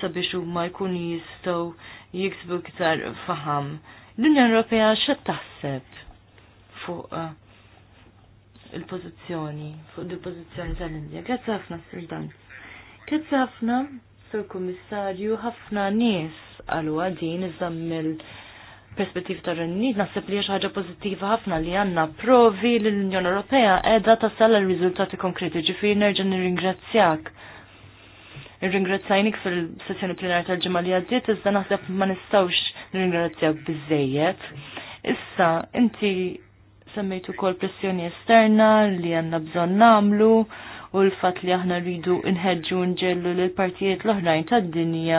Speaker 4: Sabiex huma jkunu jistgħu jiksbu iktar faħam. L-Unjoni Ewropea x'qed taħseb fuq uh, il-pozizjoni, fuq il-pozizjoni tal-Indija. Grazzi ħafna, Sir Dan. Grazzi ħafna, Sir Kommissarju, ħafna nies għalu għadin iżam mill perspettiv ta' rennit, naħseb li ħaġa pozittiva ħafna li għanna provi li l-Unjoni Ewropea edha tasal l-riżultati konkreti, ġifiri nerġa' nirringrazzjak. Nirringrazzajnik fil-sessjoni plenar tal-ġimgħa li għaddiet, iżda naħseb ma nistgħux ingrazzjak bizzejiet. Issa, inti semmejtu kol pressjoni esterna li għanna bżon namlu u l-fat li aħna rridu nħedġu nġellu l-partijiet l-oħrajn tad-dinja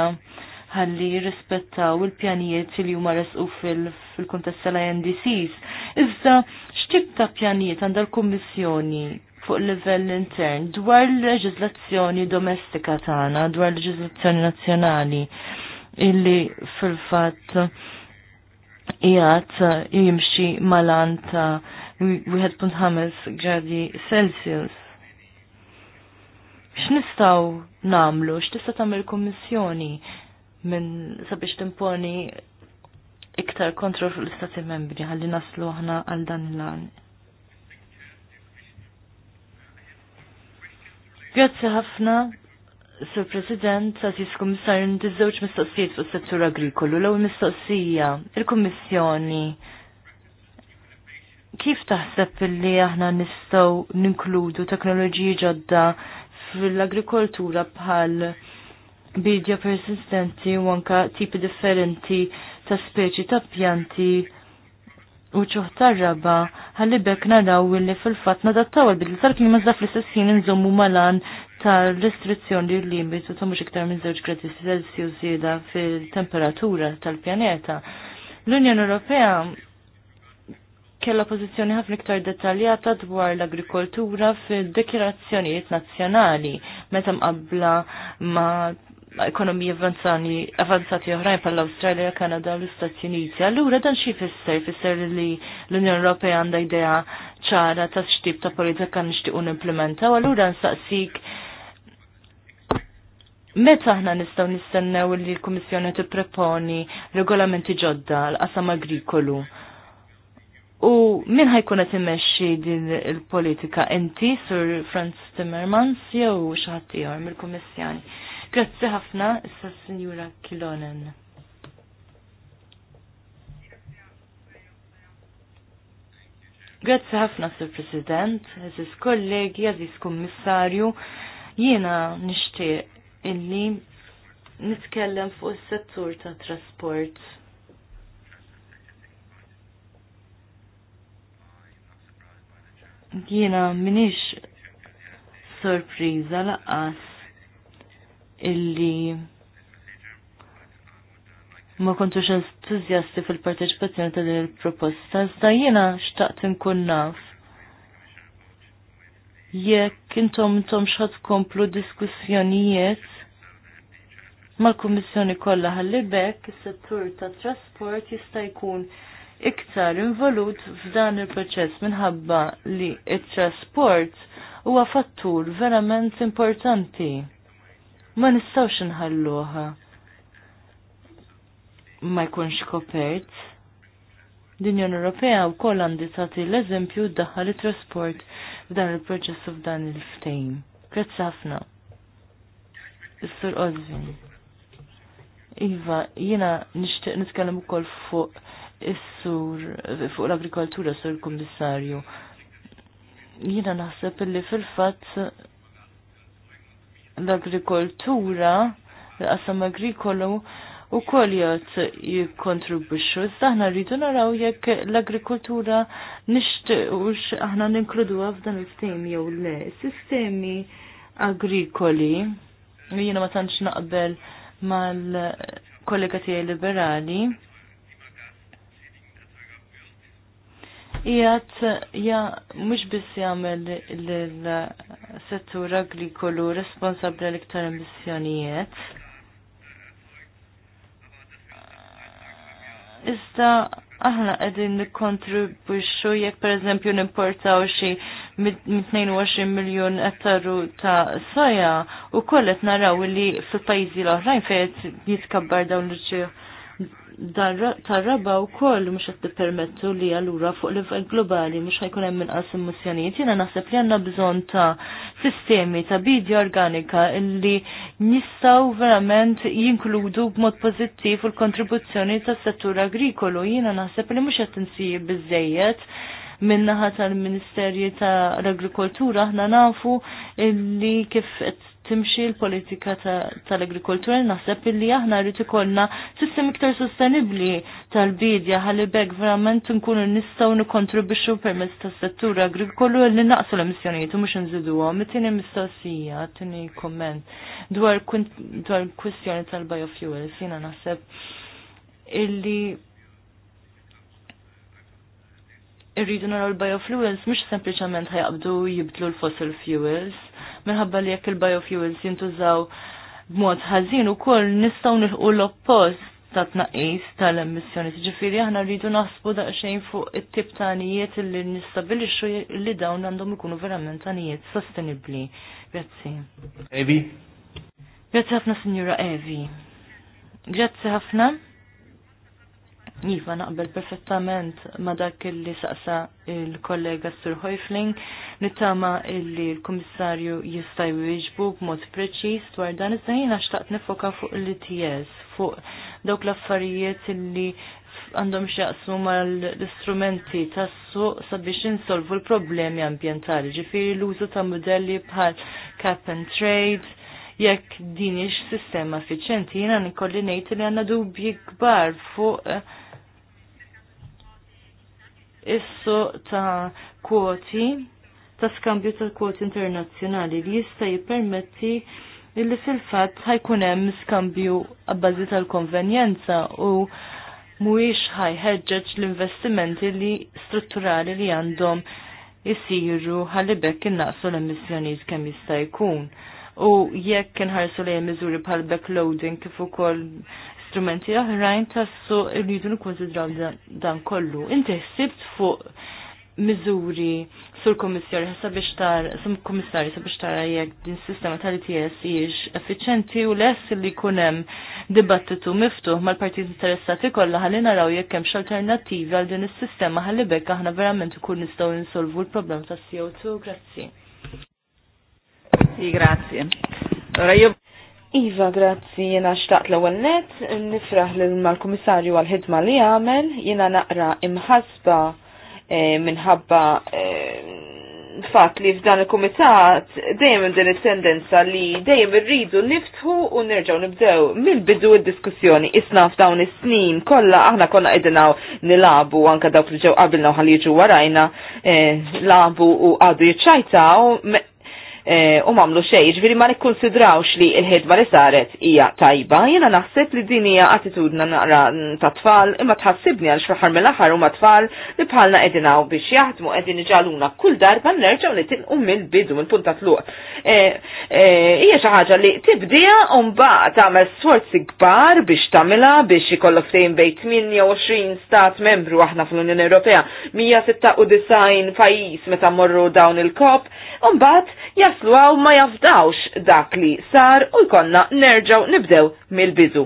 Speaker 4: ħalli rispettaw il-pjanijiet li huma resqu fil kuntess tal-INDCs. Iżda x'tib ta' pjanijiet għandha l-Kummissjoni fuq livell intern dwar l-leġiżlazzjoni domestika tagħna, dwar l-leġiżlazzjoni nazzjonali illi fil-fatt jgħat eh, jimxi malan ta' 1.5 gradi Celsius. X'nistgħu namlu, x'tista' tagħmel kummissjoni minn sabiex timponi iktar kontrol fuq l-istati membri ħalli naslu aħna għal dan il-għan. Grazzi ħafna Sur President, Aziz Komissar, ndizzewċ mistoqsijiet fuq settur agrikolu. L-ewwel mistoqsija, il-Kummissjoni kif taħseb li aħna nistgħu ninkludu teknoloġiji ġodda fl-agrikoltura bħal bidja persistenti u anka tipi differenti ta' speċi ta' pjanti u ċoħ raba ħalli bekk naraw illi fil-fatt nadattaw għal-bidli tal-klima za fl-istessin nżommu malan tal-restrizzjoni li limitu ta' mhux iktar minn żewġ gradi Celsius jieda fil-temperatura tal-pjaneta. L-Unjoni Ewropea kella pożizzjoni ħafna iktar dettaljata dwar l-agrikoltura fil-dekirazzjonijiet nazzjonali meta mqabbla ma' ekonomija avanzani, avanzati oħrajn pal australia Kanada u l-Istati Uniti. Allura dan xi fisser? Fisser li l-Unjoni Ewropea għandha idea ċara ta' xtib ta' politika nixtiequ nimplementaw. Allura nsaqsik Meta aħna nistgħu nistennew li l-Kummissjoni tipproponi regolamenti ġodda l-qasam agrikolu? U min ħajkun qed imexxi din il-politika inti sur Franz Timmermans jew xi ħadd ieħor mill-Kummissjoni? Grazzi ħafna issa Sinjura Kilonen. Grazzi ħafna sur President, eżis kollegi, eżis kummissarju, jiena nixtieq illi nitkellem fuq is-settur ta' trasport. Jiena minix sorpriża laqas illi ma kontux entużjasti fil-parteċipazzjoni ta' din il-proposta, iżda jiena xtaqt inkun naf jekk intom intom xħat komplu diskussjonijiet mal-Kummissjoni kollha ħalli bekk is-settur tat-trasport jista' jkun iktar involut f'dan il-proċess minħabba li it-trasport huwa fattur verament importanti. Ma nistgħux inħalluha ma jkunx kopert. L-Unjoni Ewropea wkoll għandi tagħti l-eżempju ddaħħal it-trasport f'dan il-proċess u f'dan il-ftejn. Grazzi ħafna. Is-Sur Ozvin. Iva, jina nishtiq nitkellem ukoll fuq is-sur fuq l-agrikoltura sur kummissarju. Jiena naħseb illi fil-fatt l-agrikoltura, l-qasam agrikolu u koll jgħat jikontribuxu. Saħna rridu naraw jekk l-agrikoltura nishtiqux aħna ninkludu f'dan il-sistemi jew le. Sistemi agrikoli, jiena ma tantx naqbel mal-kollega tiegħi liberali. Ijat, ja, mux biss jagħmel l-settur agrikolu responsabli l-iktar emissjonijiet. Iżda aħna qegħdin nikkontribwixxu jekk pereżempju nimportaw xi 22 miljon ettaru ta' soja u kollet naraw li fil-pajzi l-oħrajn fejt jitkabbar dawn l-ġieħ ta' raba u koll mux għed permettu li għallura fuq livell globali mux ħajkun hemm il-qasim musjaniet Jiena naħseb li għandna bżonn ta' sistemi ta' bidja organika illi nistaw verament jinkludu b'mod pożittiv u l-kontribuzzjoni tas settur agrikolu. Jiena naħseb li mhux qed nsijib bizzejiet minnaħa tal-Ministerji tal-Agrikoltura aħna nafu li kif timxi l-politika tal-agrikoltura naħseb illi aħna rritu ikollna sistem iktar sostenibbli tal-bidja ħalli beg verament nkunu nistgħu nikkontribwixxu permezz tas-settur agrikolu li naqsu l emissjoniet u mhux nżidu It-tieni mistoqsija, tieni komment dwar dwar kwistjoni tal-biofuels jiena naħseb illi irridu naraw il-biofuels mhux sempliċement ħajqabdu jibdlu l-fossil fuels, minħabba li jekk il-biofuels jintużaw b'mod ħażin ukoll nistgħu nilħqu l-oppost ta' tnaqis tal-emissjoni. Ġifieri aħna rridu naħsbu daqsxejn fuq it-tip ta' li nistabilixxu li dawn għandhom ikunu verament tanijiet sostenibbli. Grazzi. Evi. Grazzi ħafna Sinjura Evi. Grazzi ħafna. Iva, naqbel perfettament ma dak li saqsa il-kollega Sir Hoifling, nittama illi l-Komissarju jistaj wieġbu b'mod preċis dwar dan għax xtaqt nifoka fuq l-ITS, fuq dawk l-affarijiet illi għandhom xjaqsmu mal-istrumenti tas-suq sabiex insolvu l-problemi ambientali, ġifiri l-użu ta' modelli bħal cap and trade, jekk din ix sistema effiċenti, jiena nikolli ngħid li għanna dubji kbar fuq issu ta' kwoti ta' skambju ta' kwoti internazzjonali li jista' jippermetti illi fil-fatt ħajkun hemm skambju abbażi tal-konvenjenza u mhuwiex ħajħeġġeġ l-investimenti li strutturali li għandhom jisiru ħalli bekk innaqsu l-emissjonijiet kemm jista' jkun. U jekk inħarsu lejn miżuri bħal backloading kif ukoll strumenti oħrajn tassu rridu nikkonsidraw dan kollu. Inti ħsibt fuq miżuri sur komissjari sabiex tar, sum komissjari sabiex tara jekk din sistema tal-ITS jiex effiċenti u less li kunem dibattitu miftuħ mal partit interessati kollha ħalli naraw jekk hemm alternattivi għal din is-sistema ħalli bekk aħna verament ikun nistgħu insolvu l-problem tas-CO2. Grazzi.
Speaker 2: Grazzi. grazie. Allora io Iva, grazzi, jena xtaqt l-ewel net, nifraħ l-mal-komissarju għal-ħidma li għamel, jena naqra imħasba eh, minħabba eh, fat li f'dan il-komitat dejjem din it-tendenza li dejjem irridu niftħu u nerġgħu nibdew mill-bidu id-diskussjoni isna f'dawn is-snin kollha aħna konna qegħdinaw nilabu anke dawk li ġew qabilna u ħalli jiġu warajna eh, labu u għadu jiċċajtaw Eh, u mamlu xej, ġviri ma nikkonsidrawx li il-ħidma li saret hija tajba, jena naħseb li din hija attitudna naqra ta' tfal, imma tħassibni għal xraħar mill-aħħar huma tfal li bħalna edinaw biex jaħdmu qegħdin iġaluna kull darba li nitilqu mill-bidu mill-punta tluq. Eh, eh, hija xi ħaġa li tibdija u mbagħad tagħmel sforzi kbar biex tagħmilha biex ikollok ftehim bejn 28 stat membru aħna fl-Unjoni Ewropea, 196 pajjiż meta morru dawn il-kop, u mbagħad jaslu għaw ma jafdawx dak li sar u jkonna nerġaw nibdew mill-bidu.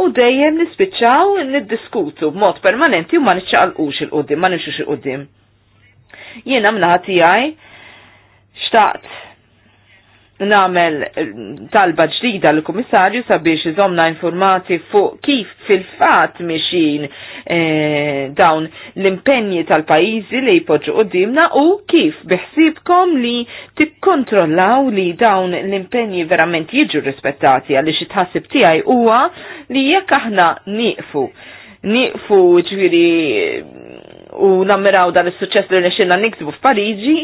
Speaker 2: U dejjem nispiċċaw niddiskutu b'mod permanenti u ma nċċaqalqux il-qoddim, ma nimxux il-qoddim. Jiena mnaħati għaj xtaqt namel eh, talba ġdida l-Komissarju sabiex iżomna informati fuq kif fil-fat miexin eh, dawn l-impenji tal-pajizi li jpoġġu dimna u kif biħsibkom li tikkontrollaw li dawn l-impenji verament jiġu rispettati għaliex it-ħassib tiegħi huwa li jekk aħna nieqfu nieqfu ġifieri u nammiraw dan is-suċċess li nexxinna niktbu f'Pariġi,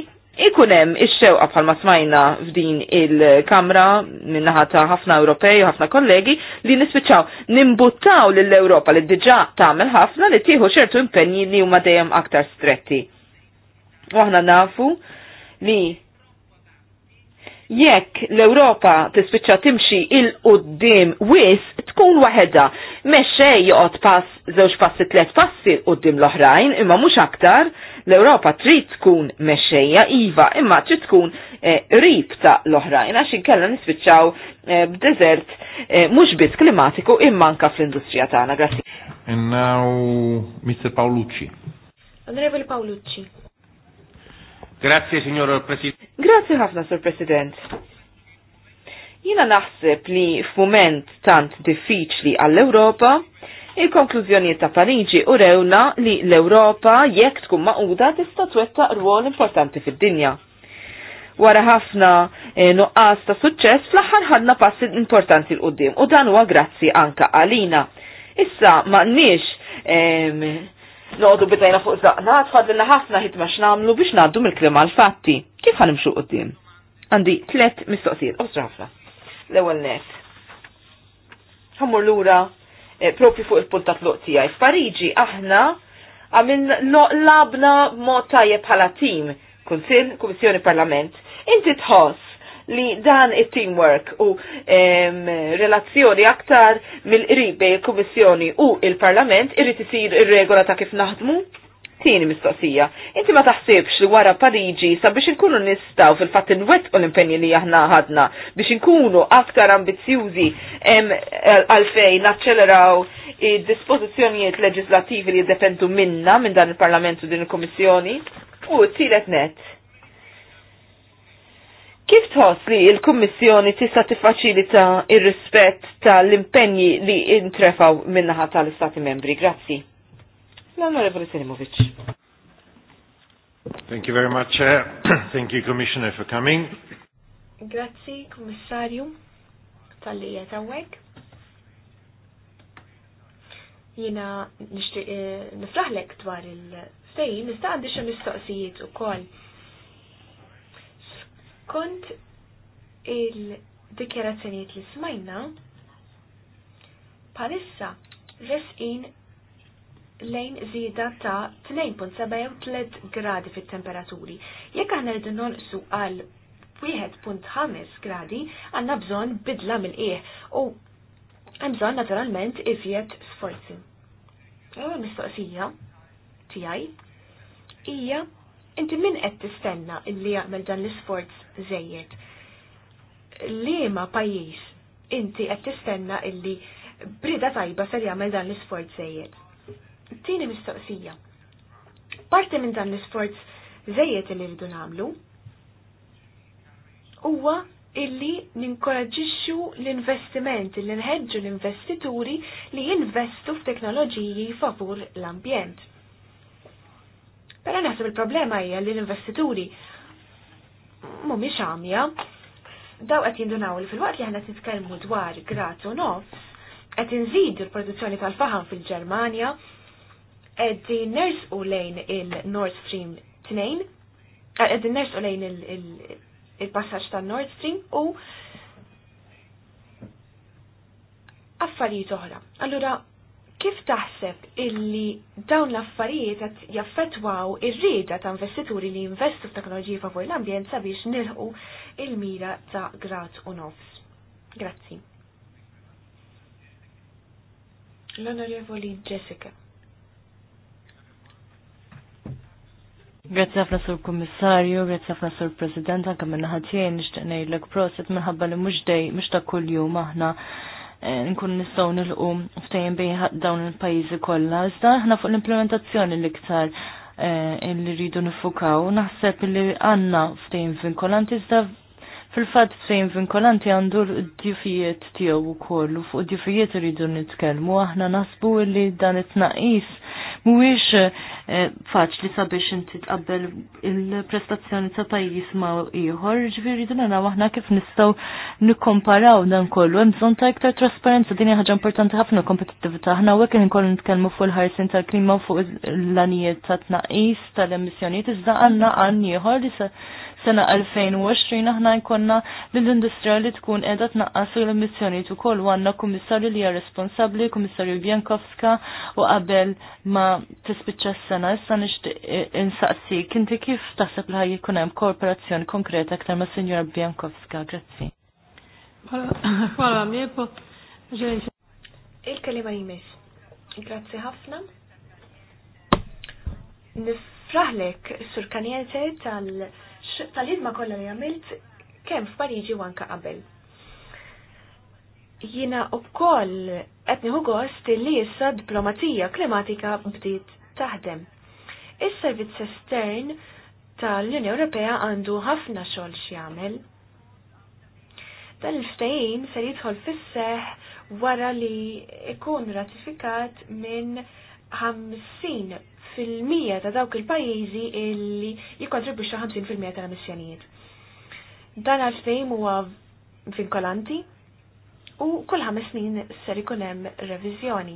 Speaker 2: ikunem ix-xewqa bħalma smajna f'din il-Kamra minnaħa ta' ħafna Ewropej u ħafna kollegi li nispiċċaw nimbuttaw lill-Ewropa li diġà tagħmel ħafna li tieħu ċertu impenji li huma dejjem aktar stretti. U aħna nafu li jekk l-Europa tispiċċa timxi il-qoddim wis tkun waħedha Mexxe joqgħod pass żewġ passi tliet passi qudiem l-oħrajn imma mhux aktar l-Europa trid tkun mexxejja iva imma trid tkun eh, rib ta' l-oħrajn għax inkella nispiċċaw eh, b'deżert eh, mhux biss klimatiku imma anka fl-industrija tagħna. Grazzi.
Speaker 1: And now Mr. Paolucci.
Speaker 2: Onorevole Paolucci. Grazie, signor Presidente. Grazie ħafna, Sur President. Jina naħseb li f'mument tant diffiċli għall-Europa, il-konklużjoni ta' Pariġi u rewna li l-Europa jekk tkun maquda tista' twetta rwol importanti fid-dinja. Wara ħafna eh, nuqqas ta' suċċess fl-aħħar ħadna passi importanti l qudiem u dan huwa grazzi anka għalina. Issa nix noqdu bidajna fuq zaqna, tfadlina ħafna hitma x'namlu biex ngħaddu mill-klima għal fatti Kif ħanimxu qudiem? Għandi tlet mistoqsijiet, osra ħafna. L-ewwel net. Ħammur lura eh, propju fuq il-punta tluq tiegħi. F'Parigi aħna għamil labna mod tajjeb bħala tim, kunsil, kummissjoni parlament. Inti tħoss li dan it-teamwork u relazzjoni aktar mill-qrib il-Kummissjoni u il-Parlament irrid isir ir-regola ta' kif naħdmu? Tieni mistoqsija, inti ma taħsibx li wara Pariġi sabiex inkunu nistaw fil-fatt inwet u l-impenji li aħna ħadna biex inkunu aktar ambizjużi għalfejn naċċeleraw id-dispożizzjonijiet leġislativi li jiddependu minna minn dan il-Parlamentu din il-Kummissjoni? U t-tielet net, Kif tħoss li l-Kummissjoni tista' tiffaċilita ir-rispett tal-impenji li intrefaw minnaħa tal-Istati membri? Grazzi. L-Onorevoli Selimovic.
Speaker 1: Thank you very much. *clears throat* Thank you, Commissioner, for coming.
Speaker 3: Grazzi, Kummissarju, tal-li jetawek. Jina eh, nifraħlek dwar il-sejn, nista' għandix mistoqsijiet u koll Kont il-dikjerazzjonijiet li smajna, palissa resqin lejn zida ta' 2.73 gradi fit-temperaturi. Jekk aħna rridu nolqsu għal 1.5 gradi, għandna bżonn bidla mill-qieħ u hemm bżonn naturalment iżjed sforzi. L-mistoqsija tiegħi hija inti min qed tistenna illi jagħmel dan l-isforz żejjed? Liema pajjiż inti qed tistenna illi brida tajba ser jagħmel dan l-isforz żejjed? Tieni mistoqsija. Parti minn dan l-isforz żejjed li rridu nagħmlu huwa illi ninkoraġixxu l-investiment, li nħeġġu l-investituri li jinvestu f'teknoloġiji favur l-ambjent. Pero mela naħseb il-problema hija li l-investituri mhumiex għamja. Daw qed jindunaw li fil-waqt li aħna nitkellmu dwar grat u nofs, qed inżidu l-produzzjoni tal-faħam fil-Ġermanja, qegħdin u lejn il-Nord Stream 2, eh, qegħdin nersqu lejn il-passaġġ tan-Nord Stream u affarijiet oħra. Allura Kif taħseb illi dawn l-affarijiet qed jaffettwaw ir-rieda ta' investituri li jinvestu f'teknoloġiji favur l-ambjent sabiex nilħu il-mira ta' grad u nofs? Grazzi. L-Onorevoli Jessica.
Speaker 4: Grazie għafna sur kommissarju, grazie għafna sur president, anka minna ħatjen, nixtieq ngħidlek proset minħabba li mhux dej, mux ta' kuljum aħna Eh, nkun nistgħu nilqu ftajn bejn dawn il-pajjiżi kollha. Iżda aħna fuq l-implementazzjoni l-iktar eh, li rridu nifukaw, naħseb li għandna ftajn vinkolanti iżda fil-fatt ftajn vinkolanti għandu d-djufijiet tiegħu wkoll u fuq d-djufijiet irridu nitkellmu aħna nasbu li dan it-tnaqqis mhuwiex faċli sabiex inti tqabbel il-prestazzjoni ta' pajjiż ma' ieħor, ġifieri din naraw aħna kif nistgħu nikkomparaw dan kollu. Hemm bżonn ta' iktar trasparenza din hija ħaġa importanti ħafna kompetittività. Aħna hawnhekk inkollu nitkellmu fuq il-ħarsin tal-klima fuq l-anijiet ta' tnaqqis tal-emissjonijiet iżda għandna għan ieħor li sena 2020 aħna jkollna l-industrija li tkun qiegħda tnaqqas l emissjoni ukoll kol għandna kummissarju li hija responsabbli, kummissarju Bjankowska u qabel ma tispiċċa s-sena issa nixtieq eh, insaqsik inti kif taħseb li ħaj jkun hemm kooperazzjoni konkreta aktar ma' Sinjora Bjankowska. Grazzi.
Speaker 3: il kelima jimis. Grazzi ħafna. Nifraħlek, Sur Kanjete, tal- tal-ħidma kollha li għamilt kemm f'Pariġi u anke qabel. Jiena wkoll qed nieħu gost li issa diplomazija klimatika bdiet taħdem. Is-servizz estern tal-Unjoni Ewropea għandu ħafna xogħol x'jagħmel. Dan il-ftehim ser jidħol fis-seħ wara li ikun ratifikat minn 50 fil-mija ta' dawk il-pajjiżi illi jikkontribwixxu 50% tal-emissjonijiet. Dan għalfejn huwa vinkolanti u kull ħames snin ser ikun hemm reviżjoni.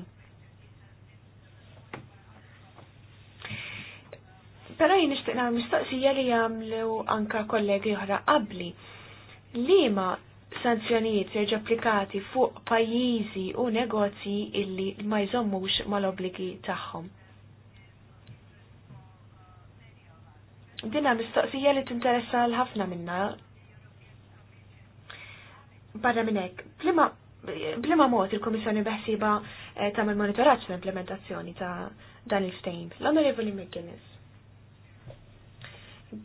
Speaker 3: Però jien nixtieq nagħmel mistoqsija li jagħmlu anka kollegi oħra qabli. Liema sanzjonijiet jerġa' applikati fuq pajjiżi u negozji illi ma jżommux mal-obbligi tagħhom. Dinna mistoqsija li tinteressa l-ħafna minna. Barra minnek, blima, mot mod il-Komissjoni beħsiba eh, ta' mal monitoraġġ l-implementazzjoni ta' dan il-ftejn. L-Onorevoli McGuinness.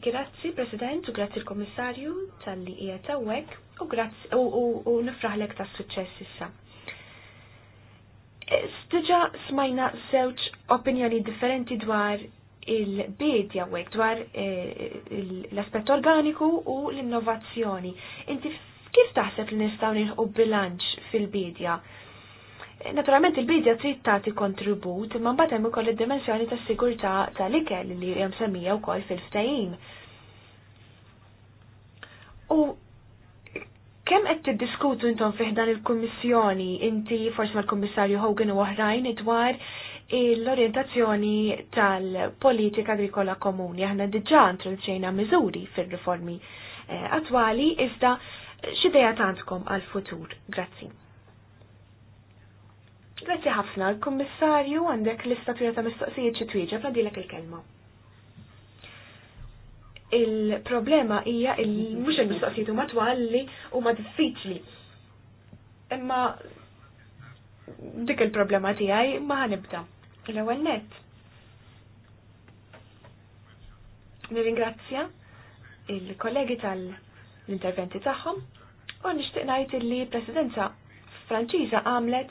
Speaker 3: Grazzi, President, u grazzi l-Komissarju tal-li qiegħed għek, u grazzi u nifraħlek ta' suċċess issa. Eh, Stiġa smajna zewċ opinjoni differenti dwar il-bid jawek dwar eh, l-aspett organiku u l-innovazzjoni. Inti kif taħseb li nistgħu u bilanċ fil-bidja? Naturalment il-bidja trid tagħti kontribut, imma mbagħad hemm ukoll id-dimensjoni tas-sigurtà tal-ikel li hemm semmija wkoll fil-ftehim. U kemm qed tiddiskutu intom fih dan il-kummissjoni, inti forsi mal-Kummissarju Hogan u oħrajn dwar l-orientazzjoni tal-politika agrikola komuni. Aħna diġà introduċejna miżuri fir-riformi eh, attwali iżda eh, xideja tantkom għal-futur. Grazzi. Grazzi ħafna, l-Kummissarju għandek l-istatura ta' mistoqsijiet xi twieġeb il-kelma. Il-problema hija il mhux il-mistoqsijiet huma twalli huma diffiċli. Imma dik il-problema tiegħi ma ħanibda l-ewwel nett. Nirringrazzja il-kollegi tal-interventi tagħhom u nixtieq ngħid li presidenza Franċiża għamlet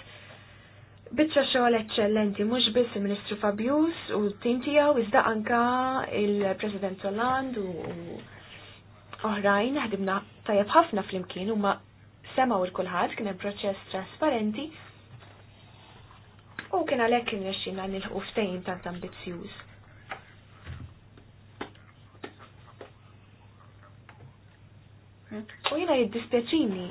Speaker 3: bitra xogħol eċċellenti mhux biss il-Ministru Fabius u t-tim tiegħu iżda anka il-President Hollande u oħrajn ħdimna tajjeb ħafna flimkien huma semgħu l kulħadd kien hemm proċess trasparenti u kien għalhekk irnexxina nilħu ħuftejn tant ambizjuż. U jiena jiddispjaċini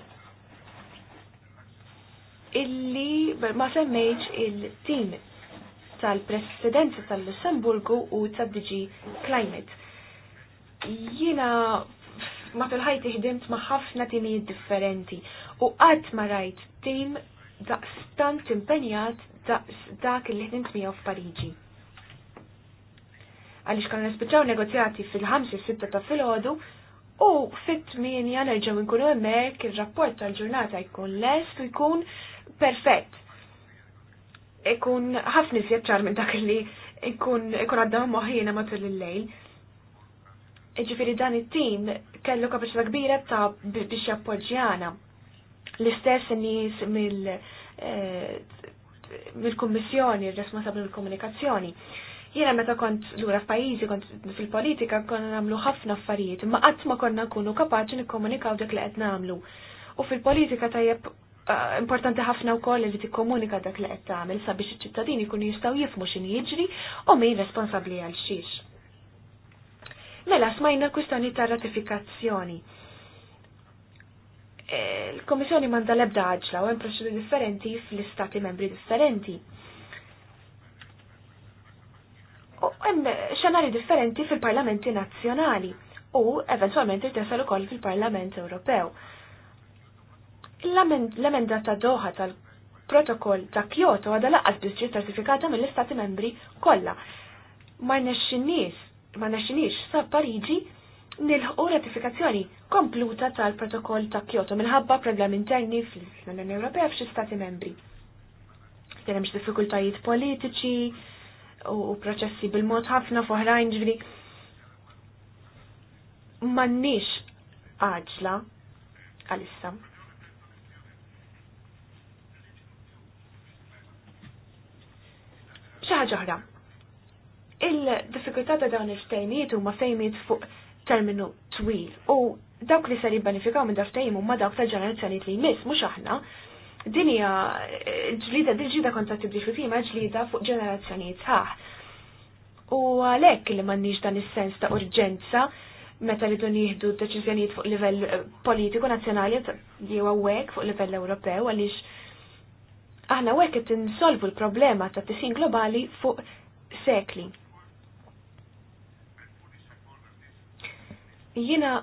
Speaker 3: illi ma semmejġ il-tim tal-presidenza tal-Lussemburgu u tal dg Climate. Jiena ma fil-ħajti ħdimt ma' ħafna timijiet differenti u qatt ma rajt tim daqstant impenjat daqs dak li ħdimt miegħu f'Pariġi. Għaliex kanu nispiċċaw negozjati fil s-sitta ta' filgħodu u fit-8 nerġgħu nkunu hemmhekk ir-rapport tal-ġurnata jkun lest u jkun perfett. Ikun ħafna iżjed ċar minn dak li ikun ikun għadda moħħina matul il-lejl. Ġifieri dan it-tim kellu kapaċità kbira ta' biex jappoġġjana l-istess nies mill eh, mill-kummissjoni responsabbli mill-komunikazzjoni. Jiena meta kont lura f'pajjiżi kont fil-politika konna nagħmlu ħafna affarijiet, ma qatt ma konna nkunu kapaċi nikkomunikaw dak li qed nagħmlu. U fil-politika tajjeb eh, importanti ħafna wkoll li tikkomunika dak li qed tagħmel sabiex iċ-ċittadini jkunu jistgħu jifhmu x'inhi jiġri u min responsabbli għal xiex. Mela smajna kwistjoni ta' ratifikazzjoni il-Komissjoni manda lebda għagġla u hemm proċeduri differenti fl-istati membri differenti. U hemm xenari differenti fil-parlamenti nazzjonali u eventualment irtesal ukoll fil-Parlament Ewropew. L-emenda ta' doħa tal-protokoll ta' Kyoto għadha laqqas biex ġiet certifikata mill-istati membri kollha. Ma rnexxinix, ma rnexxinix sa' Pariġi nilħu ratifikazzjoni kompluta tal-protokoll ta' Kyoto minħabba problemi interni fl-Unjoni Ewropea f'xi stati membri. Kien hemm diffikultajiet politiċi u proċessi bil-mod ħafna f'oħrajn ġifieri. M'għandniex għaġla għalissa. Xi ħaġa oħra. Il-diffikultà ta' dawn il tejniet huma fejmiet fuq terminu twil u dawk li sari banifikaw minn darftejim huma dawk tal-ġenerazzjoni li jmiss mhux aħna. Dinja eh, ġlida dil-ġlida kontra tibdi fi fima ġlida fuq ġenerazzjonijiet sħaħ. U għalhekk li m'għandniex dan is-sens ta' urġenza meta li dun jihdu deċiżjonijiet fuq livell eh, politiku nazzjonali jew hawnhekk fuq livell Ewropew għaliex aħna hekk qed insolvu l-problema ta' tisin globali fuq sekli. Jina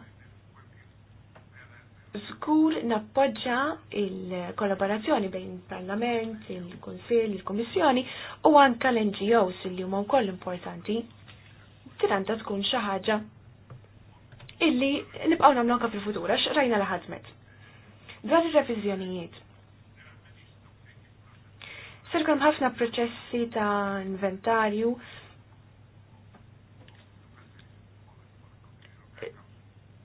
Speaker 3: Skur nappoġġa il-kollaborazzjoni bejn il-Parlament, il-Konsil, il komissjoni u anka l-NGOs li huma wkoll importanti. Tiranta tkun xi ħaġa illi nibqgħu nagħmlu anke fil-futur għax rajna li ħadmet. Dwar ir-reviżjonijiet. Sirkom ħafna proċessi ta' inventarju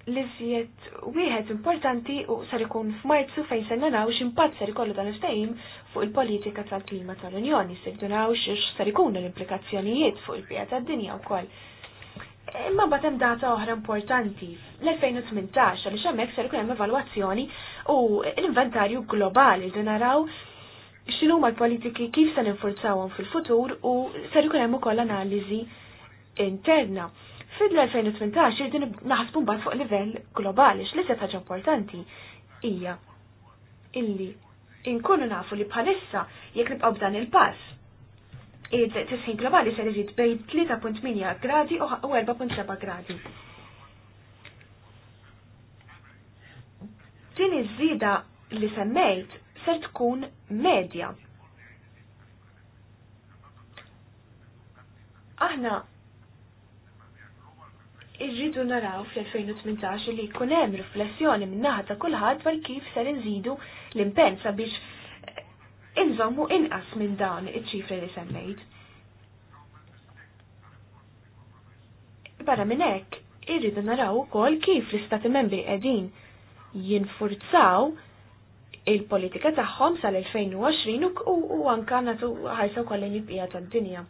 Speaker 3: l-iżjed wieħed importanti u sar ikun f'Marzu fejn se naraw x'impatt ser ikollu dan il-ftehim fuq il-politika tal-klima tal-Unjoni, se jdunaw x'sar ikunu l-implikazzjonijiet fuq il-bija tad-dinja wkoll. Imma mbagħad hemm data oħra importanti l-2018 għaliex hemmhekk ser ikun hemm evalwazzjoni u l-inventarju globali li naraw x'inhuma l-politiki kif se ninfurzawhom fil-futur u ser ikun hemm ukoll analiżi interna Fid-2018 irdin naħsbu mbagħad fuq livell globali x'li se ħaġa importanti hija illi inkunu nafu li bħalissa jekk nibqgħu b'dan il-pass id-tisħin globali se jrid bejn 3.8 gradi u 4.7 gradi. Din iż-żieda li semmejt ser tkun medja. Aħna irridu naraw fl-2018 li jkun hemm riflessjoni min-naħa ta' kulħadd għal kif ser nżidu l-impenn sabiex eh, inżommu inqas minn dawn iċ-ċifri li semmejt. Barra minn hekk, irridu naraw ukoll kif l-istati membri qegħdin jinfurzaw il-politika tagħhom sal-2020 u anka natu ħajsa wkoll il-bqija tad-dinja.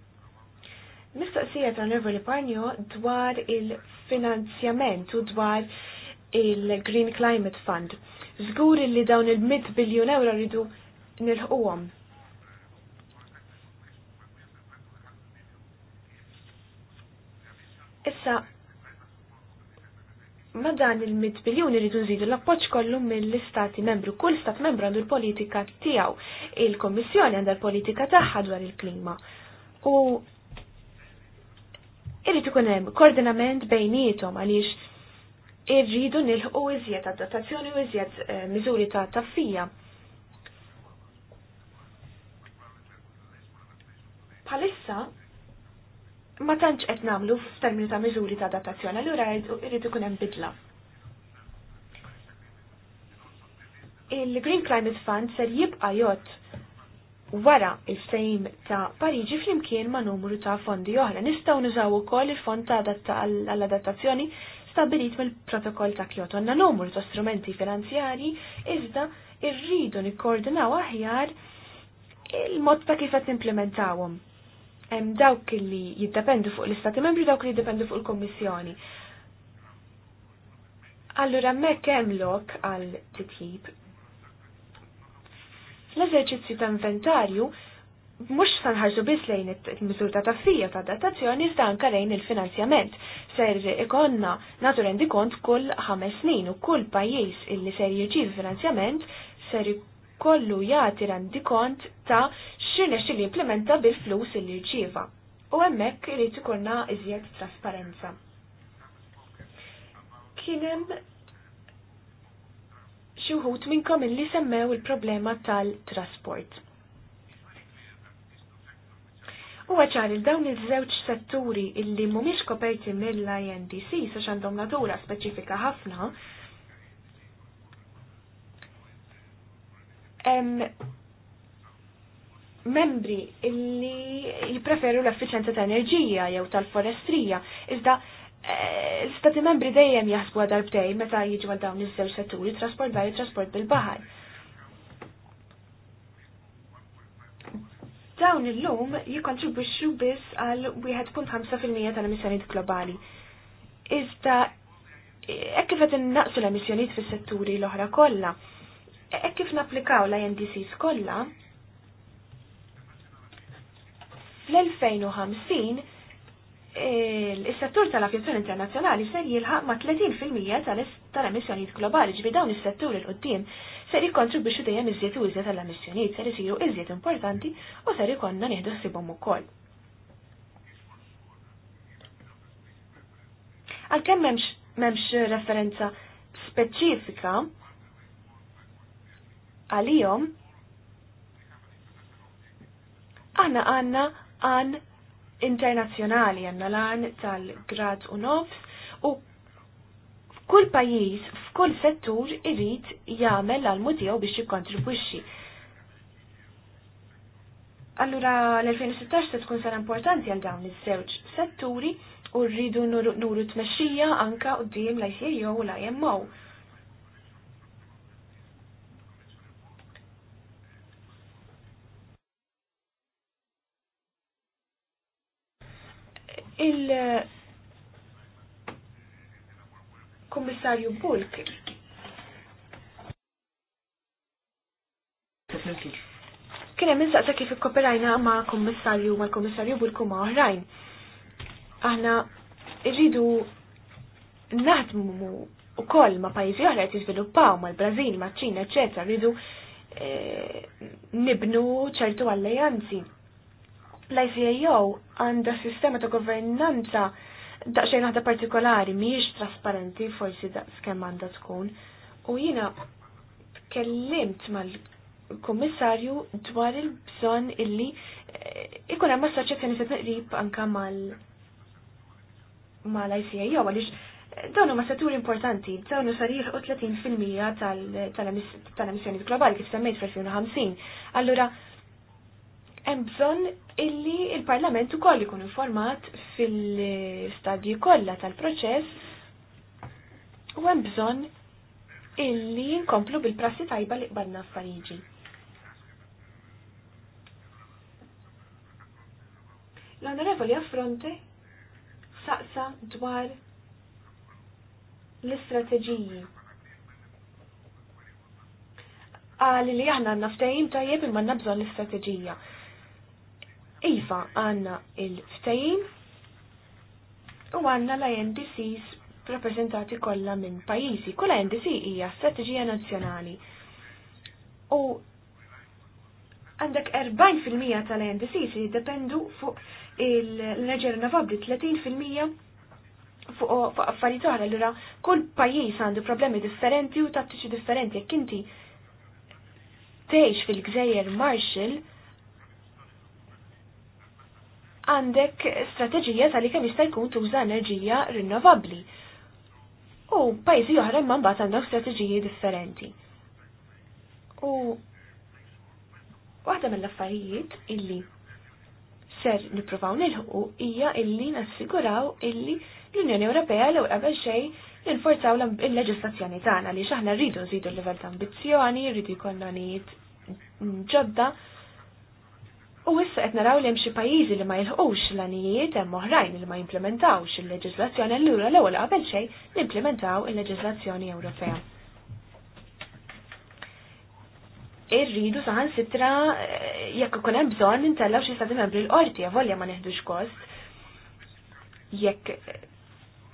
Speaker 3: Mistoqsija ta' Nervo Lipanjo dwar il-finanzjament u dwar il-Green Climate Fund. Zgur li dawn il-100 biljon euro rridu nilħuhom. Issa, ma dan il-100 biljon rridu nżidu l-appoġġ kollu mill-istati membru. Kull stat membru għandu l-politika tiegħu. Il-Kommissjoni għandha l-politika tagħha dwar il-klima. U Irrid ikun hemm koordinament bejnietom għaliex irridu nilħqu iżjed adattazzjoni u iżjed eh, miżuri ta' taffija. Palissa, ma tantx qed nagħmlu f'termini ta' miżuri ta' adattazzjoni, allura irrid ikun hemm bidla. il-Green Climate Fund ser jibqa jott wara il-sejm ta' Pariġi flimkien ma' numru ta' fondi oħra. Nistgħu niżaw ukoll il-fond ta' għall-adattazzjoni stabilit mill-protokoll ta' Kyoto. Għanna numru ta' strumenti finanzjarji iżda irridu nikkoordinaw aħjar il-mod ta' kif qed implementawhom. Hemm dawk li jiddependu fuq l-Istati Membri, dawk li jiddependu fuq il-Kommissjoni. Allura mekk hemm lok għal titjib l-eżerċizzju ta' inventarju mux sanħarġu bis lejn il-mizur ta' taffija ta' datazzjoni iżda anka lejn il-finanzjament. Ser ikonna natu rendi kont kull ħames snin u kull pajjiż illi ser jirċiv finanzjament ser kollu jagħti rendi kont ta' xirnex li implementa bil-flus illi jirċieva. U hemmhekk irid ikolna iżjed trasparenza. Kien hemm xi wħud minnkom illi semmew il-problema tal-trasport. Huwa għacħar il dawn iż-żewġ setturi illi mhumiex koperti mill-INDC sa għandhom natura speċifika ħafna. membri illi jipreferu l-effiċenza ta' enerġija jew tal-forestrija, iżda Eh, stati membri dejjem jaħsbu b'dej meta jiġu għal dawn iż-żewġ setturi, trasport bar trasport bil-baħar. Dawn illum jikkontribwixxu biss għal 1.5% tal-emissjonijiet globali. Iżda hekk kif qed innaqsu l-emissjonijiet fis-setturi l-oħra kollha, hekk e, kif napplikaw l-INDCs kollha, fl-2050 il-settur tal-avjazzjoni internazzjonali ser jilħaq ma' 30% tal-emissjonijiet globali ġbi dawn is-settur il qoddim ser jikkontribwixxu dejjem iżjed u iżjed tal-emissjonijiet ser isiru iżjed importanti u ser ikonna nieħdu ħsibhom ukoll. Għalkemm m'hemmx m'hemmx referenza speċifika għalihom aħna għandna għan internazzjonali għanna lan tal-grad u nofs u kull pajjiż f'kull settur irid jagħmel għal mutiegħu biex jikkontribwixxi. Allura l-2016 se tkun sena importanti għal dawn iż-żewġ setturi u rridu nuru tmexxija anka d-dim l-ICAO u l-IMO.
Speaker 2: Il-
Speaker 3: Kommissarju Bulk Kien hemm insaqsa kif ikkoperajna ma' kommissarju ma' kommissarju bulku ma' oħrajn. Aħna rridu naħdmu wkoll ma' pajjiżi oħra qed jiżviluppaw mal-Brażil, maċ-Ċina, eċetera, rridu eh, nibnu ċertu alleanzi. L-ICAO għandha sistema ta' governanza daqsxejn waħda partikolari mhijiex trasparenti forsi skem għanda tkun. U jiena tkellimt mal-Kummissarju dwar il-bżonn illi ikun hemm assoċjazzjoni se tneqrib anke mal mal-ICAO għaliex dawn huma settur importanti, dawn sar u 30% tal-emissjoni globali kif semmejt fil-2050. Allura, hemm bżonn illi il-Parlament ukoll ikun informat fil-stadji kollha tal-proċess u hemm bżonn illi nkomplu bil-prassi tajba li qbadna f'Pariġi. L-Onorevoli Affronte saqsa dwar l-istrateġiji għal li aħna naftajim tajjeb imma nabżon l-istrateġija. Iva għanna il-ftajin u għanna la NDCs rappresentati kollha minn pajjiżi. Kull NDC hija strategija nazzjonali. U għandek 40% tal-NDCs jiddependu fuq il-enerġija rinnovabbli 30% fuq affarijiet oħra l kull pajjiż għandu problemi differenti u tattiċi differenti jekk inti tgħix fil-Gżejjer Marshall għandek strateġija tal-li kemm jista' jkun tuża enerġija rinnovabbli. U pajjiżi oħra imma mbagħad għandhom strateġiji differenti. U waħda mill-affarijiet illi ser nippruvaw nilħu hija illi nassiguraw illi l-Unjoni Ewropea l qabel xejn ninforzaw il-leġislazzjoni tagħna li x'aħna rridu nżidu l-livell ta' ambizzjoni, rridu jkollna ġodda U issa qed naraw li hemm xi pajjiżi li ma jilħqux l-anijiet hemm oħrajn li ma jimplementawx il-leġiżlazzjoni allura l-ewwel qabel xejn nimplementaw il-leġiżlazzjoni Ewropea. Irridu saħan sitra eh, jekk ikun hemm bżonn nintellgħu xi stati membri l-qorti avolja ma neħdux kost jekk eh,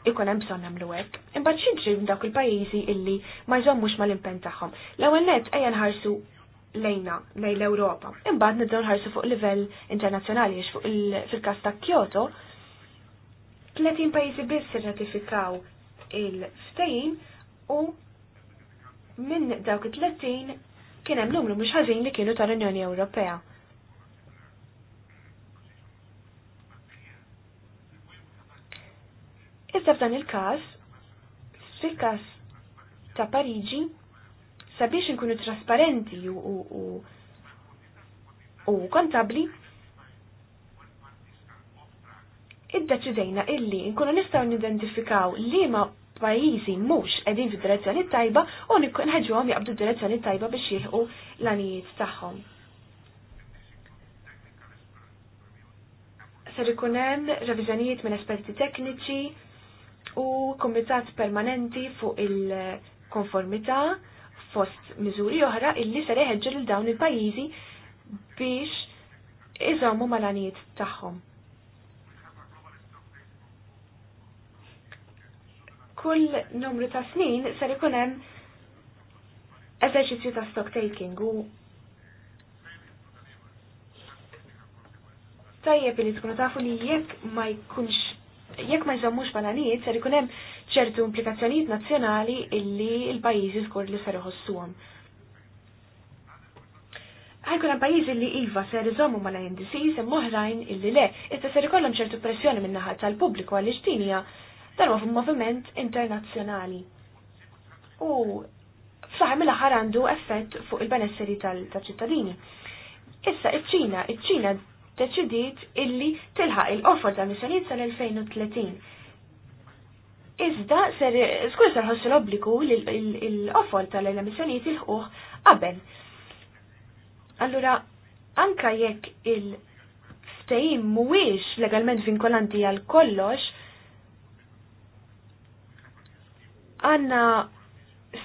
Speaker 3: ikun hemm bżonn nagħmlu hekk. Imbagħad x'inġri dawk il-pajjiżi illi ma jżommux mal-impenn tagħhom. L-ewwel nett ejja nħarsu lejna, lejn l-Europa. Imbagħad nibdew nħarsu fuq livell internazzjonali għax fuq fil-każ ta' Kyoto, 30 pajjiżi biss irratifikaw il ftejn u minn dawk it-30 kien hemm numru mhux ħażin li kienu tal-Unjoni Ewropea. Iżda f'dan il-każ, fil-każ ta' Pariġi, sabiex nkunu trasparenti u kontabli idda ċidejna illi nkunu nistaw nidentifikaw li ma pajizi mux edin fi direzzjoni tajba u nħedġuhom jaqbdu direzzjoni tajba biex jihqu l-anijiet tagħhom. Ser ikun hemm reviżjonijiet minn esperti tekniċi u kumitat permanenti fuq il-konformità fost miżuri oħra illi ser jeħeġġel il dawn il-pajjiżi biex iżommu malaniet tagħhom. Kull numru ta' snin ser ikun hemm eżerċizzju ta' stock taking u tajjeb li tkunu tafu li jekk ma jkunx jekk ma jżommux mal-għanijiet ser ikun hemm ċertu implikazzjonijiet nazzjonali illi l-pajjiżi skor li ser iħossuhom. Ħajkun hemm pajjiżi li iva ser iżommu mal-INDCs hemm oħrajn illi le, issa ser ikollhom ċertu pressjoni min-naħa tal-pubbliku għaliex din hija dan huwa moviment internazzjonali. U fl mill-aħħar għandu effett fuq il-benesseri tal-ċittadini. Issa iċ-Ċina, iċ-Ċina deċidiet illi tilħaq il-offer ta' missjonijiet sal-2030 Iżda, ser, skur ser ħossu l obbliku l-offol tal-emissjonijiet il-ħuħ qabel. Allura, anka jekk il-ftejim mhuwiex legalment vinkolanti għal kollox, għanna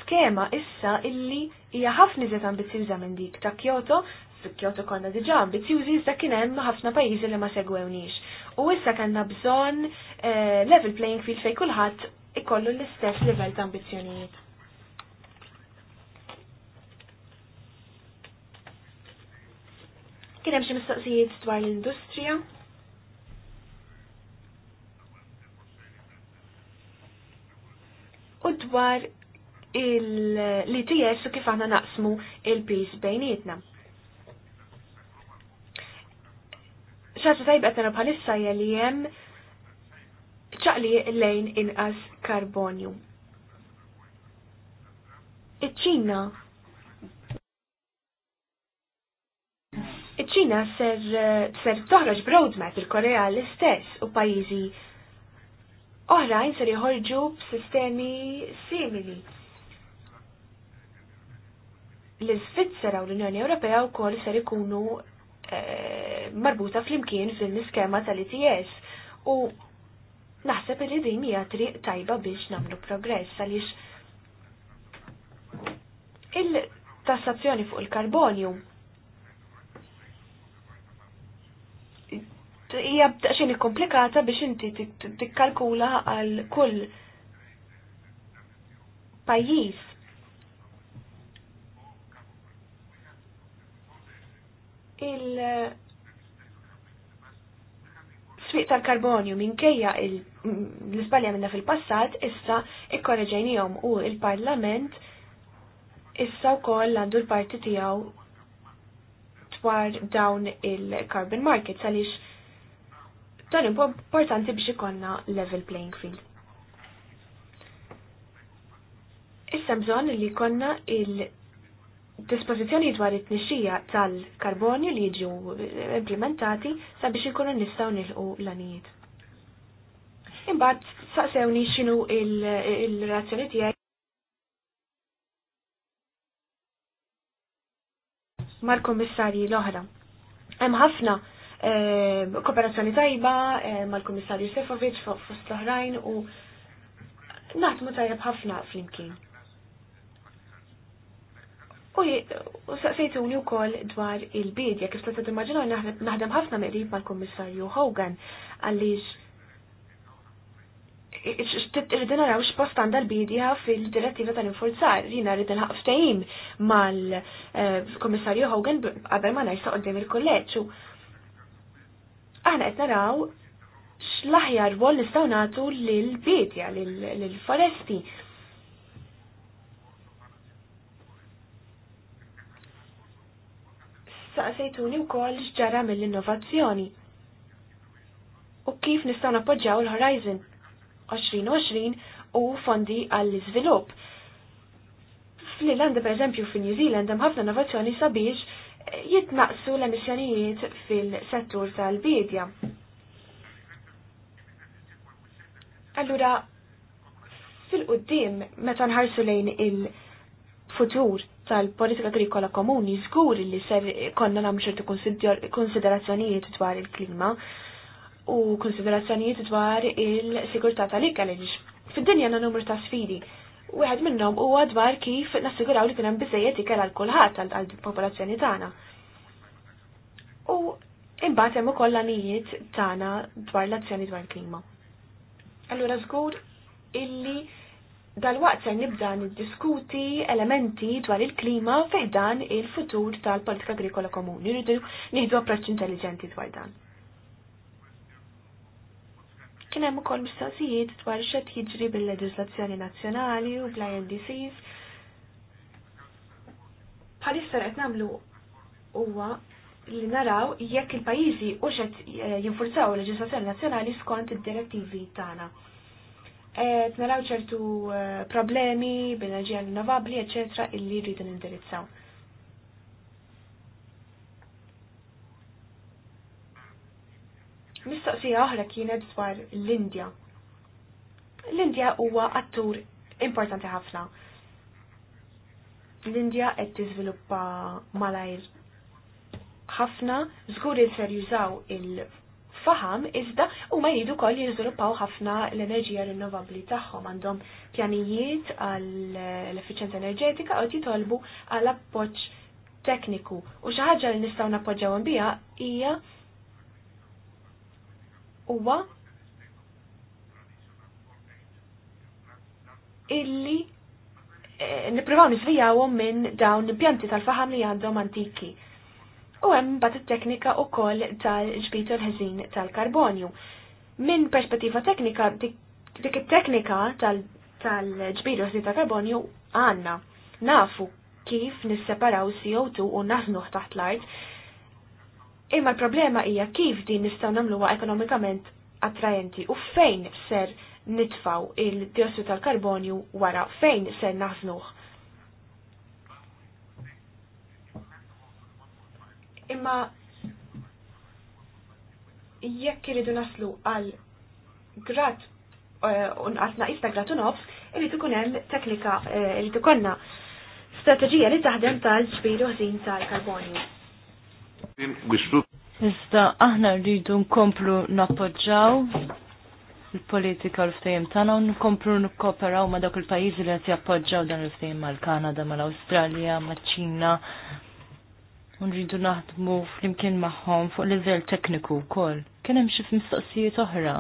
Speaker 3: skema issa illi hija ħafna iżet ambizjuża minn dik ta' Kyoto, fi Kyoto konna diġà ambizjużi iżda kien hemm ħafna pajjiżi li ma segwewniex. U issa kanna bżon eh, level playing field fej kulħadd ikollu l-istess level ta' ambizzjonijiet. Kien hemm xi mistoqsijiet dwar l-industrija. U dwar il-li u kif aħna naqsmu il peace bejnietna. ċaċa tajba għetna bħalissa jeli jem ċaqli lejn inqas karbonju. Iċ-ċina Iċ-ċina ser, ser toħroġ broadmap il-Korea l-istess u pajizi oħrajn ser jħorġu b'sistemi simili. L-Svizzera u l-Unjoni Ewropea wkoll ser ikunu Eh, marbuta flimkien fil-iskema tal-ITS u naħseb li din hija triq tajba biex nagħmlu progress għaliex il-tassazzjoni fuq il-karbonju hija xejn komplikata biex inti tikkalkula għal kull pajjiż il sfiq tal-karbonju minkejja l-isbalja minna fil-passat issa ikkorreġejnijom u il-parlament issa wkoll għandu l-parti tiegħu dwar dawn il-carbon market għaliex dan importanti biex ikonna level playing field. Issa bżonn li konna il- Disposizjoni dwar it-tnixxija tal-karbonju li jiġu implementati sabiex ikunu nistgħu nilqu l-anijiet. Imbagħad saqsewni x'inhu il-relazzjoni tiegħi mal-kummissarji l-oħra. Hemm ħafna eh, kooperazzjoni tajba eh, mal-kummissarju Sefovic fost l-oħrajn u naħdmu tajjeb ħafna flimkien. U saqsejtuni u koll dwar il-bidja, kif ta' d-immaġinu, naħdem ħafna meqrib mal-Kommissarju Hogan, għalix irridin naraw x'post għandha l-bidja fil-direttiva tal-infurzar, jina rrid nħaq mal-Kommissarju eh, Hogan qabel ma ngħid għoddim il kolleċu Aħna qed naraw x-laħjar wol nistgħu nagħtu lill-bidja lill-foresti. u wkoll x'ġara mill-innovazzjoni. U kif nistgħu appoġġaw l-Horizon 2020 u fondi għall-iżvilupp. Fl-Irlanda eżempju, fin New Zealand hemm ħafna innovazzjoni sabiex jitnaqsu l-emissjonijiet fil-settur tal-bidja. Allura, fil-qoddim, meta nħarsu lejn il-futur, tal-politika agrikola komuni żgur li ser konna nagħmlu ċertu konsiderazzjonijiet dwar il-klima u konsiderazzjonijiet dwar il-sigurtà tal-ikel fid-dinja na numru ta' sfidi. Wieħed minnhom huwa dwar kif nassiguraw li kien hemm biżejjed ikel għal kulħadd għal popolazzjoni tagħna. U imbagħad hemm ukoll għanijiet tagħna dwar l-azzjoni dwar il-klima. Allura żgur illi Dal-waqt se nibda niddiskuti elementi dwar il-klima fiħdan il-futur tal-politika agrikola komuni. Nridu nieħdu approċċ intelligenti dwar dan. Kien hemm ukoll mistoqsijiet dwar x'qed jiġri bil leġislazzjoni nazzjonali u bl-INDCs. Bħalissa qed nagħmlu huwa li naraw jekk il-pajjiżi u xed eh, jinfurzaw il leġislazzjoni nazzjonali skont id-direttivi tagħna qed naraw ċertu eh, problemi bil-enerġija rinnovabbli, eċetera, illi rridu nindirizzaw. Mistoqsija oħra kienet dwar l-Indja. L-Indja huwa attur importanti ħafna. L-Indja qed tiżviluppa malajr ħafna, żgur ser jużaw il faham iżda huma jidu wkoll jiżviluppaw ħafna l-enerġija rinnovabbli tagħhom għandhom pjanijiet għall efficienza enerġetika u jitolbu għal appoġġ tekniku u xi ħaġa li nistgħu nappoġġawhom biha hija huwa illi eh, nipprivaw nisvijawhom minn dawn l-impjanti tal-faħam li għandhom antiki U hemm bat it-teknika wkoll tal ġbitu l-ħażin tal-karbonju. Minn perspettiva teknika, dik it-teknika tal-ġbit l-ħażin tal-karbonju għandna. Nafu kif nisseparaw CO2 u naħnuh taħt l-art. Imma l-problema hija kif din nistgħu nagħmluha ekonomikament attrajenti u fejn ser nitfaw il-diossidu tal-karbonju wara fejn ser naħznuh. Imma jekk iridu naslu għal grat eh, unqas naqis ta' grad u nofs, irid ikun hemm teknika eh, irid konna strateġija li taħdem tal ġbiru ħin tal-karbonju.
Speaker 4: Iżda aħna rridu nkomplu nappoġġaw il-politika l-ftejjem tagħna u nkomplu nkooperaw ma' dak il-pajjiżi li qed jappoġġaw dan il-ftejjem mal-Kanada, mal-Awstralja, maċ-Ċina, unridu naħdmu flimkien magħhom fuq livell tekniku wkoll. Kien hemm xi mistoqsijiet oħra.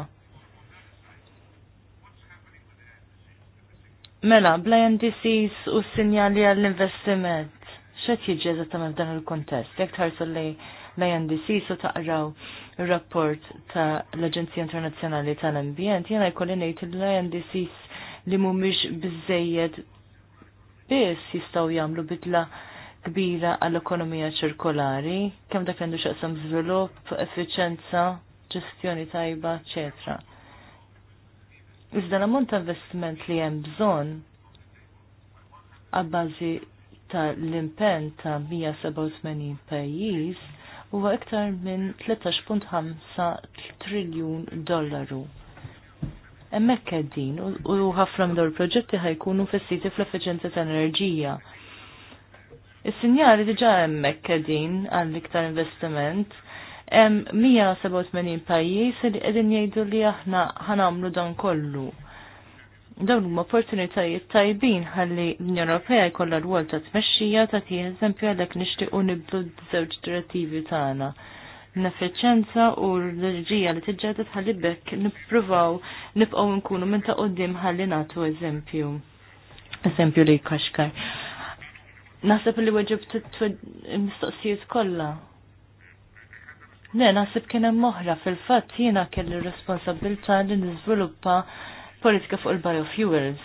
Speaker 4: Mela, bla NDCs u sinjali għall-investiment, xed jiġi eżattament f'dan il-kontest? Jekk tħarsu li l-INDCs u taqraw rapport ta' l-Aġenzija Internazzjonali tal-Ambjent, jena jkolli ngħid li l-INDCs li mhumiex bizzejed biss jistgħu jagħmlu bidla kbira għall-ekonomija ċirkolari, kemm dak għandu xaqsam żvilupp, effiċenza, ġestjoni tajba, ecc. Iżda l-ammont ta' investiment li hemm bżonn għabbażi ta' l-impen ta' 187 pajjiż huwa iktar minn 13.5 triljun dollaru. Emmek din u ħafna minn dawn il-proġetti ħajkunu fissiti fl-effiċenza tal enerġija Is-sinjali diġa hemmhekk kedin għal iktar investiment. Hemm 187 pajjiż li qegħdin jgħidu li aħna ħanamlu dan kollu. Dawn huma opportunitajiet tajbin ħalli l-Unjoni Ewropea jkollha rwol ta' tmexxija ta' tieħ eżempju għalhekk nixtiequ nibdu żewġ direttivi tagħna l-efficienza u l-enerġija li tiġġeda tħalli bekk nippruvaw nibqgħu nkunu minn ta' quddiem ħalli nagħtu eżempju. Eżempju li kaxkar. Naħseb li weġib mistoqsijiet kollha. Ne, naħseb kien hemm fil-fatt jiena kelli responsabilità li niżviluppa politika fuq il-biofuels.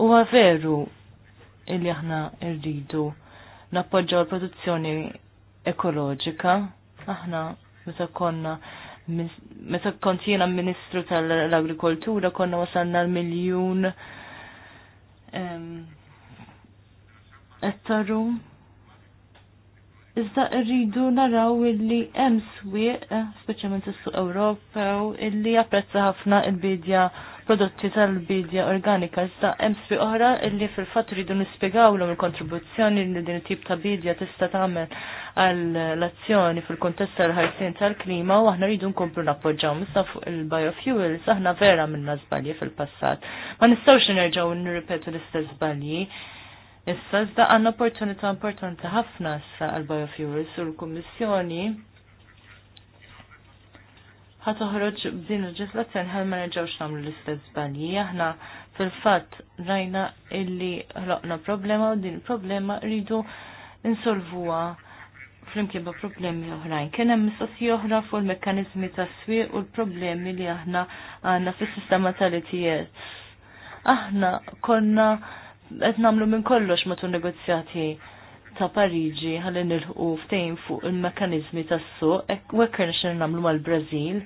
Speaker 4: Huwa veru illi aħna rridu nappoġġaw l-produzzjoni ekoloġika. Aħna meta konna meta kont jiena Ministru tal-Agrikoltura konna wasalna l-miljun ettaru. Iżda rridu naraw illi hemm swieq, speċjalment is-suq Ewropew, illi japprezza ħafna l-bidja prodotti tal-bidja organika. Iżda hemm swieq oħra illi fil-fatt rridu nispjegawlhom il-kontribuzzjoni li din it-tip ta' bidja tista' tagħmel għall-azzjoni fil kuntest tal-ħarsien tal-klima u aħna rridu nkomplu nappoġġaw mista fuq il-biofuels aħna vera minna żbalji fil-passat. Ma nistgħux nerġgħu nirripetu l-istess żbalji Issa iżda għandna opportunità importanti ħafna sa għal biofuels u l-Kummissjoni ħat b'din il-ġislazzjoni ħal ma nerġgħux nagħmlu l-istess żbalji. Aħna fil-fatt rajna illi ħloqna problema u din il-problema rridu insolvuha flimkien ba' problemi oħrajn. Kien hemm mistoqsija oħra fuq il-mekkaniżmi tas-swieq u l-problemi li aħna għandna fis-sistema tal-ETS. Aħna konna qed nagħmlu minn kollox matul negozjati ta' Pariġi ħalli ħu ftejn fuq il-mekkaniżmi tas-suq u hekk nixin nagħmlu mal-Brażil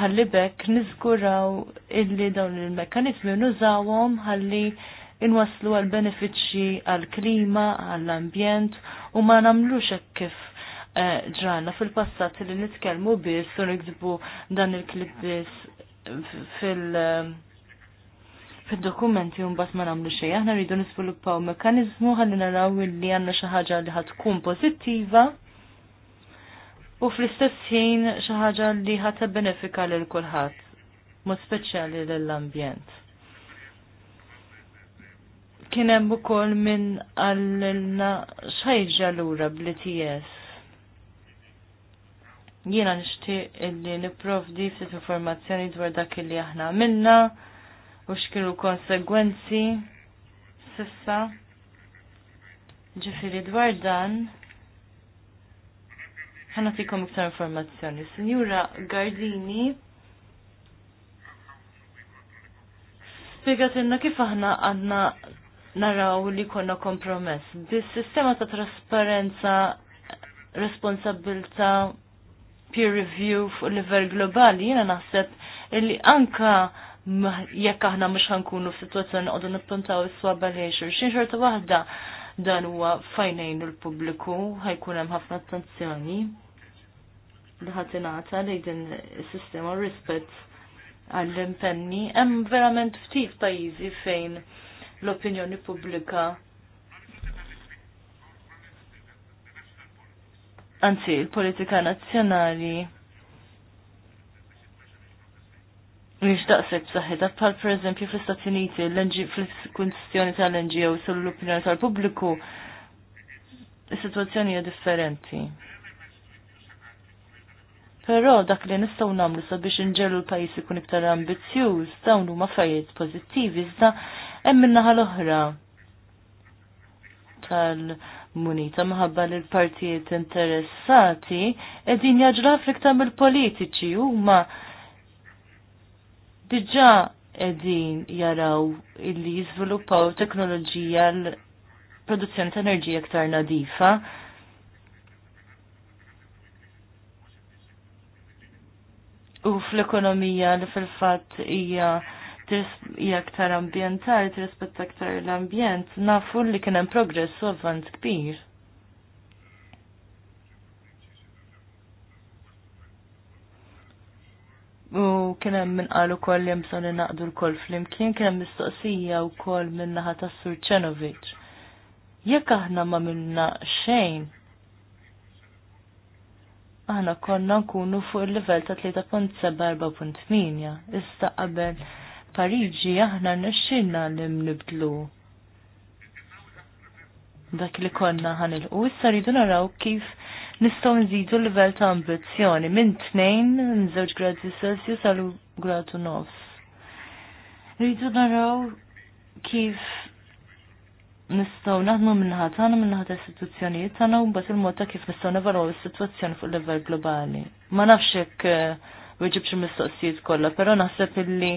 Speaker 4: ħalli bekk niżguraw illi dawn il-mekkaniżmi nużawhom ħalli inwaslu għal benefiċċji għal klima, għall ambjent u ma nagħmlux hekk kif eh, ġranna fil-passat li nitkellmu biss u nikdbu dan il-klib fil- fil-dokumenti un bat ma namlu xej, aħna rridu nisviluppaw mekanizmu ħalli naraw li għanna xi ħaġa li ħatkun pożittiva u fl-istess ħin xi ħaġa li ħadd benefika lil kulħadd, mod speċjali lill-ambjent. Kien hemm ukoll minn għallilna xajġa lura bl-ITS jiena nixtieq illi nipprovdi ftit informazzjoni dwar dak illi aħna għamilna u xkienu konsegwenzi sissa ġifiri dwar dan tikom iktar informazzjoni. Signora Gardini spiegat inna kif aħna għadna naraw li konna kompromess. Bis-sistema ta' trasparenza, responsabilta, peer review fuq livell globali, jena naħseb illi anka jekk aħna mhux ħankunu f'sitwazzjoni qogħdu nippuntaw is-swaba lejn xulxin xorta waħda dan huwa fajnejn il-pubbliku ħajkun hemm ħafna attenzjoni li ħatinata li din is-sistema rispett għall-impenni hemm verament ftit pajjiżi fejn l-opinjoni pubblika Anzi, il-politika nazzjonali Mux daqseb saħħita bħal per eżempju fl-Istati Uniti fl-kwistjoni tal-NGO Sul l-opinjoni tal-pubbliku is-sitwazzjoni hija differenti. Però dak li nistgħu nagħmlu sabiex inġelu l-pajjiż ikun iktar ambizzjuż dawn huma affarijiet pożittivi iżda hemm min-naħa l-oħra tal-munita maħabba l partijiet interessati qegħdin jaġla fl-iktar mill-politiċi huma ma diġa edin jaraw illi jizviluppaw teknoloġija l-produzzjoni ta' enerġija aktar nadifa. U fl-ekonomija li fil-fat hija hija aktar ambientali, tirrispetta aktar l-ambjent, nafu li kien hemm progress u kbir. U kienem minn għalu koll li jemson naqdu l-koll fl-imkien, kienem mistoqsija u koll minn naħa sur Surċenovic. Jekk aħna ma minna xejn, aħna konna nkunu fuq il-level ta' 3.74.8, issa qabel Pariġi aħna nixxilna li mnibdlu. Dak li konna ħanilqu, issa rridu naraw kif nistgħu nżidu l-livell ta' ambizzjoni minn tnejn żewġ gradi Celsius għal gradu nofs. Rridu naraw kif nistgħu naħdmu minnħat għana minnħat ta' istituzzjonijiet tagħna u il-mod ta' kif nistgħu nevalwaw l sitwazzjoni fuq level globali. Ma nafx hekk eh, weġibx mistoqsijiet kollha, però naħseb illi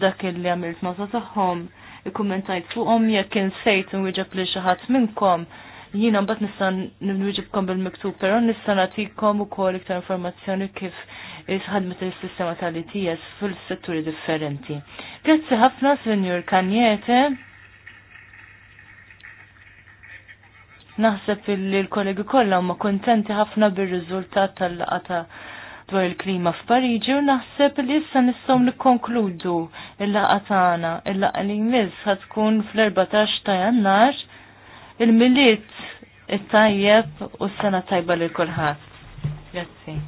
Speaker 4: dak illi għamilt nota tagħhom ikkummentajt fuqhom jekk insejt weġib li xi ħadd minnkom Jina mbagħad nista' nirġibkom bil-miktub, però nista' nagħtikom ukoll iktar informazzjoni kif ħadmet il-sistema tal-ITS fil-setturi differenti. Grazzi ħafna, Senjur Kanjete. Naħseb li l-kollegi kollha huma kontenti ħafna bir-riżultat tal-laqata dwar il-klima f'Pariġi u naħseb li issa nistgħu nikkonkludu il laqgħa tagħna. Il-laqa li jmiss ħad tkun fl-14 ta' Jannar il milliet it-tajjeb u s-sena tajba lil kulħadd. Grazie.